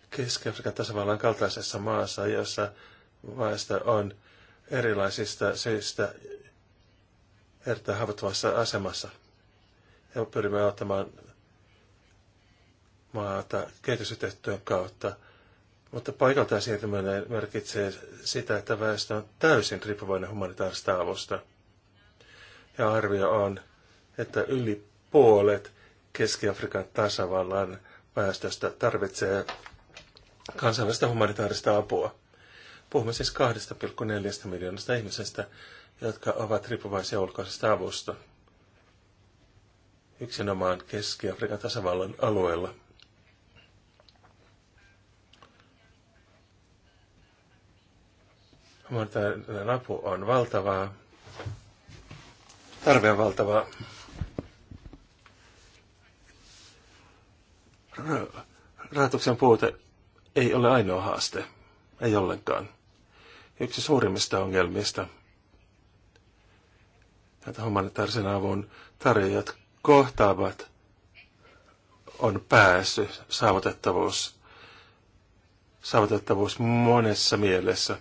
Keski-Afrikan tasavallan kaltaisessa maassa, jossa väestö on erilaisista syistä erittäin haavoittuvassa asemassa. Ja pyrimme auttamaan maata kehitysyhteistyön kautta. Mutta paikaltaan siirtyminen merkitsee sitä, että väestö on täysin riippuvainen humanitaarista avusta. Ja arvio on, että yli puolet Keski-Afrikan tasavallan väestöstä tarvitsee kansainvälistä humanitaarista apua. Puhumme siis 2,4 miljoonasta ihmisestä, jotka ovat riippuvaisia ulkoisesta avusta yksinomaan Keski-Afrikan tasavallan alueella. Humanitaarinen apu on valtavaa. Tarve on valtavaa. Rahoituksen puute ei ole ainoa haaste. Ei ollenkaan. Yksi suurimmista ongelmista – näitä humanitaarisen avun tarjoajat kohtaavat, on päässyt saavutettavuus, saavutettavuus monessa mielessä.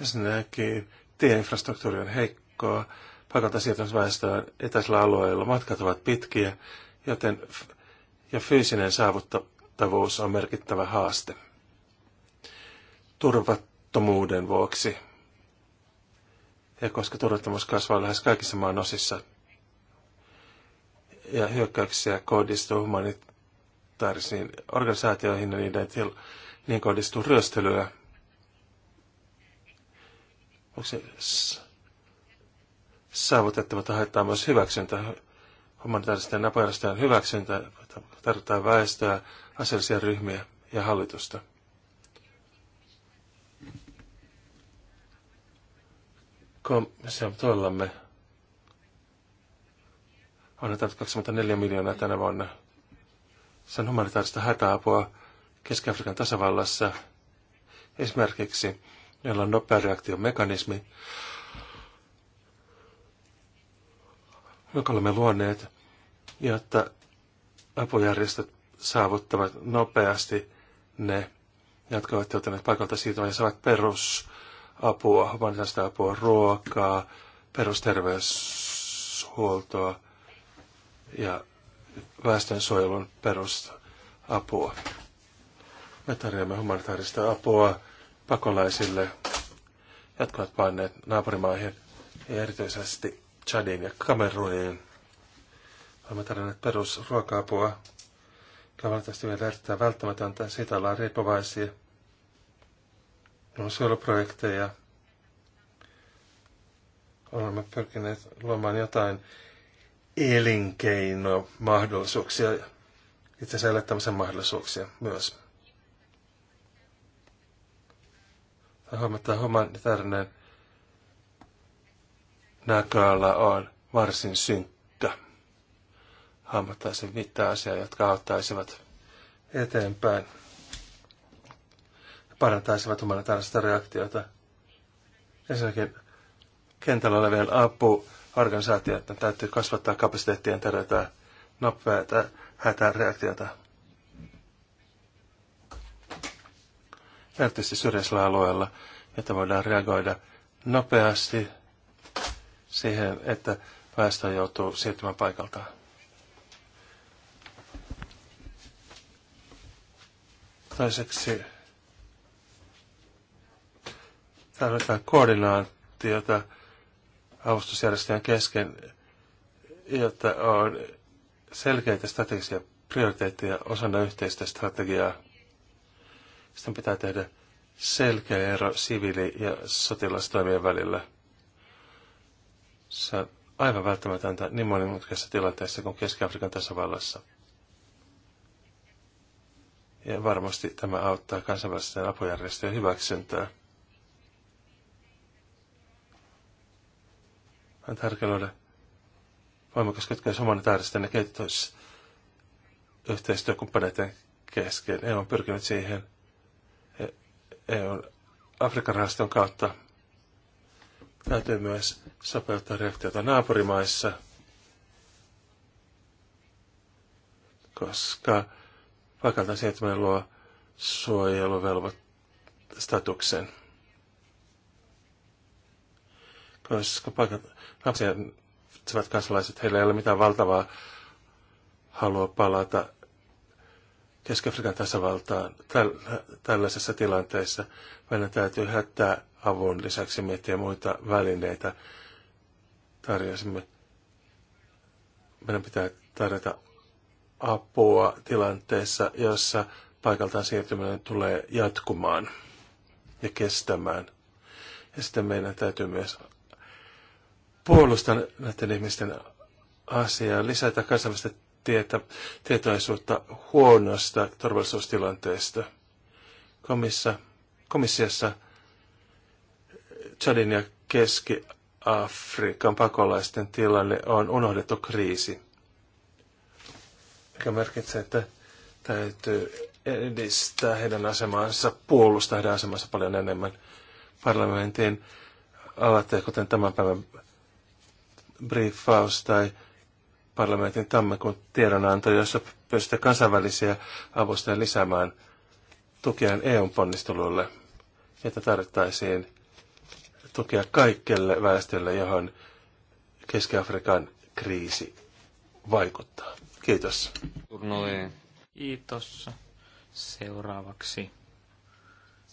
Ensinnäkin tieinfrastruktuuri on heikkoa, paikalta siirtymisväestö on etäisillä alueilla, matkat ovat pitkiä, joten ja fyysinen saavuttavuus on merkittävä haaste. Turvattomuuden vuoksi ja koska turvattomuus kasvaa lähes kaikissa maan osissa ja hyökkäyksiä kohdistuu humanitaarisiin organisaatioihin ja niiden til- niin kohdistuu ryöstelyä. Onko se saavutettava haittaa myös hyväksyntä? Humanitaaristen apajärjestöjen hyväksyntä tarvitaan väestöä, aseellisia ryhmiä ja hallitusta. komission tuollamme on annetaan 24 miljoonaa tänä vuonna. Se on humanitaarista hätäapua Keski-Afrikan tasavallassa. Esimerkiksi meillä on nopea reaktiomekanismi, joka olemme luoneet, jotta apujärjestöt saavuttavat nopeasti ne, jotka ovat joutuneet paikalta siirtymään ja saavat perus apua, humanitaarista apua, ruokaa, perusterveyshuoltoa ja väestönsuojelun perusapua. Me tarjoamme humanitaarista apua pakolaisille, jotka ovat paineet naapurimaihin ja erityisesti Chadin ja Kameruniin. Olemme tarjonneet perusruoka-apua, joka valitettavasti vielä erittäin välttämätöntä. Siitä ollaan riippuvaisia – suojeluprojekteja. Olemme pyrkineet luomaan jotain elinkeinomahdollisuuksia, itse asiassa elättämisen mahdollisuuksia myös. että humanitaarinen näköala on varsin synkkä. Hahmottaa sen viittaa asiaa, jotka auttaisivat eteenpäin parantaisivat humanitaarista reaktiota. Ensinnäkin kentällä olevien apuorganisaatioiden täytyy kasvattaa kapasiteettien tarjota nopeata hätäreaktiota. Erityisesti syrjäisellä alueella, että voidaan reagoida nopeasti siihen, että väestö joutuu siirtymään paikaltaan. Toiseksi tarvitaan koordinaatiota avustusjärjestöjen kesken, jotta on selkeitä strategisia prioriteetteja osana yhteistä strategiaa. Sitten pitää tehdä selkeä ero siviili- ja sotilastoimien välillä. Se on aivan välttämätöntä niin monimutkaisessa tilanteessa kuin Keski-Afrikan tasavallassa. Ja varmasti tämä auttaa kansainvälisten apujärjestöjen hyväksyntää. on tärkeää voimakas kytkös humanitaaristen ja kehitysyhteistyökumppaneiden kesken. EU on pyrkinyt siihen EUn e Afrikan rahaston kautta. Täytyy myös sopeuttaa reaktiota naapurimaissa, koska paikalta siirtyminen luo statuksen. koska paikat, ansaitsevat kansalaiset, heillä ei ole mitään valtavaa halua palata Keski-Afrikan tasavaltaan täl- tällaisessa tilanteessa. Meidän täytyy hätää avun lisäksi miettiä muita välineitä. Tarjosimme. Meidän pitää tarjota apua tilanteessa, jossa paikaltaan siirtyminen tulee jatkumaan ja kestämään. Ja sitten meidän täytyy myös puolustan näiden ihmisten asiaa, lisätä kansainvälistä tietä, tietoisuutta huonosta turvallisuustilanteesta. Komissa, komissiassa Chadin ja Keski-Afrikan pakolaisten tilanne on unohdettu kriisi, mikä merkitsee, että täytyy edistää heidän asemansa, puolustaa heidän asemansa paljon enemmän parlamentin alatteja, kuten tämän päivän briefaus tai parlamentin tammikuun tiedonanto, jossa pystytään kansainvälisiä avustajia lisäämään tukea eu ponnisteluille, että tarvittaisiin tukea kaikille väestölle, johon Keski-Afrikan kriisi vaikuttaa. Kiitos. Kiitos. Seuraavaksi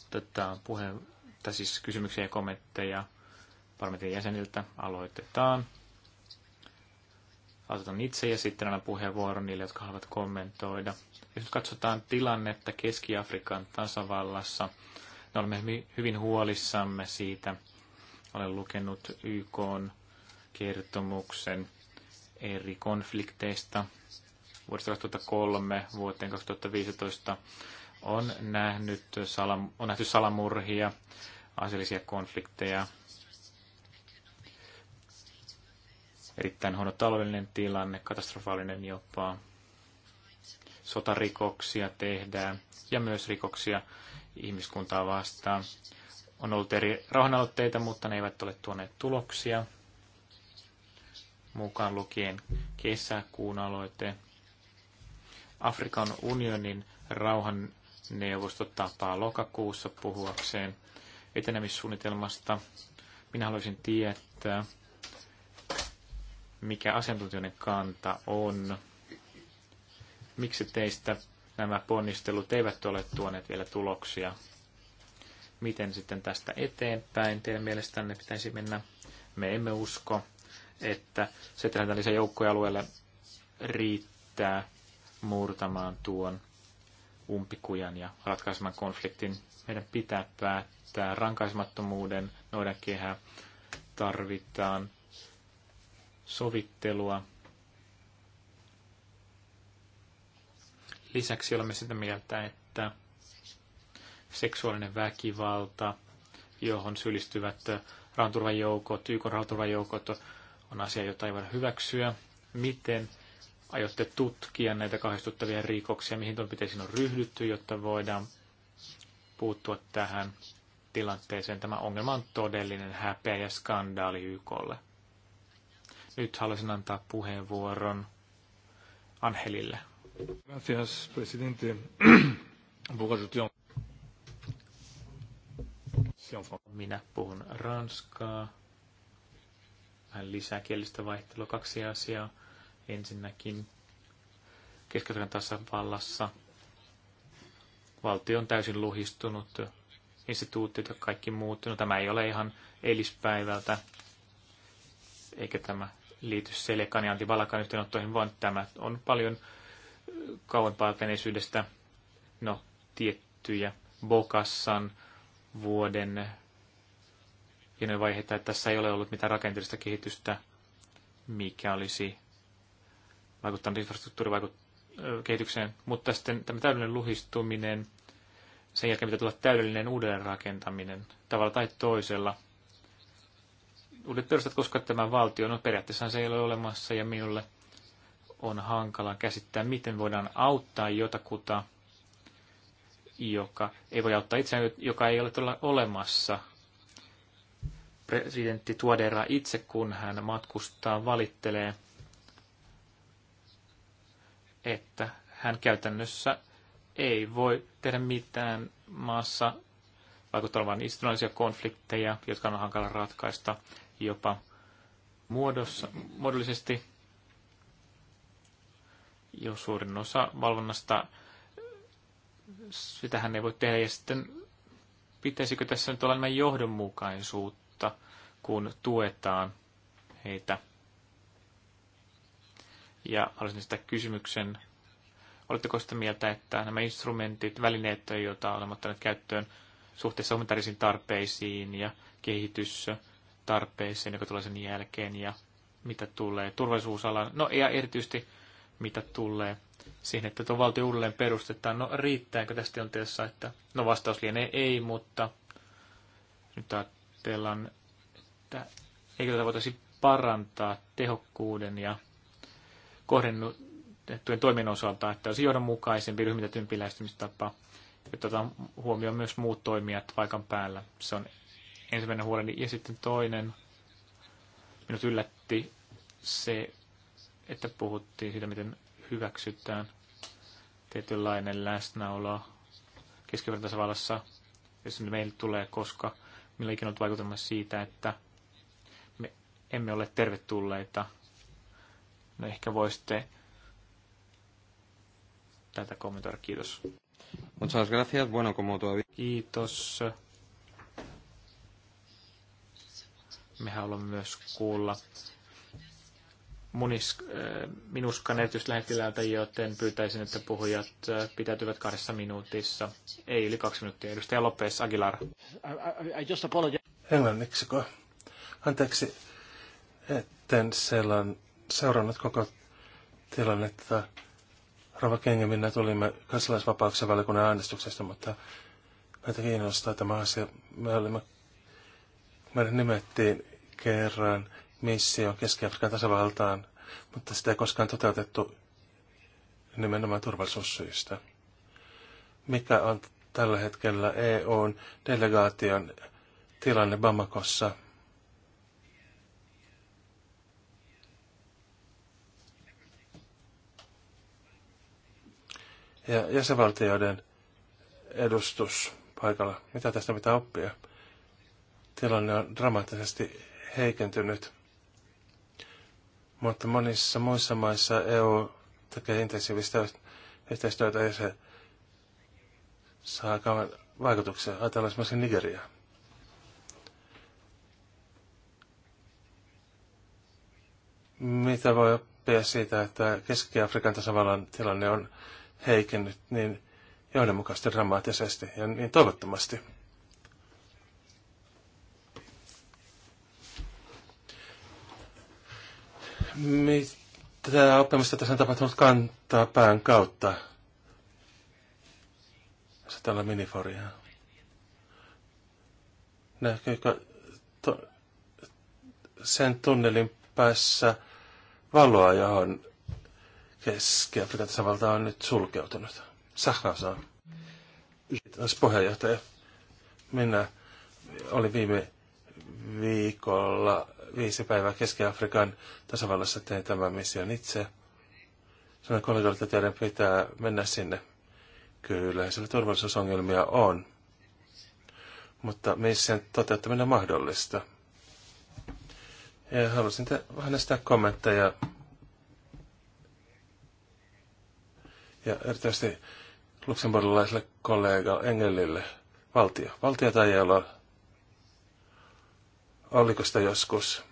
otetaan puheen, tai siis kysymyksiä ja kommentteja parlamentin jäseniltä. Aloitetaan aloitan itse ja sitten annan puheenvuoron niille, jotka haluavat kommentoida. Jos nyt katsotaan tilannetta Keski-Afrikan tasavallassa, me olemme hyvin huolissamme siitä. Olen lukenut YK kertomuksen eri konflikteista vuodesta 2003 vuoteen 2015 on, nähnyt, on nähty salamurhia, aseellisia konflikteja, erittäin huono taloudellinen tilanne, katastrofaalinen jopa. Sotarikoksia tehdään ja myös rikoksia ihmiskuntaa vastaan. On ollut eri rauhanaloitteita, mutta ne eivät ole tuoneet tuloksia. Mukaan lukien kesäkuun aloite. Afrikan unionin rauhanneuvosto tapaa lokakuussa puhuakseen etenemissuunnitelmasta. Minä haluaisin tietää, mikä asiantuntijoiden kanta on. Miksi teistä nämä ponnistelut eivät ole tuoneet vielä tuloksia? Miten sitten tästä eteenpäin teidän mielestänne pitäisi mennä? Me emme usko, että se, että lähdetään lisää joukkoja alueelle, riittää murtamaan tuon umpikujan ja ratkaisemaan konfliktin. Meidän pitää päättää rankaisemattomuuden kehä Tarvitaan sovittelua. Lisäksi olemme sitä mieltä, että seksuaalinen väkivalta, johon syyllistyvät rauhanturvajoukot, YK rauhanturvajoukot, on asia, jota ei voida hyväksyä. Miten aiotte tutkia näitä kahdistuttavia rikoksia, mihin toimenpiteisiin on ryhdytty, jotta voidaan puuttua tähän tilanteeseen. Tämä ongelma on todellinen häpeä ja skandaali YKlle. Nyt haluaisin antaa puheenvuoron Anhelille. Gracias, presidente. Minä puhun ranskaa. Vähän lisää kielistä vaihtelua. Kaksi asiaa. Ensinnäkin keski tasavallassa valtio on täysin luhistunut. Instituutiot ja kaikki muuttunut. No, tämä ei ole ihan eilispäivältä, eikä tämä liity Selekan ja Antti yhteenottoihin, vaan tämä on paljon kauempaa menneisyydestä no, tiettyjä Bokassan vuoden hienoja vaiheita, että tässä ei ole ollut mitään rakenteellista kehitystä, mikä olisi vaikuttanut infrastruktuurikehitykseen, mutta sitten tämä täydellinen luhistuminen, sen jälkeen pitää tulla täydellinen uudelleenrakentaminen tavalla tai toisella – uudet perustat koska tämä valtio, no periaatteessa se ei ole olemassa ja minulle on hankala käsittää, miten voidaan auttaa jotakuta, joka ei voi auttaa itseään, joka ei ole todella olemassa. Presidentti Tuodera itse, kun hän matkustaa, valittelee, että hän käytännössä ei voi tehdä mitään maassa vaikuttaa olevan istunnollisia konflikteja, jotka on hankala ratkaista jopa muodossa, muodollisesti, jos suurin osa valvonnasta, sitähän ei voi tehdä. Ja sitten pitäisikö tässä nyt olla enemmän johdonmukaisuutta, kun tuetaan heitä? Ja haluaisin sitä kysymyksen, oletteko sitä mieltä, että nämä instrumentit, välineet, joita olemme ottaneet käyttöön suhteessa humanitaarisiin tarpeisiin ja kehitys, tarpeeseen, joka tulee sen jälkeen ja mitä tulee turvallisuusalan, no ja erityisesti mitä tulee siihen, että tuo valtio uudelleen perustetaan. No riittääkö tässä tilanteessa, että no vastaus lienee ei, mutta nyt ajatellaan, että eikö tätä voitaisiin parantaa tehokkuuden ja kohdennettujen toimien osalta, että olisi johdonmukaisempi ryhmitetympi lähestymistapa, jotta otetaan huomioon myös muut toimijat paikan päällä. Se on ensimmäinen huoleni. Ja sitten toinen, minut yllätti se, että puhuttiin siitä, miten hyväksytään tietynlainen läsnäolo keskivertaisvallassa, jos jos meille tulee, koska millä ikinä ollut vaikutelma siitä, että me emme ole tervetulleita. No ehkä voisitte tätä kommentoida. Kiitos. Muchas gracias. Bueno, como todavía... Kiitos. Me haluamme myös kuulla munis, äh, minuskan erityislähettilältä, joten pyytäisin, että puhujat äh, pitäytyvät kahdessa minuutissa. Ei yli kaksi minuuttia. Edustaja Lopez Aguilar. Englanniksi, Anteeksi, etten on seurannut koko tilannetta. Rava Kengemin tulimme kansalaisvapauksen valiokunnan äänestyksestä, mutta meitä kiinnostaa tämä asia. Me olimme, meidät nimettiin kerran missio Keski-Afrikan tasavaltaan, mutta sitä ei koskaan toteutettu nimenomaan turvallisuussyistä. Mikä on tällä hetkellä EUn delegaation tilanne Bamakossa? Ja jäsenvaltioiden edustus paikalla. Mitä tästä pitää oppia? Tilanne on dramaattisesti heikentynyt, mutta monissa muissa maissa EU tekee intensiivistä yhteistyötä ja se saa aikaan vaikutuksia. Ajatellaan esimerkiksi Nigeriaa. Mitä voi oppia siitä, että Keski-Afrikan tasavallan tilanne on heikennyt niin johdonmukaisesti dramaattisesti ja niin toivottomasti? Mitä oppimista tässä on tapahtunut kantaa pään kautta? Se tällä miniforia. Näkyykö to, sen tunnelin päässä valoa, johon Keski-Afrikan tasavalta on nyt sulkeutunut? Sahkausa on. Kiitos puheenjohtaja. Minä olin viime viikolla viisi päivää Keski-Afrikan tasavallassa tein tämän mission itse. Sanoin kollegalle, että teidän pitää mennä sinne. Kyllä, sillä turvallisuusongelmia on. Mutta mission toteuttaminen on mahdollista. Ja halusin te vähän näistä kommentteja. Ja erityisesti luksemburgilaiselle kollega Engelille. Valtio. tai ei ole Oliko sitä joskus?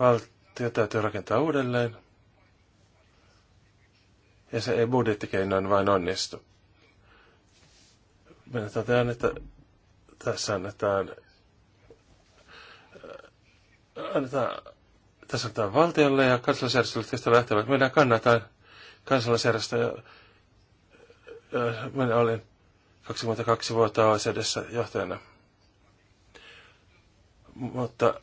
Valtio täytyy rakentaa uudelleen. Ja se ei budjettikeinoin vain onnistu. Minä totean, että tässä annetaan, äh, annetaan tässä annetaan valtiolle ja kansalaisjärjestölle tästä lähtevät. Minä kannatan kansalaisjärjestöä. Äh, minä olin 22 vuotta OECDssä johtajana. Mutta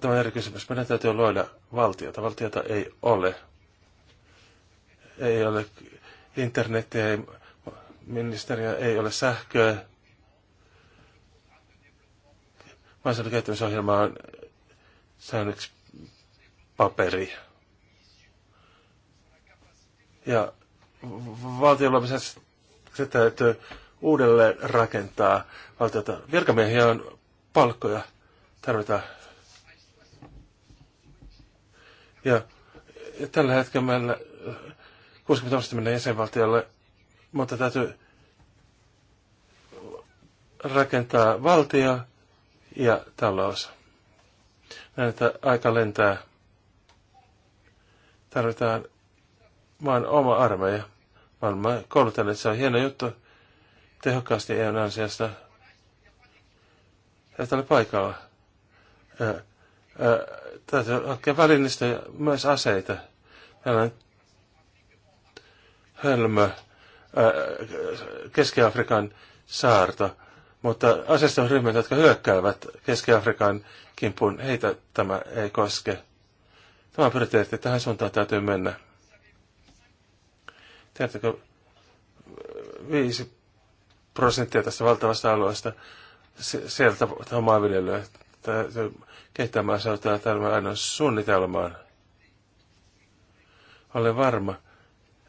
tämä eri kysymys. Meidän täytyy luoda valtiota. Valtiota ei ole. Ei ole internetiä, ei ministeriä, ei ole sähköä. Maaseudun käyttämisohjelma on säännöksi paperi. Ja valtion luomisessa se täytyy uudelleen rakentaa valtiota. Virkamiehiä on palkkoja tarvitaan. Ja tällä hetkellä meillä 60 jäsenvaltiolle, mutta täytyy rakentaa valtio ja talous. Näin, että aika lentää. Tarvitaan maan oma armeija. Maailma koulutan, että se on hieno juttu tehokkaasti ole ansiasta Et ole paikalla täytyy hankkia välineistä ja myös aseita. Tällainen hölmö Keski-Afrikan saarto, mutta aseiston ryhmät, jotka hyökkäävät Keski-Afrikan kimppuun, heitä tämä ei koske. Tämä pyritään, että tähän suuntaan täytyy mennä. Tiedättekö, viisi prosenttia tästä valtavasta alueesta sieltä on maanviljelyä kehittää maaseutua tämän aina suunnitelmaan. Olen varma,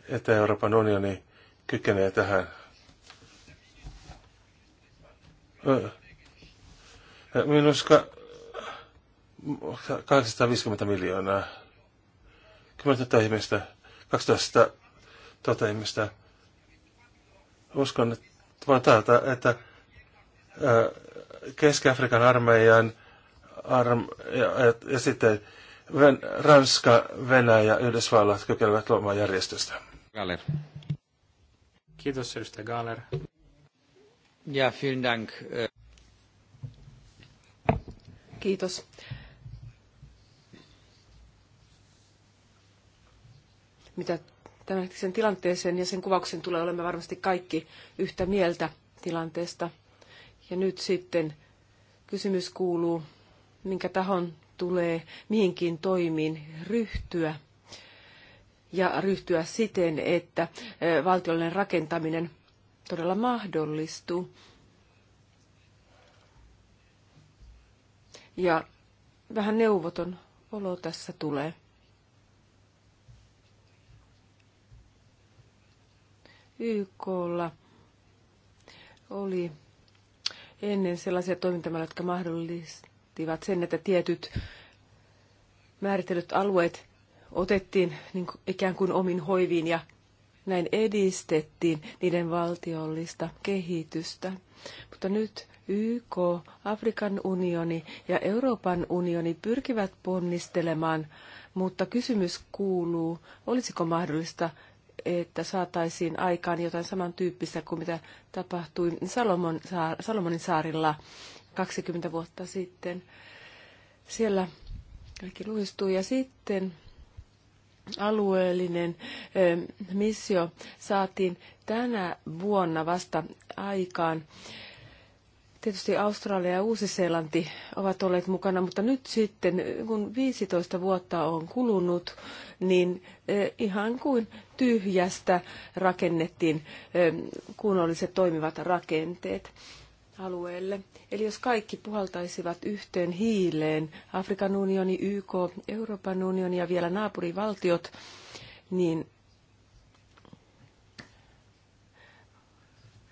että Euroopan unioni kykenee tähän. Minusta 850 miljoonaa, 10 000 ihmistä, 12 000 ihmistä. Uskon, että voin taata, että Keski-Afrikan armeijan Arm, ja, ja, ja sitten Ven, Ranska, Venäjä ja Yhdysvallat kykenevät luomaan järjestystä. Galer. Kiitos, edustaja Galer. Ja, vielen dank. Kiitos. Mitä tämänhetkisen tilanteeseen ja sen kuvauksen tulee olemme varmasti kaikki yhtä mieltä tilanteesta. Ja nyt sitten kysymys kuuluu, minkä tahon tulee mihinkin toimiin ryhtyä ja ryhtyä siten, että valtiollinen rakentaminen todella mahdollistuu. Ja vähän neuvoton olo tässä tulee. YKlla oli ennen sellaisia toimintamalleja, jotka mahdollistivat vaativat sen, että tietyt määritellyt alueet otettiin niin ikään kuin omin hoiviin ja näin edistettiin niiden valtiollista kehitystä. Mutta nyt YK, Afrikan unioni ja Euroopan unioni pyrkivät ponnistelemaan, mutta kysymys kuuluu, olisiko mahdollista, että saataisiin aikaan jotain samantyyppistä kuin mitä tapahtui Salomon, Salomonin saarilla 20 vuotta sitten. Siellä kaikki luistui ja sitten alueellinen missio saatiin tänä vuonna vasta aikaan. Tietysti Australia ja Uusi-Seelanti ovat olleet mukana, mutta nyt sitten, kun 15 vuotta on kulunut, niin ihan kuin tyhjästä rakennettiin kunnolliset toimivat rakenteet alueelle. Eli jos kaikki puhaltaisivat yhteen hiileen, Afrikan unioni, YK, Euroopan unioni ja vielä naapurivaltiot, niin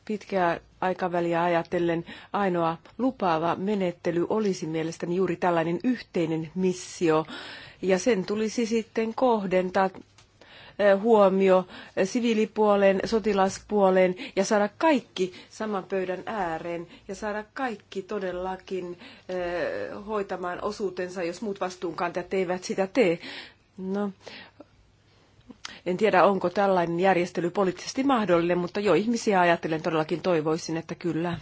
pitkää aikaväliä ajatellen ainoa lupaava menettely olisi mielestäni juuri tällainen yhteinen missio, ja sen tulisi sitten kohdentaa huomio siviilipuoleen, sotilaspuolen ja saada kaikki saman pöydän ääreen ja saada kaikki todellakin hoitamaan osuutensa, jos muut vastuunkantajat eivät sitä tee. No, en tiedä, onko tällainen järjestely poliittisesti mahdollinen, mutta jo ihmisiä ajatellen todellakin toivoisin, että kyllä.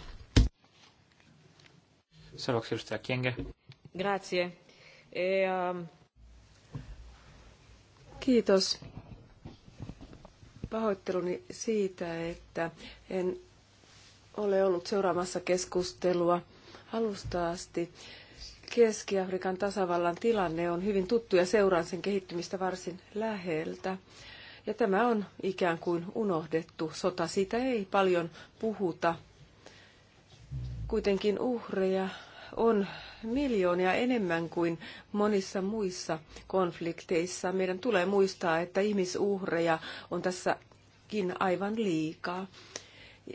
Seuraavaksi edustaja Kienge. Grazie. E, um, Kiitos pahoitteluni siitä, että en ole ollut seuraamassa keskustelua alusta asti. Keski-Afrikan tasavallan tilanne on hyvin tuttu ja seuraan sen kehittymistä varsin läheltä. Ja tämä on ikään kuin unohdettu sota. Siitä ei paljon puhuta. Kuitenkin uhreja on miljoonia enemmän kuin monissa muissa konflikteissa. Meidän tulee muistaa, että ihmisuhreja on tässäkin aivan liikaa.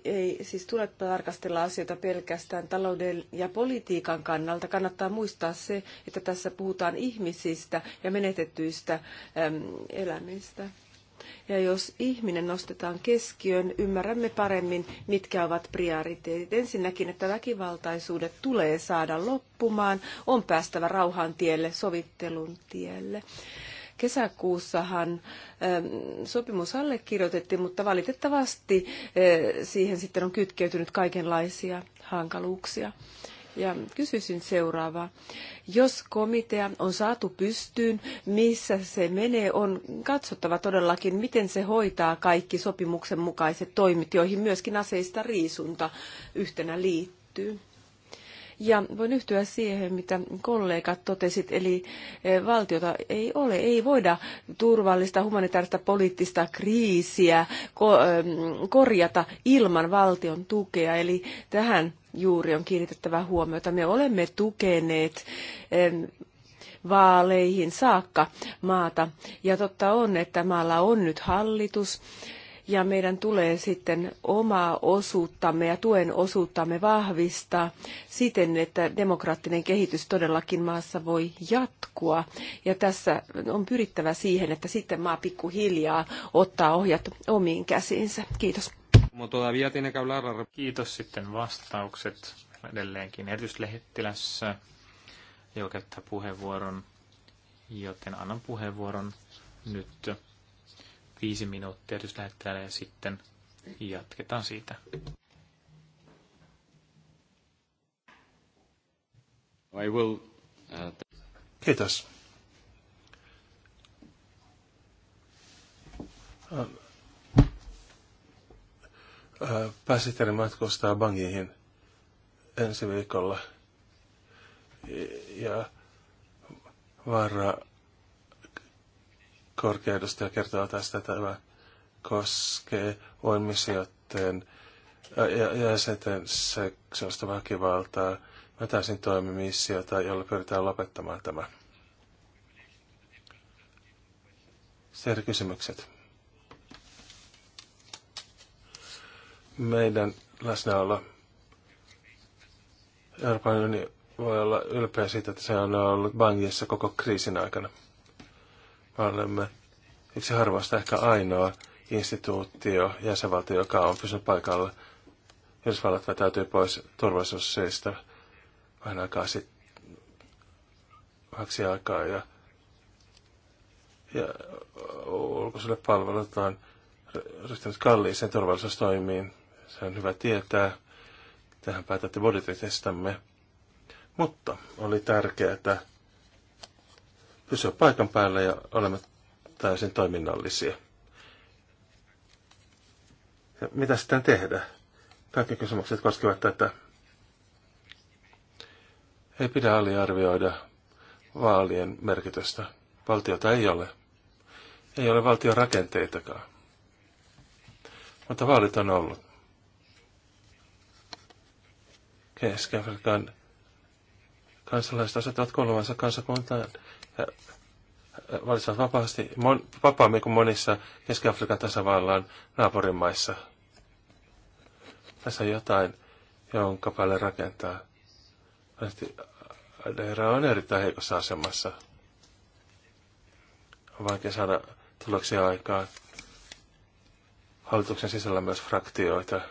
Ei siis tule tarkastella asioita pelkästään talouden ja politiikan kannalta. Kannattaa muistaa se, että tässä puhutaan ihmisistä ja menetettyistä äm, elämistä. Ja jos ihminen nostetaan keskiöön, ymmärrämme paremmin, mitkä ovat prioriteetit. Ensinnäkin, että väkivaltaisuudet tulee saada loppumaan, on päästävä rauhan tielle, sovittelun tielle kesäkuussahan ähm, sopimus allekirjoitettiin, mutta valitettavasti äh, siihen sitten on kytkeytynyt kaikenlaisia hankaluuksia. Ja kysyisin seuraavaa. Jos komitea on saatu pystyyn, missä se menee, on katsottava todellakin, miten se hoitaa kaikki sopimuksen mukaiset toimit, joihin myöskin aseista riisunta yhtenä liittyy. Ja voin yhtyä siihen, mitä kollegat totesit, eli eh, valtiota ei ole, ei voida turvallista humanitaarista poliittista kriisiä korjata ilman valtion tukea, eli tähän juuri on kiinnitettävä huomiota. Me olemme tukeneet vaaleihin saakka maata. Ja totta on, että maalla on nyt hallitus, ja meidän tulee sitten omaa osuuttamme ja tuen osuuttamme vahvistaa siten, että demokraattinen kehitys todellakin maassa voi jatkua. Ja tässä on pyrittävä siihen, että sitten maa pikkuhiljaa ottaa ohjat omiin käsiinsä. Kiitos. Kiitos sitten vastaukset edelleenkin erityislähettilässä, joka käyttää puheenvuoron, joten annan puheenvuoron nyt viisi minuuttia lähettelee ja sitten jatketaan siitä. I will, uh, Kiitos. Pääsihteeri matkustaa Bangiin ensi viikolla. Ja vara korkea edustaja kertoo tästä, että tämä koskee oimisioiden ja jäsenten seksuaalista väkivaltaa. Mä täysin toimi missiota, jolla pyritään lopettamaan tämä. Seeri kysymykset. Meidän läsnäolo Euroopan unioni voi olla ylpeä siitä, että se on ollut Bangissa koko kriisin aikana. Me olemme yksi harvasta ehkä ainoa instituutio, jäsenvaltio, joka on pysynyt paikalla. Yhdysvallat vetäytyi pois turvallisuussyistä vähän aikaa sitten, vähäksi aikaa, ja, ja ulkoiselle palvelut on ryhtynyt kalliiseen turvallisuustoimiin. Se on hyvä tietää. Tähän päätätte budjetitestamme. Mutta oli tärkeää, pysyä paikan päällä ja olemme täysin toiminnallisia. Ja mitä sitten tehdä? Kaikki kysymykset koskevat tätä. Ei pidä aliarvioida vaalien merkitystä. Valtiota ei ole. Ei ole valtion rakenteitakaan. Mutta vaalit on ollut. Keski-Afrikan Kansalaiset asettavat kuuluvansa kansakuntaan ja valitsevat vapaasti, mon, vapaammin kuin monissa Keski-Afrikan tasavallan naapurimaissa. Tässä on jotain, jonka päälle rakentaa. Adera on erittäin heikossa asemassa. On vaikea saada tuloksia aikaan. Hallituksen sisällä myös fraktioita.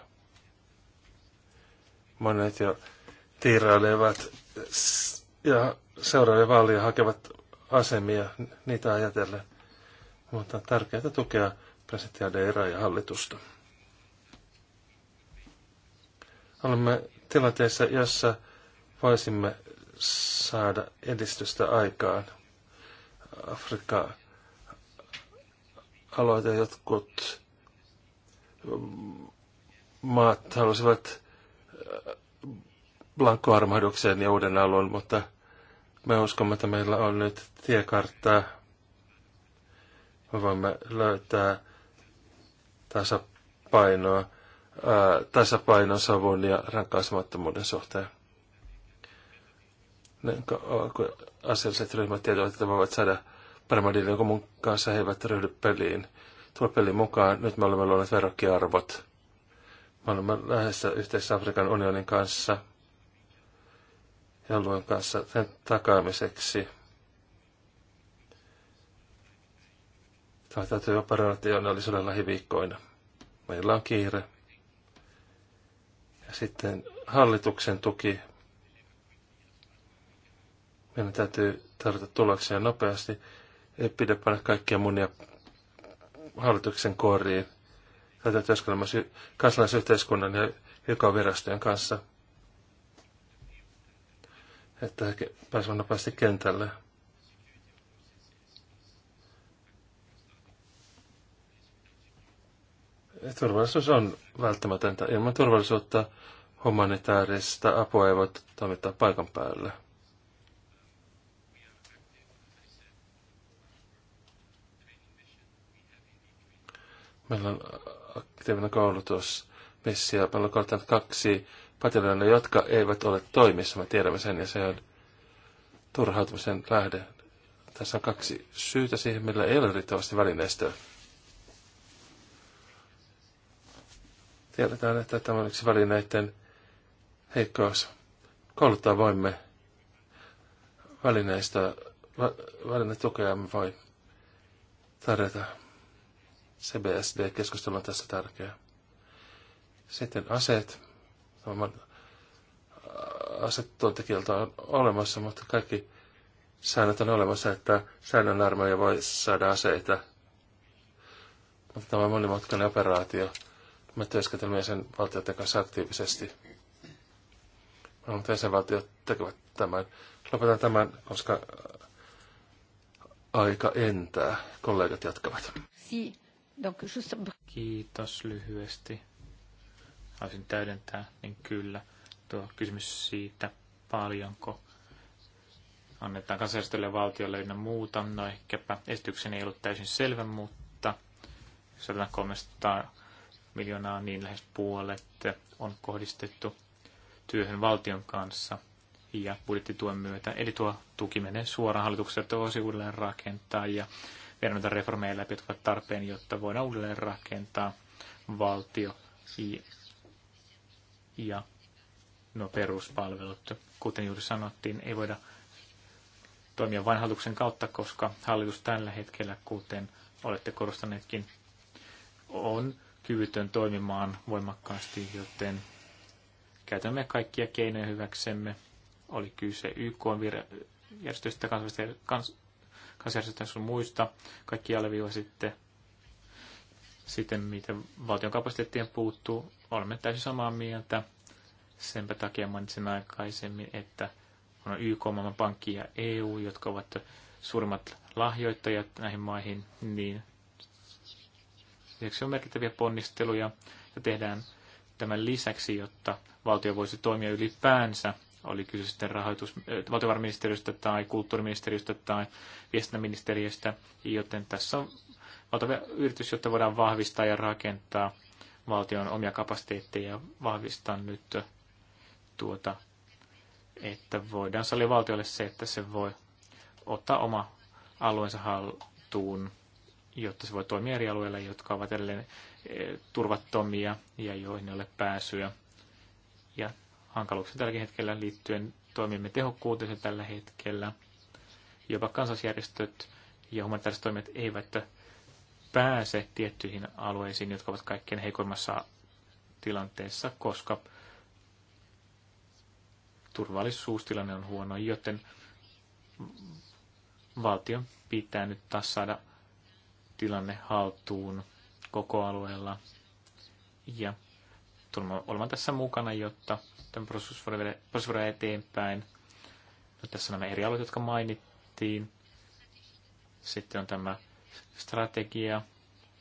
Monet jo tiirailevat ja seuraavia vaalia hakevat asemia niitä ajatellen. Mutta on tärkeää tukea presidentti Adeira ja hallitusta. Olemme tilanteessa, jossa voisimme saada edistystä aikaan. Afrikka aloite jotkut maat halusivat blankoarmahdukseen ja uuden alun, mutta me uskomme, että meillä on nyt tiekarttaa. Me voimme löytää tasapainoa, ää, tasapainon savun ja rankaisemattomuuden suhteen. kun asialliset ryhmät tietävät, että voivat saada paremman diilin, kun mun kanssa he eivät ryhdy peliin. Tuo peli mukaan, nyt me olemme luoneet verokkiarvot. Me olemme lähdössä yhteisessä Afrikan unionin kanssa – Elluan kanssa sen takaamiseksi. Tämä täytyy operationaalisella lähiviikkoina. Meillä on kiire. Ja sitten hallituksen tuki. Meidän täytyy tarjota tuloksia nopeasti. Ei pidä panna kaikkia munia hallituksen koriin. Täytyy työskennellä myös kansalaisyhteiskunnan ja YK-virastojen kanssa että he nopeasti kentälle. Turvallisuus on välttämätöntä. Ilman turvallisuutta humanitaarista apua ei voi toimittaa paikan päälle. Meillä on aktiivinen koulutus. Meillä on kaksi potilaille, jotka eivät ole toimissa. Me tiedämme sen ja se on turhautumisen lähde. Tässä on kaksi syytä siihen, millä ei ole riittävästi välineistöä. Tiedetään, että tämä on yksi välineiden heikkous. Kouluttaa voimme välineistä, välinetukea me voi tarjota. CBSD-keskustelu on tässä tärkeä. Sitten aseet. Äh, asettuontekijöiltä on olemassa, mutta kaikki säännöt on olemassa, että säännön armeija voi saada aseita. Mutta tämä on monimutkainen operaatio. Me työskentelemme sen valtioiden kanssa aktiivisesti. Mutta jäsenvaltiot tekevät tämän. Lopetan tämän, koska äh, aika entää. Kollegat jatkavat. Kiitos lyhyesti haluaisin täydentää, niin kyllä tuo kysymys siitä, paljonko annetaan kansallistolle ja valtiolle ynnä muuta. No ehkäpä esitykseni ei ollut täysin selvä, mutta jos otetaan 300 miljoonaa, niin lähes puolet on kohdistettu työhön valtion kanssa ja budjettituen myötä. Eli tuo tuki menee suoraan hallitukselta osi uudelleen rakentaa ja verrata reformeja läpi, jotka ovat tarpeen, jotta voidaan uudelleen rakentaa valtio ja no peruspalvelut. Kuten juuri sanottiin, ei voida toimia vain hallituksen kautta, koska hallitus tällä hetkellä, kuten olette korostaneetkin, on kyvytön toimimaan voimakkaasti, joten käytämme kaikkia keinoja hyväksemme. Oli kyse YK järjestöistä, kansalaisjärjestöistä kans, muista. Kaikki alleviivasitte sitten, miten valtion kapasiteettien puuttuu olemme täysin samaa mieltä. Senpä takia mainitsin aikaisemmin, että on YK, pankki ja EU, jotka ovat suurimmat lahjoittajat näihin maihin, niin lisäksi on merkittäviä ponnisteluja ja tehdään tämän lisäksi, jotta valtio voisi toimia ylipäänsä, oli kyse sitten rahoitus, valtiovarainministeriöstä tai kulttuuriministeriöstä tai viestintäministeriöstä, joten tässä on valtava yritys, jotta voidaan vahvistaa ja rakentaa valtion omia kapasiteetteja vahvistaa nyt tuota, että voidaan sallia valtiolle se, että se voi ottaa oma alueensa haltuun, jotta se voi toimia eri alueilla, jotka ovat edelleen eh, turvattomia ja joihin ei ole pääsyä. Ja hankaluuksia tälläkin hetkellä liittyen toimimme tehokkuutensa tällä hetkellä. Jopa kansallisjärjestöt ja humanitaariset toimet eivät pääse tiettyihin alueisiin, jotka ovat kaikkein heikoimmassa tilanteessa, koska turvallisuustilanne on huono, joten valtion pitää nyt taas saada tilanne haltuun koko alueella. Ja tulemme olemaan tässä mukana, jotta tämän prosessi voidaan eteenpäin. No, tässä on nämä eri alueet, jotka mainittiin. Sitten on tämä strategia,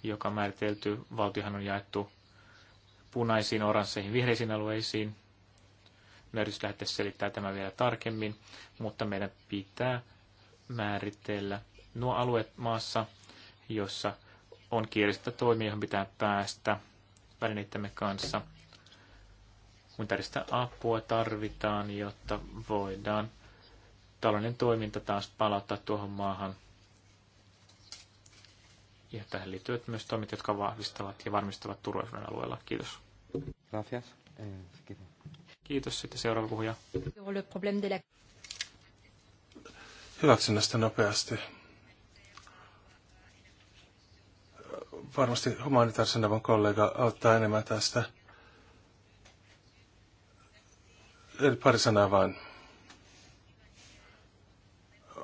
joka on määritelty, valtiohan on jaettu punaisiin, oransseihin, vihreisiin alueisiin. Mä lähteä selittää tämä vielä tarkemmin, mutta meidän pitää määritellä nuo alueet maassa, jossa on kiireistä toimia, johon pitää päästä välineittämme kanssa. Humanitaarista apua tarvitaan, jotta voidaan talouden toiminta taas palauttaa tuohon maahan – ja tähän liittyvät myös toimet, jotka vahvistavat ja varmistavat turvallisuuden alueella. Kiitos. Gracias. Eh, Kiitos. Sitten seuraava puhuja. Hyväksynnästä nopeasti. Varmasti humanitaarisen avun kollega auttaa enemmän tästä. Pari sanaa vain.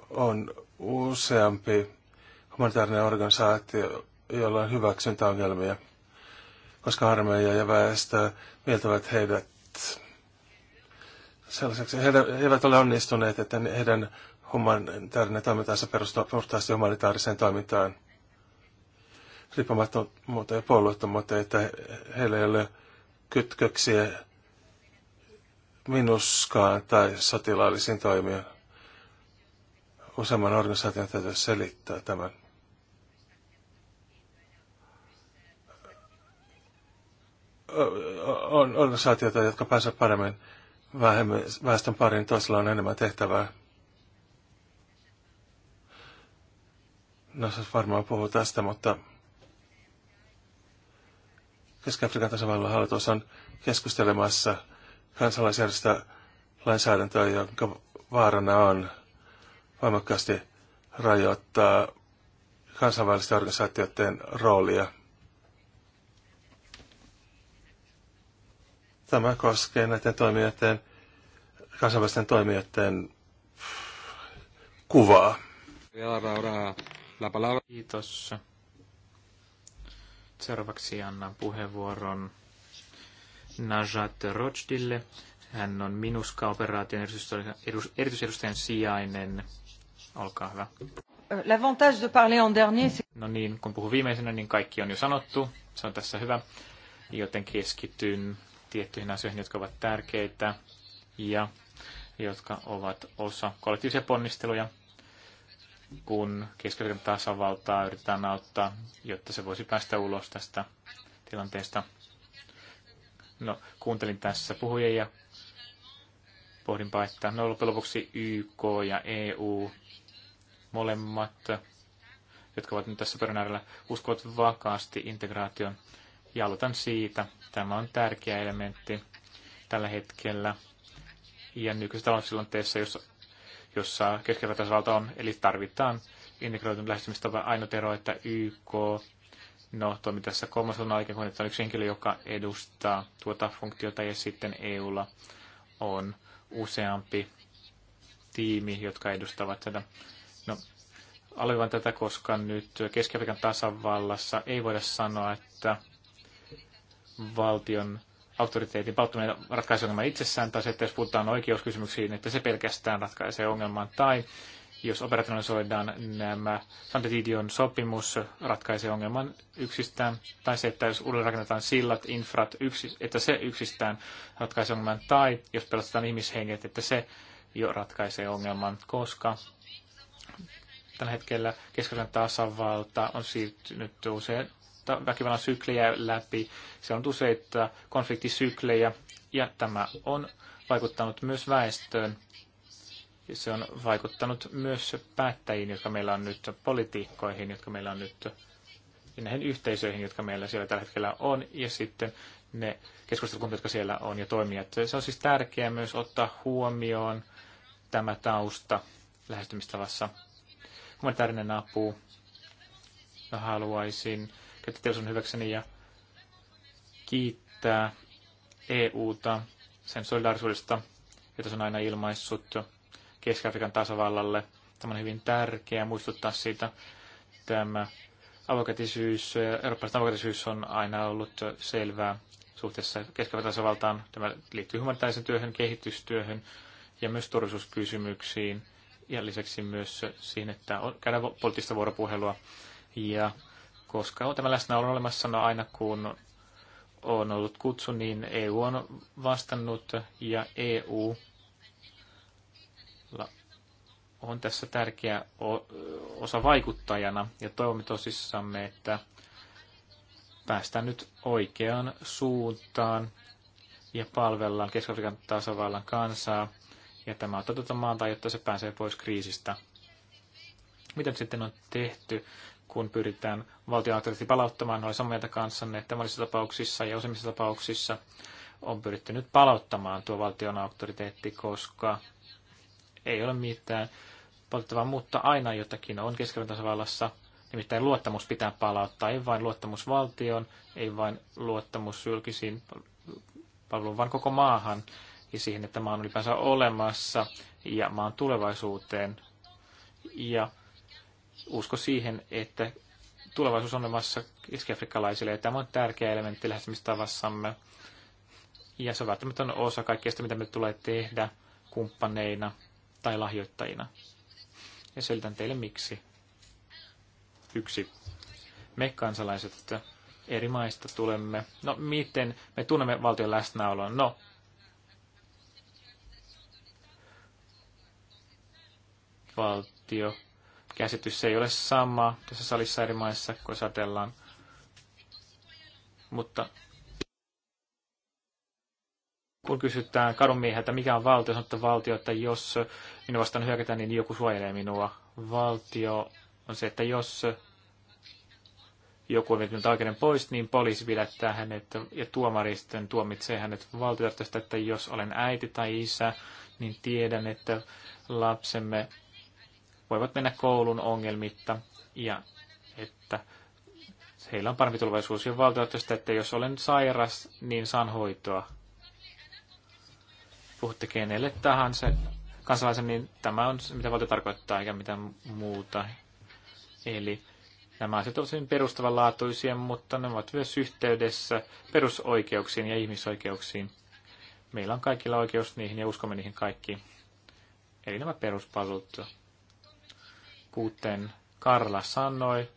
On useampi humanitaarinen organisaatio, jolla on hyväksyntäongelmia, koska armeija ja väestö mieltävät heidät sellaiseksi. He eivät ole onnistuneet, että heidän humanitaarinen toimintansa perustuu puhtaasti humanitaariseen toimintaan riippumattomuutta ja puolueettomuutta, että heillä ei ole kytköksiä minuskaan tai sotilaallisiin toimijoihin. Useamman organisaation täytyy selittää tämän. on organisaatioita, jotka pääsevät paremmin vähemmän, väestön pariin, toisella on enemmän tehtävää. No se varmaan puhuu tästä, mutta Keski-Afrikan tasavallan hallitus on keskustelemassa kansalaisjärjestä lainsäädäntöä, jonka vaarana on voimakkaasti rajoittaa kansainvälisten organisaatioiden roolia – Tämä koskee näiden toimijoiden, kansainvälisten toimijoiden kuvaa. Kiitos. Seuraavaksi annan puheenvuoron Najat Rojdille. Hän on Minuska-operaation erityisedustajan sijainen. Olkaa hyvä. L'avantage de parler en dernier, No niin, kun puhun viimeisenä, niin kaikki on jo sanottu. Se on tässä hyvä. Joten keskityn tiettyihin asioihin, jotka ovat tärkeitä ja jotka ovat osa kollektiivisia ponnisteluja, kun keskitytään tasavaltaa yritetään auttaa, jotta se voisi päästä ulos tästä tilanteesta. No, kuuntelin tässä puhujia ja pohdinpa, että no loppujen lopuksi YK ja EU, molemmat, jotka ovat nyt tässä pöydän uskovat vakaasti integraation ja aloitan siitä. Tämä on tärkeä elementti tällä hetkellä ja nykyisessä taloustilanteessa, jossa, jossa keskivertaisvalta on, eli tarvitaan integroitun lähestymistapa ainoa ero, että YK no, toimi tässä kolmas on oikein, kun on yksi henkilö, joka edustaa tuota funktiota ja sitten EUlla on useampi tiimi, jotka edustavat tätä. No, aloitan tätä, koska nyt Keski-Afrikan tasavallassa ei voida sanoa, että valtion auktoriteetin palttuminen ratkaisee ongelman itsessään, tai se, että jos puhutaan oikeuskysymyksiin, että se pelkästään ratkaisee ongelman, tai jos operationalisoidaan nämä Santetidion sopimus ratkaisee ongelman yksistään, tai se, että jos uudelleen rakennetaan sillat, infrat, yksi, että se yksistään ratkaisee ongelman, tai jos pelastetaan ihmishenget, että se jo ratkaisee ongelman, koska tällä hetkellä keskustelun tasavalta on siirtynyt usein väkivallan syklejä läpi. Se on useita konfliktisyklejä ja tämä on vaikuttanut myös väestöön. Se on vaikuttanut myös päättäjiin, jotka meillä on nyt, politiikkoihin, jotka meillä on nyt, ja näihin yhteisöihin, jotka meillä siellä tällä hetkellä on, ja sitten ne keskustelukunnat, jotka siellä on ja toimijat. Se on siis tärkeää myös ottaa huomioon tämä tausta lähestymistavassa. Humanitaarinen apu. Mä haluaisin käyttötilaisuuden hyväkseni ja kiittää EUta sen solidaarisuudesta, jota se on aina ilmaissut Keski-Afrikan tasavallalle. Tämä on hyvin tärkeää muistuttaa siitä. Tämä avokätisyys, eurooppalaisen avokätisyys on aina ollut selvää suhteessa keski tasavaltaan. Tämä liittyy humanitaarisen työhön, kehitystyöhön ja myös turvallisuuskysymyksiin. Ja lisäksi myös siihen, että käydään poliittista vuoropuhelua ja koska on tämä läsnäolo olemassa no aina, kun on ollut kutsu, niin EU on vastannut ja EU on tässä tärkeä osa vaikuttajana ja toivomme tosissamme, että päästään nyt oikeaan suuntaan ja palvellaan Keski-Afrikan tasavallan kansaa ja tämä otetaan tuota maata, jotta se pääsee pois kriisistä. Mitä sitten on tehty kun pyritään valtionautoriteetti palauttamaan, olen samaa mieltä kanssanne, että monissa tapauksissa ja useimmissa tapauksissa on pyritty nyt palauttamaan tuo valtion auktoriteetti, koska ei ole mitään palauttavaa, mutta aina jotakin on keskellä tasavallassa. Nimittäin luottamus pitää palauttaa, ei vain luottamus valtioon, ei vain luottamus julkisiin palveluun, vaan koko maahan ja siihen, että maan on ylipäänsä olemassa ja maan tulevaisuuteen. Ja usko siihen, että tulevaisuus on olemassa keskiafrikkalaisille, ja tämä on tärkeä elementti lähestymistavassamme. Ja se on välttämättä osa kaikkea sitä, mitä me tulee tehdä kumppaneina tai lahjoittajina. Ja selitän teille miksi. Yksi. Me kansalaiset eri maista tulemme. No miten me tunnemme valtion läsnäolon? No, valtio käsitys ei ole sama tässä salissa eri maissa, kun ajatellaan. Mutta kun kysytään kadunmieheltä, mikä on valtio, sanotaan valtio, että jos minua vastaan hyökätään, niin joku suojelee minua. Valtio on se, että jos joku on vienyt oikeuden pois, niin poliisi pidättää hänet ja tuomari sitten tuomitsee hänet valtiotartoista, että jos olen äiti tai isä, niin tiedän, että lapsemme voivat mennä koulun ongelmitta ja että heillä on parempi tulevaisuus. Ja valtioittaisesti, että jos olen sairas, niin saan hoitoa. Puhutte kenelle tahansa kansalaisen, niin tämä on se, mitä valtio tarkoittaa, eikä mitään muuta. Eli nämä asiat ovat hyvin perustavanlaatuisia, mutta ne ovat myös yhteydessä perusoikeuksiin ja ihmisoikeuksiin. Meillä on kaikilla oikeus niihin ja uskomme niihin kaikkiin. Eli nämä peruspalvelut. Kuten Karla sanoi,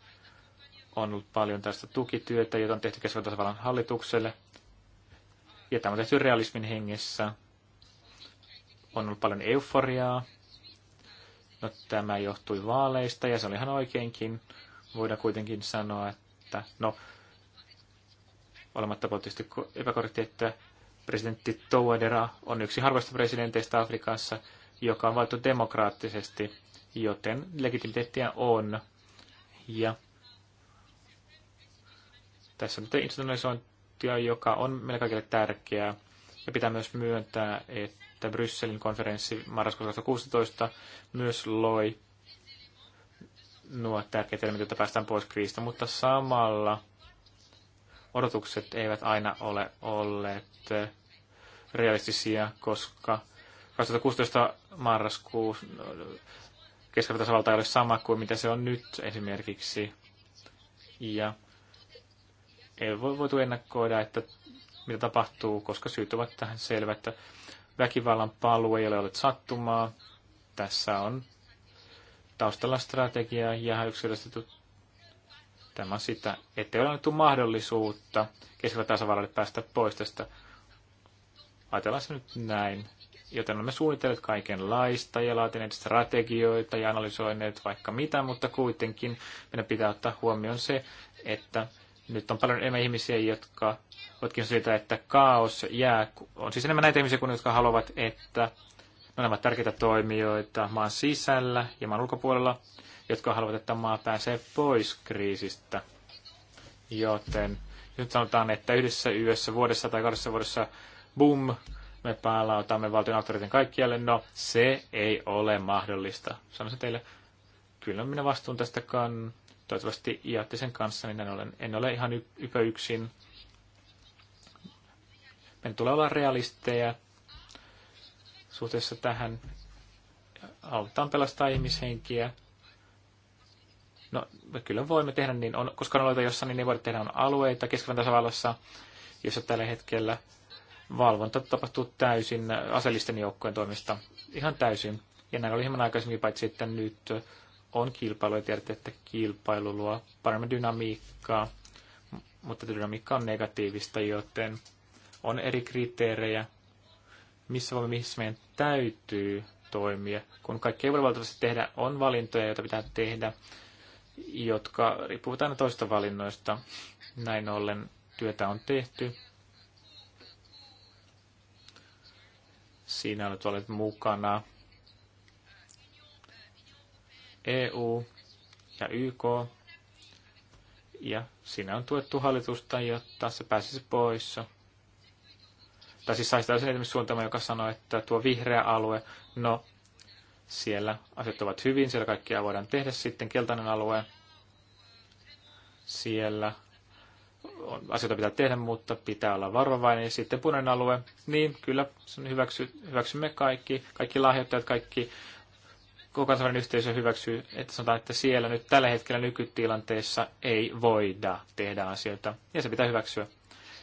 on ollut paljon tästä tukityötä, jota on tehty keskustelun hallitukselle. Ja tämä on tehty realismin hengessä. On ollut paljon euforiaa. No, tämä johtui vaaleista ja se oli ihan oikeinkin. Voidaan kuitenkin sanoa, että no, olematta poliittisesti epäkorrekti, että presidentti Touadera on yksi harvoista presidenteistä Afrikassa, joka on valittu demokraattisesti joten legitimiteettiä on. Ja tässä nyt institutionalisointia, joka on meille kaikille tärkeää. Ja pitää myös myöntää, että Brysselin konferenssi marraskuussa 2016 myös loi nuo tärkeät elementit, jotta päästään pois kriisistä, mutta samalla odotukset eivät aina ole olleet realistisia, koska 2016 marraskuussa keskivertaisvalta ei ole sama kuin mitä se on nyt esimerkiksi. Ja ei voi voitu ennakoida, että mitä tapahtuu, koska syyt ovat tähän selvä, että väkivallan paluu ei ole ollut sattumaa. Tässä on taustalla strategia ja yksilöstetty tämä sitä, ettei ole annettu mahdollisuutta keskellä tasavallalle päästä pois tästä. Ajatellaan se nyt näin joten olemme suunnitelleet kaikenlaista ja laatineet strategioita ja analysoineet vaikka mitä, mutta kuitenkin meidän pitää ottaa huomioon se, että nyt on paljon enemmän ihmisiä, jotka ovatkin siitä, että kaos jää. On siis enemmän näitä ihmisiä kuin jotka haluavat, että ne nämä ovat tärkeitä toimijoita maan sisällä ja maan ulkopuolella, jotka haluavat, että maa pääsee pois kriisistä. Joten nyt sanotaan, että yhdessä yössä, vuodessa tai kahdessa vuodessa, boom, me palautamme valtion auktoriteetin kaikkialle. No, se ei ole mahdollista. Sanoisin teille, kyllä minä vastuun tästä kan, toivottavasti jaatte sen kanssa, niin en ole, en ole ihan ypö yksin. Meidän tulee olla realisteja suhteessa tähän. Halutaan pelastaa ihmishenkiä. No, me kyllä voimme tehdä niin, on, koska on aloita jossain niin ne voida tehdä, on alueita keskivän tasavallassa, jossa tällä hetkellä valvonta tapahtuu täysin aseellisten joukkojen toimesta ihan täysin. Ja näin oli hieman aikaisemmin, paitsi että nyt on kilpailu ja tiedätte, että kilpailu luo paremmin dynamiikkaa, mutta dynamiikka on negatiivista, joten on eri kriteerejä, missä, voi, missä meidän täytyy toimia. Kun kaikki ei voi valtavasti tehdä, on valintoja, joita pitää tehdä, jotka riippuvat aina toista valinnoista. Näin ollen työtä on tehty Siinä nyt olet mukana. EU ja YK. Ja siinä on tuettu hallitusta, jotta se pääsisi pois. Tai siis saisi täysin esimerkiksi joka sanoi, että tuo vihreä alue, no siellä asiat ovat hyvin, siellä kaikkia voidaan tehdä. Sitten keltainen alue, siellä asioita pitää tehdä, mutta pitää olla varovainen. Ja sitten punainen alue, niin kyllä sen hyväksy, hyväksymme kaikki, kaikki lahjoittajat, kaikki koko kansainvälinen yhteisö hyväksyy, että sanotaan, että siellä nyt tällä hetkellä nykytilanteessa ei voida tehdä asioita, ja se pitää hyväksyä.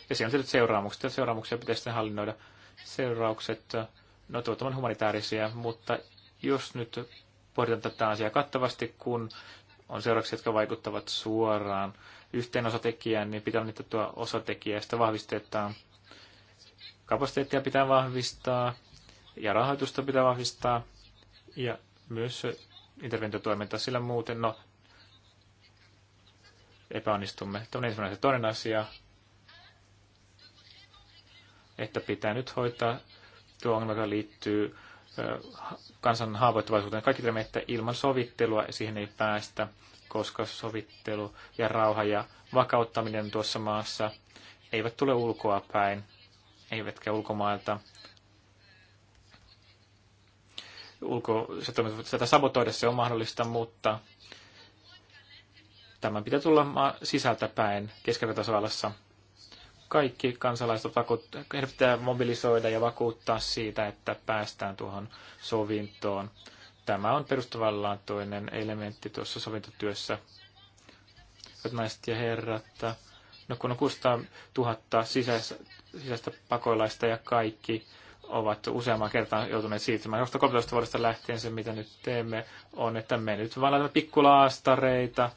Ja siellä on tietysti seuraamukset, ja seuraamuksia pitää sitten hallinnoida. Seuraukset, no tuottavan humanitaarisia, mutta jos nyt pohditaan tätä asiaa kattavasti, kun on seurauksia, jotka vaikuttavat suoraan yhteen osatekijään, niin pitää niitä tuo ja sitä vahvistetaan. Kapasiteettia pitää vahvistaa ja rahoitusta pitää vahvistaa ja myös interventiotoimintaa, sillä muuten no, epäonnistumme. Tämä on ensimmäinen toinen asia, että pitää nyt hoitaa tuo ongelma, joka liittyy kansan haavoittuvaisuuteen. Kaikki tiedämme, että ilman sovittelua siihen ei päästä, koska sovittelu ja rauha ja vakauttaminen tuossa maassa eivät tule ulkoa päin, eivätkä ulkomailta. Ulko, se tätä sabotoida se on mahdollista, mutta tämän pitää tulla sisältä päin keskivertaisvallassa kaikki kansalaiset pitää mobilisoida ja vakuuttaa siitä, että päästään tuohon sovintoon. Tämä on perustavallaan toinen elementti tuossa sovintotyössä. Hyvät naiset ja herrat, no kun on 600 000 sisäistä, sisäistä pakolaista ja kaikki ovat useamman kertaan joutuneet siirtymään. 2013 vuodesta lähtien se, mitä nyt teemme, on, että me nyt vaan laitamme pikkulaastareita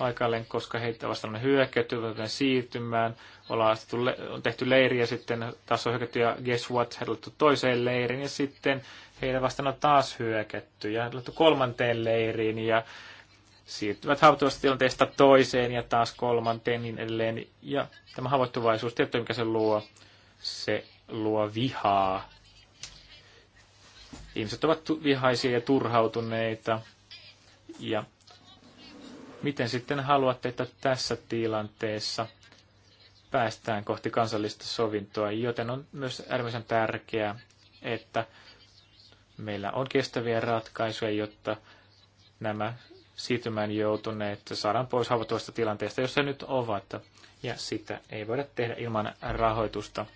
aikalleen, koska heitä vastaan on hyökätty, siirtymään, ollaan le- on tehty leiriä, sitten taas on hyökätty ja guess what, heidät toiseen leiriin ja sitten heidän vastaan on taas hyökätty ja he kolmanteen leiriin ja siirtyvät haavoittuvasta tilanteesta toiseen ja taas kolmanteen niin edelleen. Ja tämä haavoittuvaisuus, tietty mikä se luo, se luo vihaa. Ihmiset ovat vihaisia ja turhautuneita ja Miten sitten haluatte, että tässä tilanteessa päästään kohti kansallista sovintoa, joten on myös äärimmäisen tärkeää, että meillä on kestäviä ratkaisuja, jotta nämä siirtymään joutuneet saadaan pois haavoittuvasta tilanteesta, jossa nyt ovat, ja sitä ei voida tehdä ilman rahoitusta.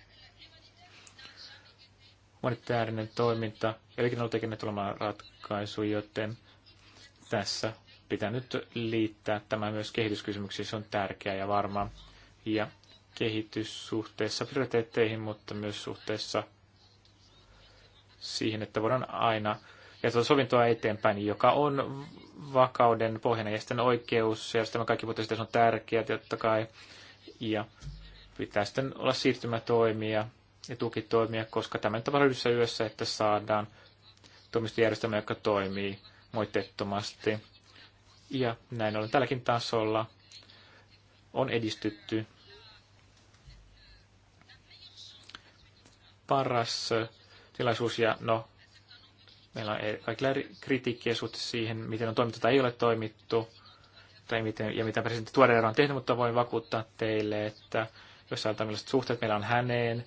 Humanitaarinen toiminta ja on tekemään ratkaisu, joten tässä pitää nyt liittää tämä myös kehityskysymyksiin, se on tärkeää ja varmaa. Ja kehitys suhteessa prioriteetteihin, mutta myös suhteessa siihen, että voidaan aina ja tuota sovintoa eteenpäin, joka on vakauden pohjana ja sitten oikeus ja sitten kaikki puhutaan, on tärkeää totta kai. Ja pitää sitten olla siirtymätoimia ja tukitoimia, koska tämä nyt yhdessä yössä, että saadaan toimistojärjestelmä joka toimii moitteettomasti ja näin ollen tälläkin tasolla on edistytty. Paras tilaisuus ja no, meillä on e-, kaikilla kritiikkiä suhteessa siihen, miten on toimittu tai ei ole toimittu, tai miten, ja mitä presidentti Tuoreero on tehnyt, mutta voin vakuuttaa teille, että jos ajatellaan millaiset suhteet meillä on häneen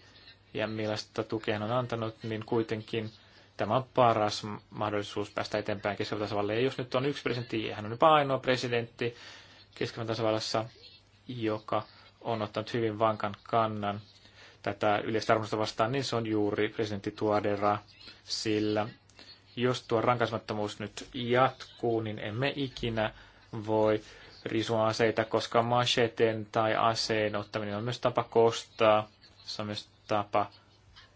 ja millaista tukea hän on antanut, niin kuitenkin – tämä on paras mahdollisuus päästä eteenpäin keski tasavalle. Ja jos nyt on yksi presidentti, hän on nyt ainoa presidentti keski tasavallassa, joka on ottanut hyvin vankan kannan tätä yleistä armosta vastaan, niin se on juuri presidentti Tuadera, sillä jos tuo rankaisemattomuus nyt jatkuu, niin emme ikinä voi risua aseita, koska macheten tai aseen ottaminen on myös tapa kostaa, se on myös tapa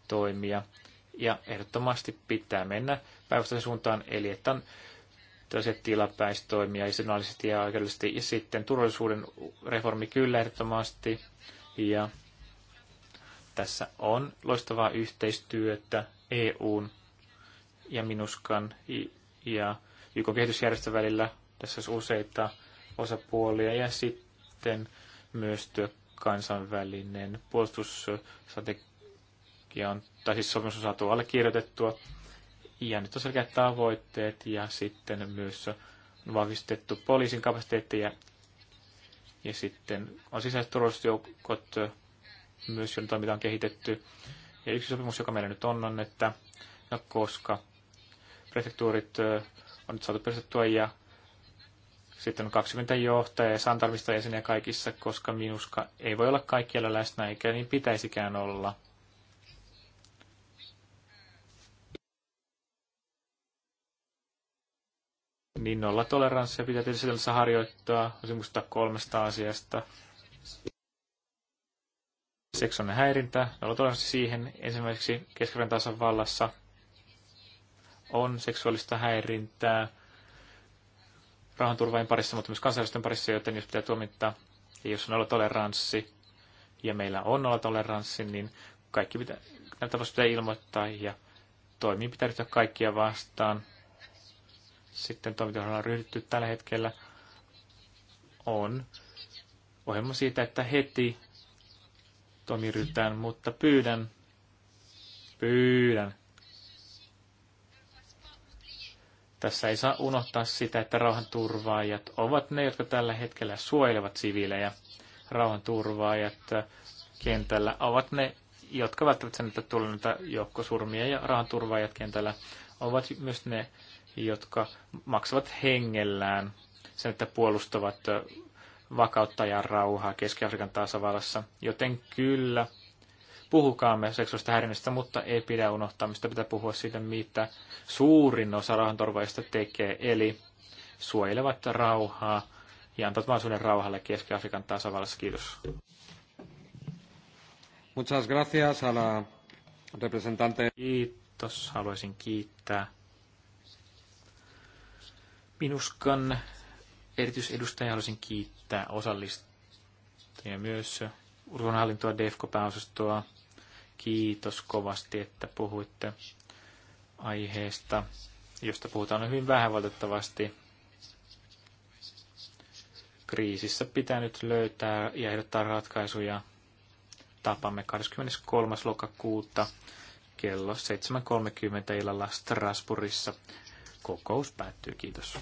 toimia ja ehdottomasti pitää mennä päinvastaiseen suuntaan, eli että on tällaisia tilapäistoimia istunnallisesti ja oikeudellisesti, ja sitten turvallisuuden reformi kyllä ehdottomasti, ja tässä on loistavaa yhteistyötä EUn ja Minuskan ja YK kehitysjärjestön välillä. Tässä on useita osapuolia ja sitten myös työ kansainvälinen puolustusstrategia on tai siis sopimus on saatu allekirjoitettua, ja nyt on selkeät tavoitteet, ja sitten myös on vahvistettu poliisin kapasiteetteja. ja sitten on sisäiset turvallisuusjoukot myös, joiden toiminta on kehitetty. Ja yksi sopimus, joka meillä nyt on, on, että no koska prefektuurit on nyt saatu perustettua ja sitten on 20 johtajaa ja santarmista jäseniä kaikissa, koska minuska ei voi olla kaikkialla läsnä, eikä niin pitäisikään olla. niin nolla toleranssia pitää tietysti harjoittaa, sopimusta kolmesta asiasta. Seksuaalinen häirintä, nolla toleranssi siihen. Ensimmäiseksi keskiverran vallassa on seksuaalista häirintää Rahanturvain parissa, mutta myös kansainvälisten parissa, joten jos pitää tuomittaa, ja jos on nolla toleranssi, ja meillä on nolla toleranssi, niin kaikki pitää, näitä pitää ilmoittaa, ja toimiin pitää ryhtyä kaikkia vastaan sitten toimintaohjelmalla on ryhdytty tällä hetkellä, on ohjelma siitä, että heti toimirytään, mutta pyydän, pyydän. Tässä ei saa unohtaa sitä, että rauhanturvaajat ovat ne, jotka tällä hetkellä suojelevat siviilejä. Rauhanturvaajat kentällä ovat ne, jotka välttävät sen, että tulee näitä joukkosurmia ja rauhanturvaajat kentällä ovat myös ne, jotka maksavat hengellään sen, että puolustavat vakautta ja rauhaa Keski-Afrikan tasavallassa. Joten kyllä, puhukaamme seksuaalista häirinnästä, mutta ei pidä unohtaa, mistä pitää puhua siitä, mitä suurin osa rauhanturvaajista tekee, eli suojelevat rauhaa ja antavat mahdollisuuden rauhalle Keski-Afrikan tasavallassa. Kiitos. Muchas gracias a la representante. Kiitos. Haluaisin kiittää Minuskan erityisedustaja haluaisin kiittää osallistujia myös urheiluhallintoa, DEFCO-pääosastoa. Kiitos kovasti, että puhuitte aiheesta, josta puhutaan hyvin vähän valitettavasti. Kriisissä pitää nyt löytää ja ehdottaa ratkaisuja. Tapamme 23. lokakuuta kello 7.30 illalla Strasbourgissa Kokous päättyy. Kiitos.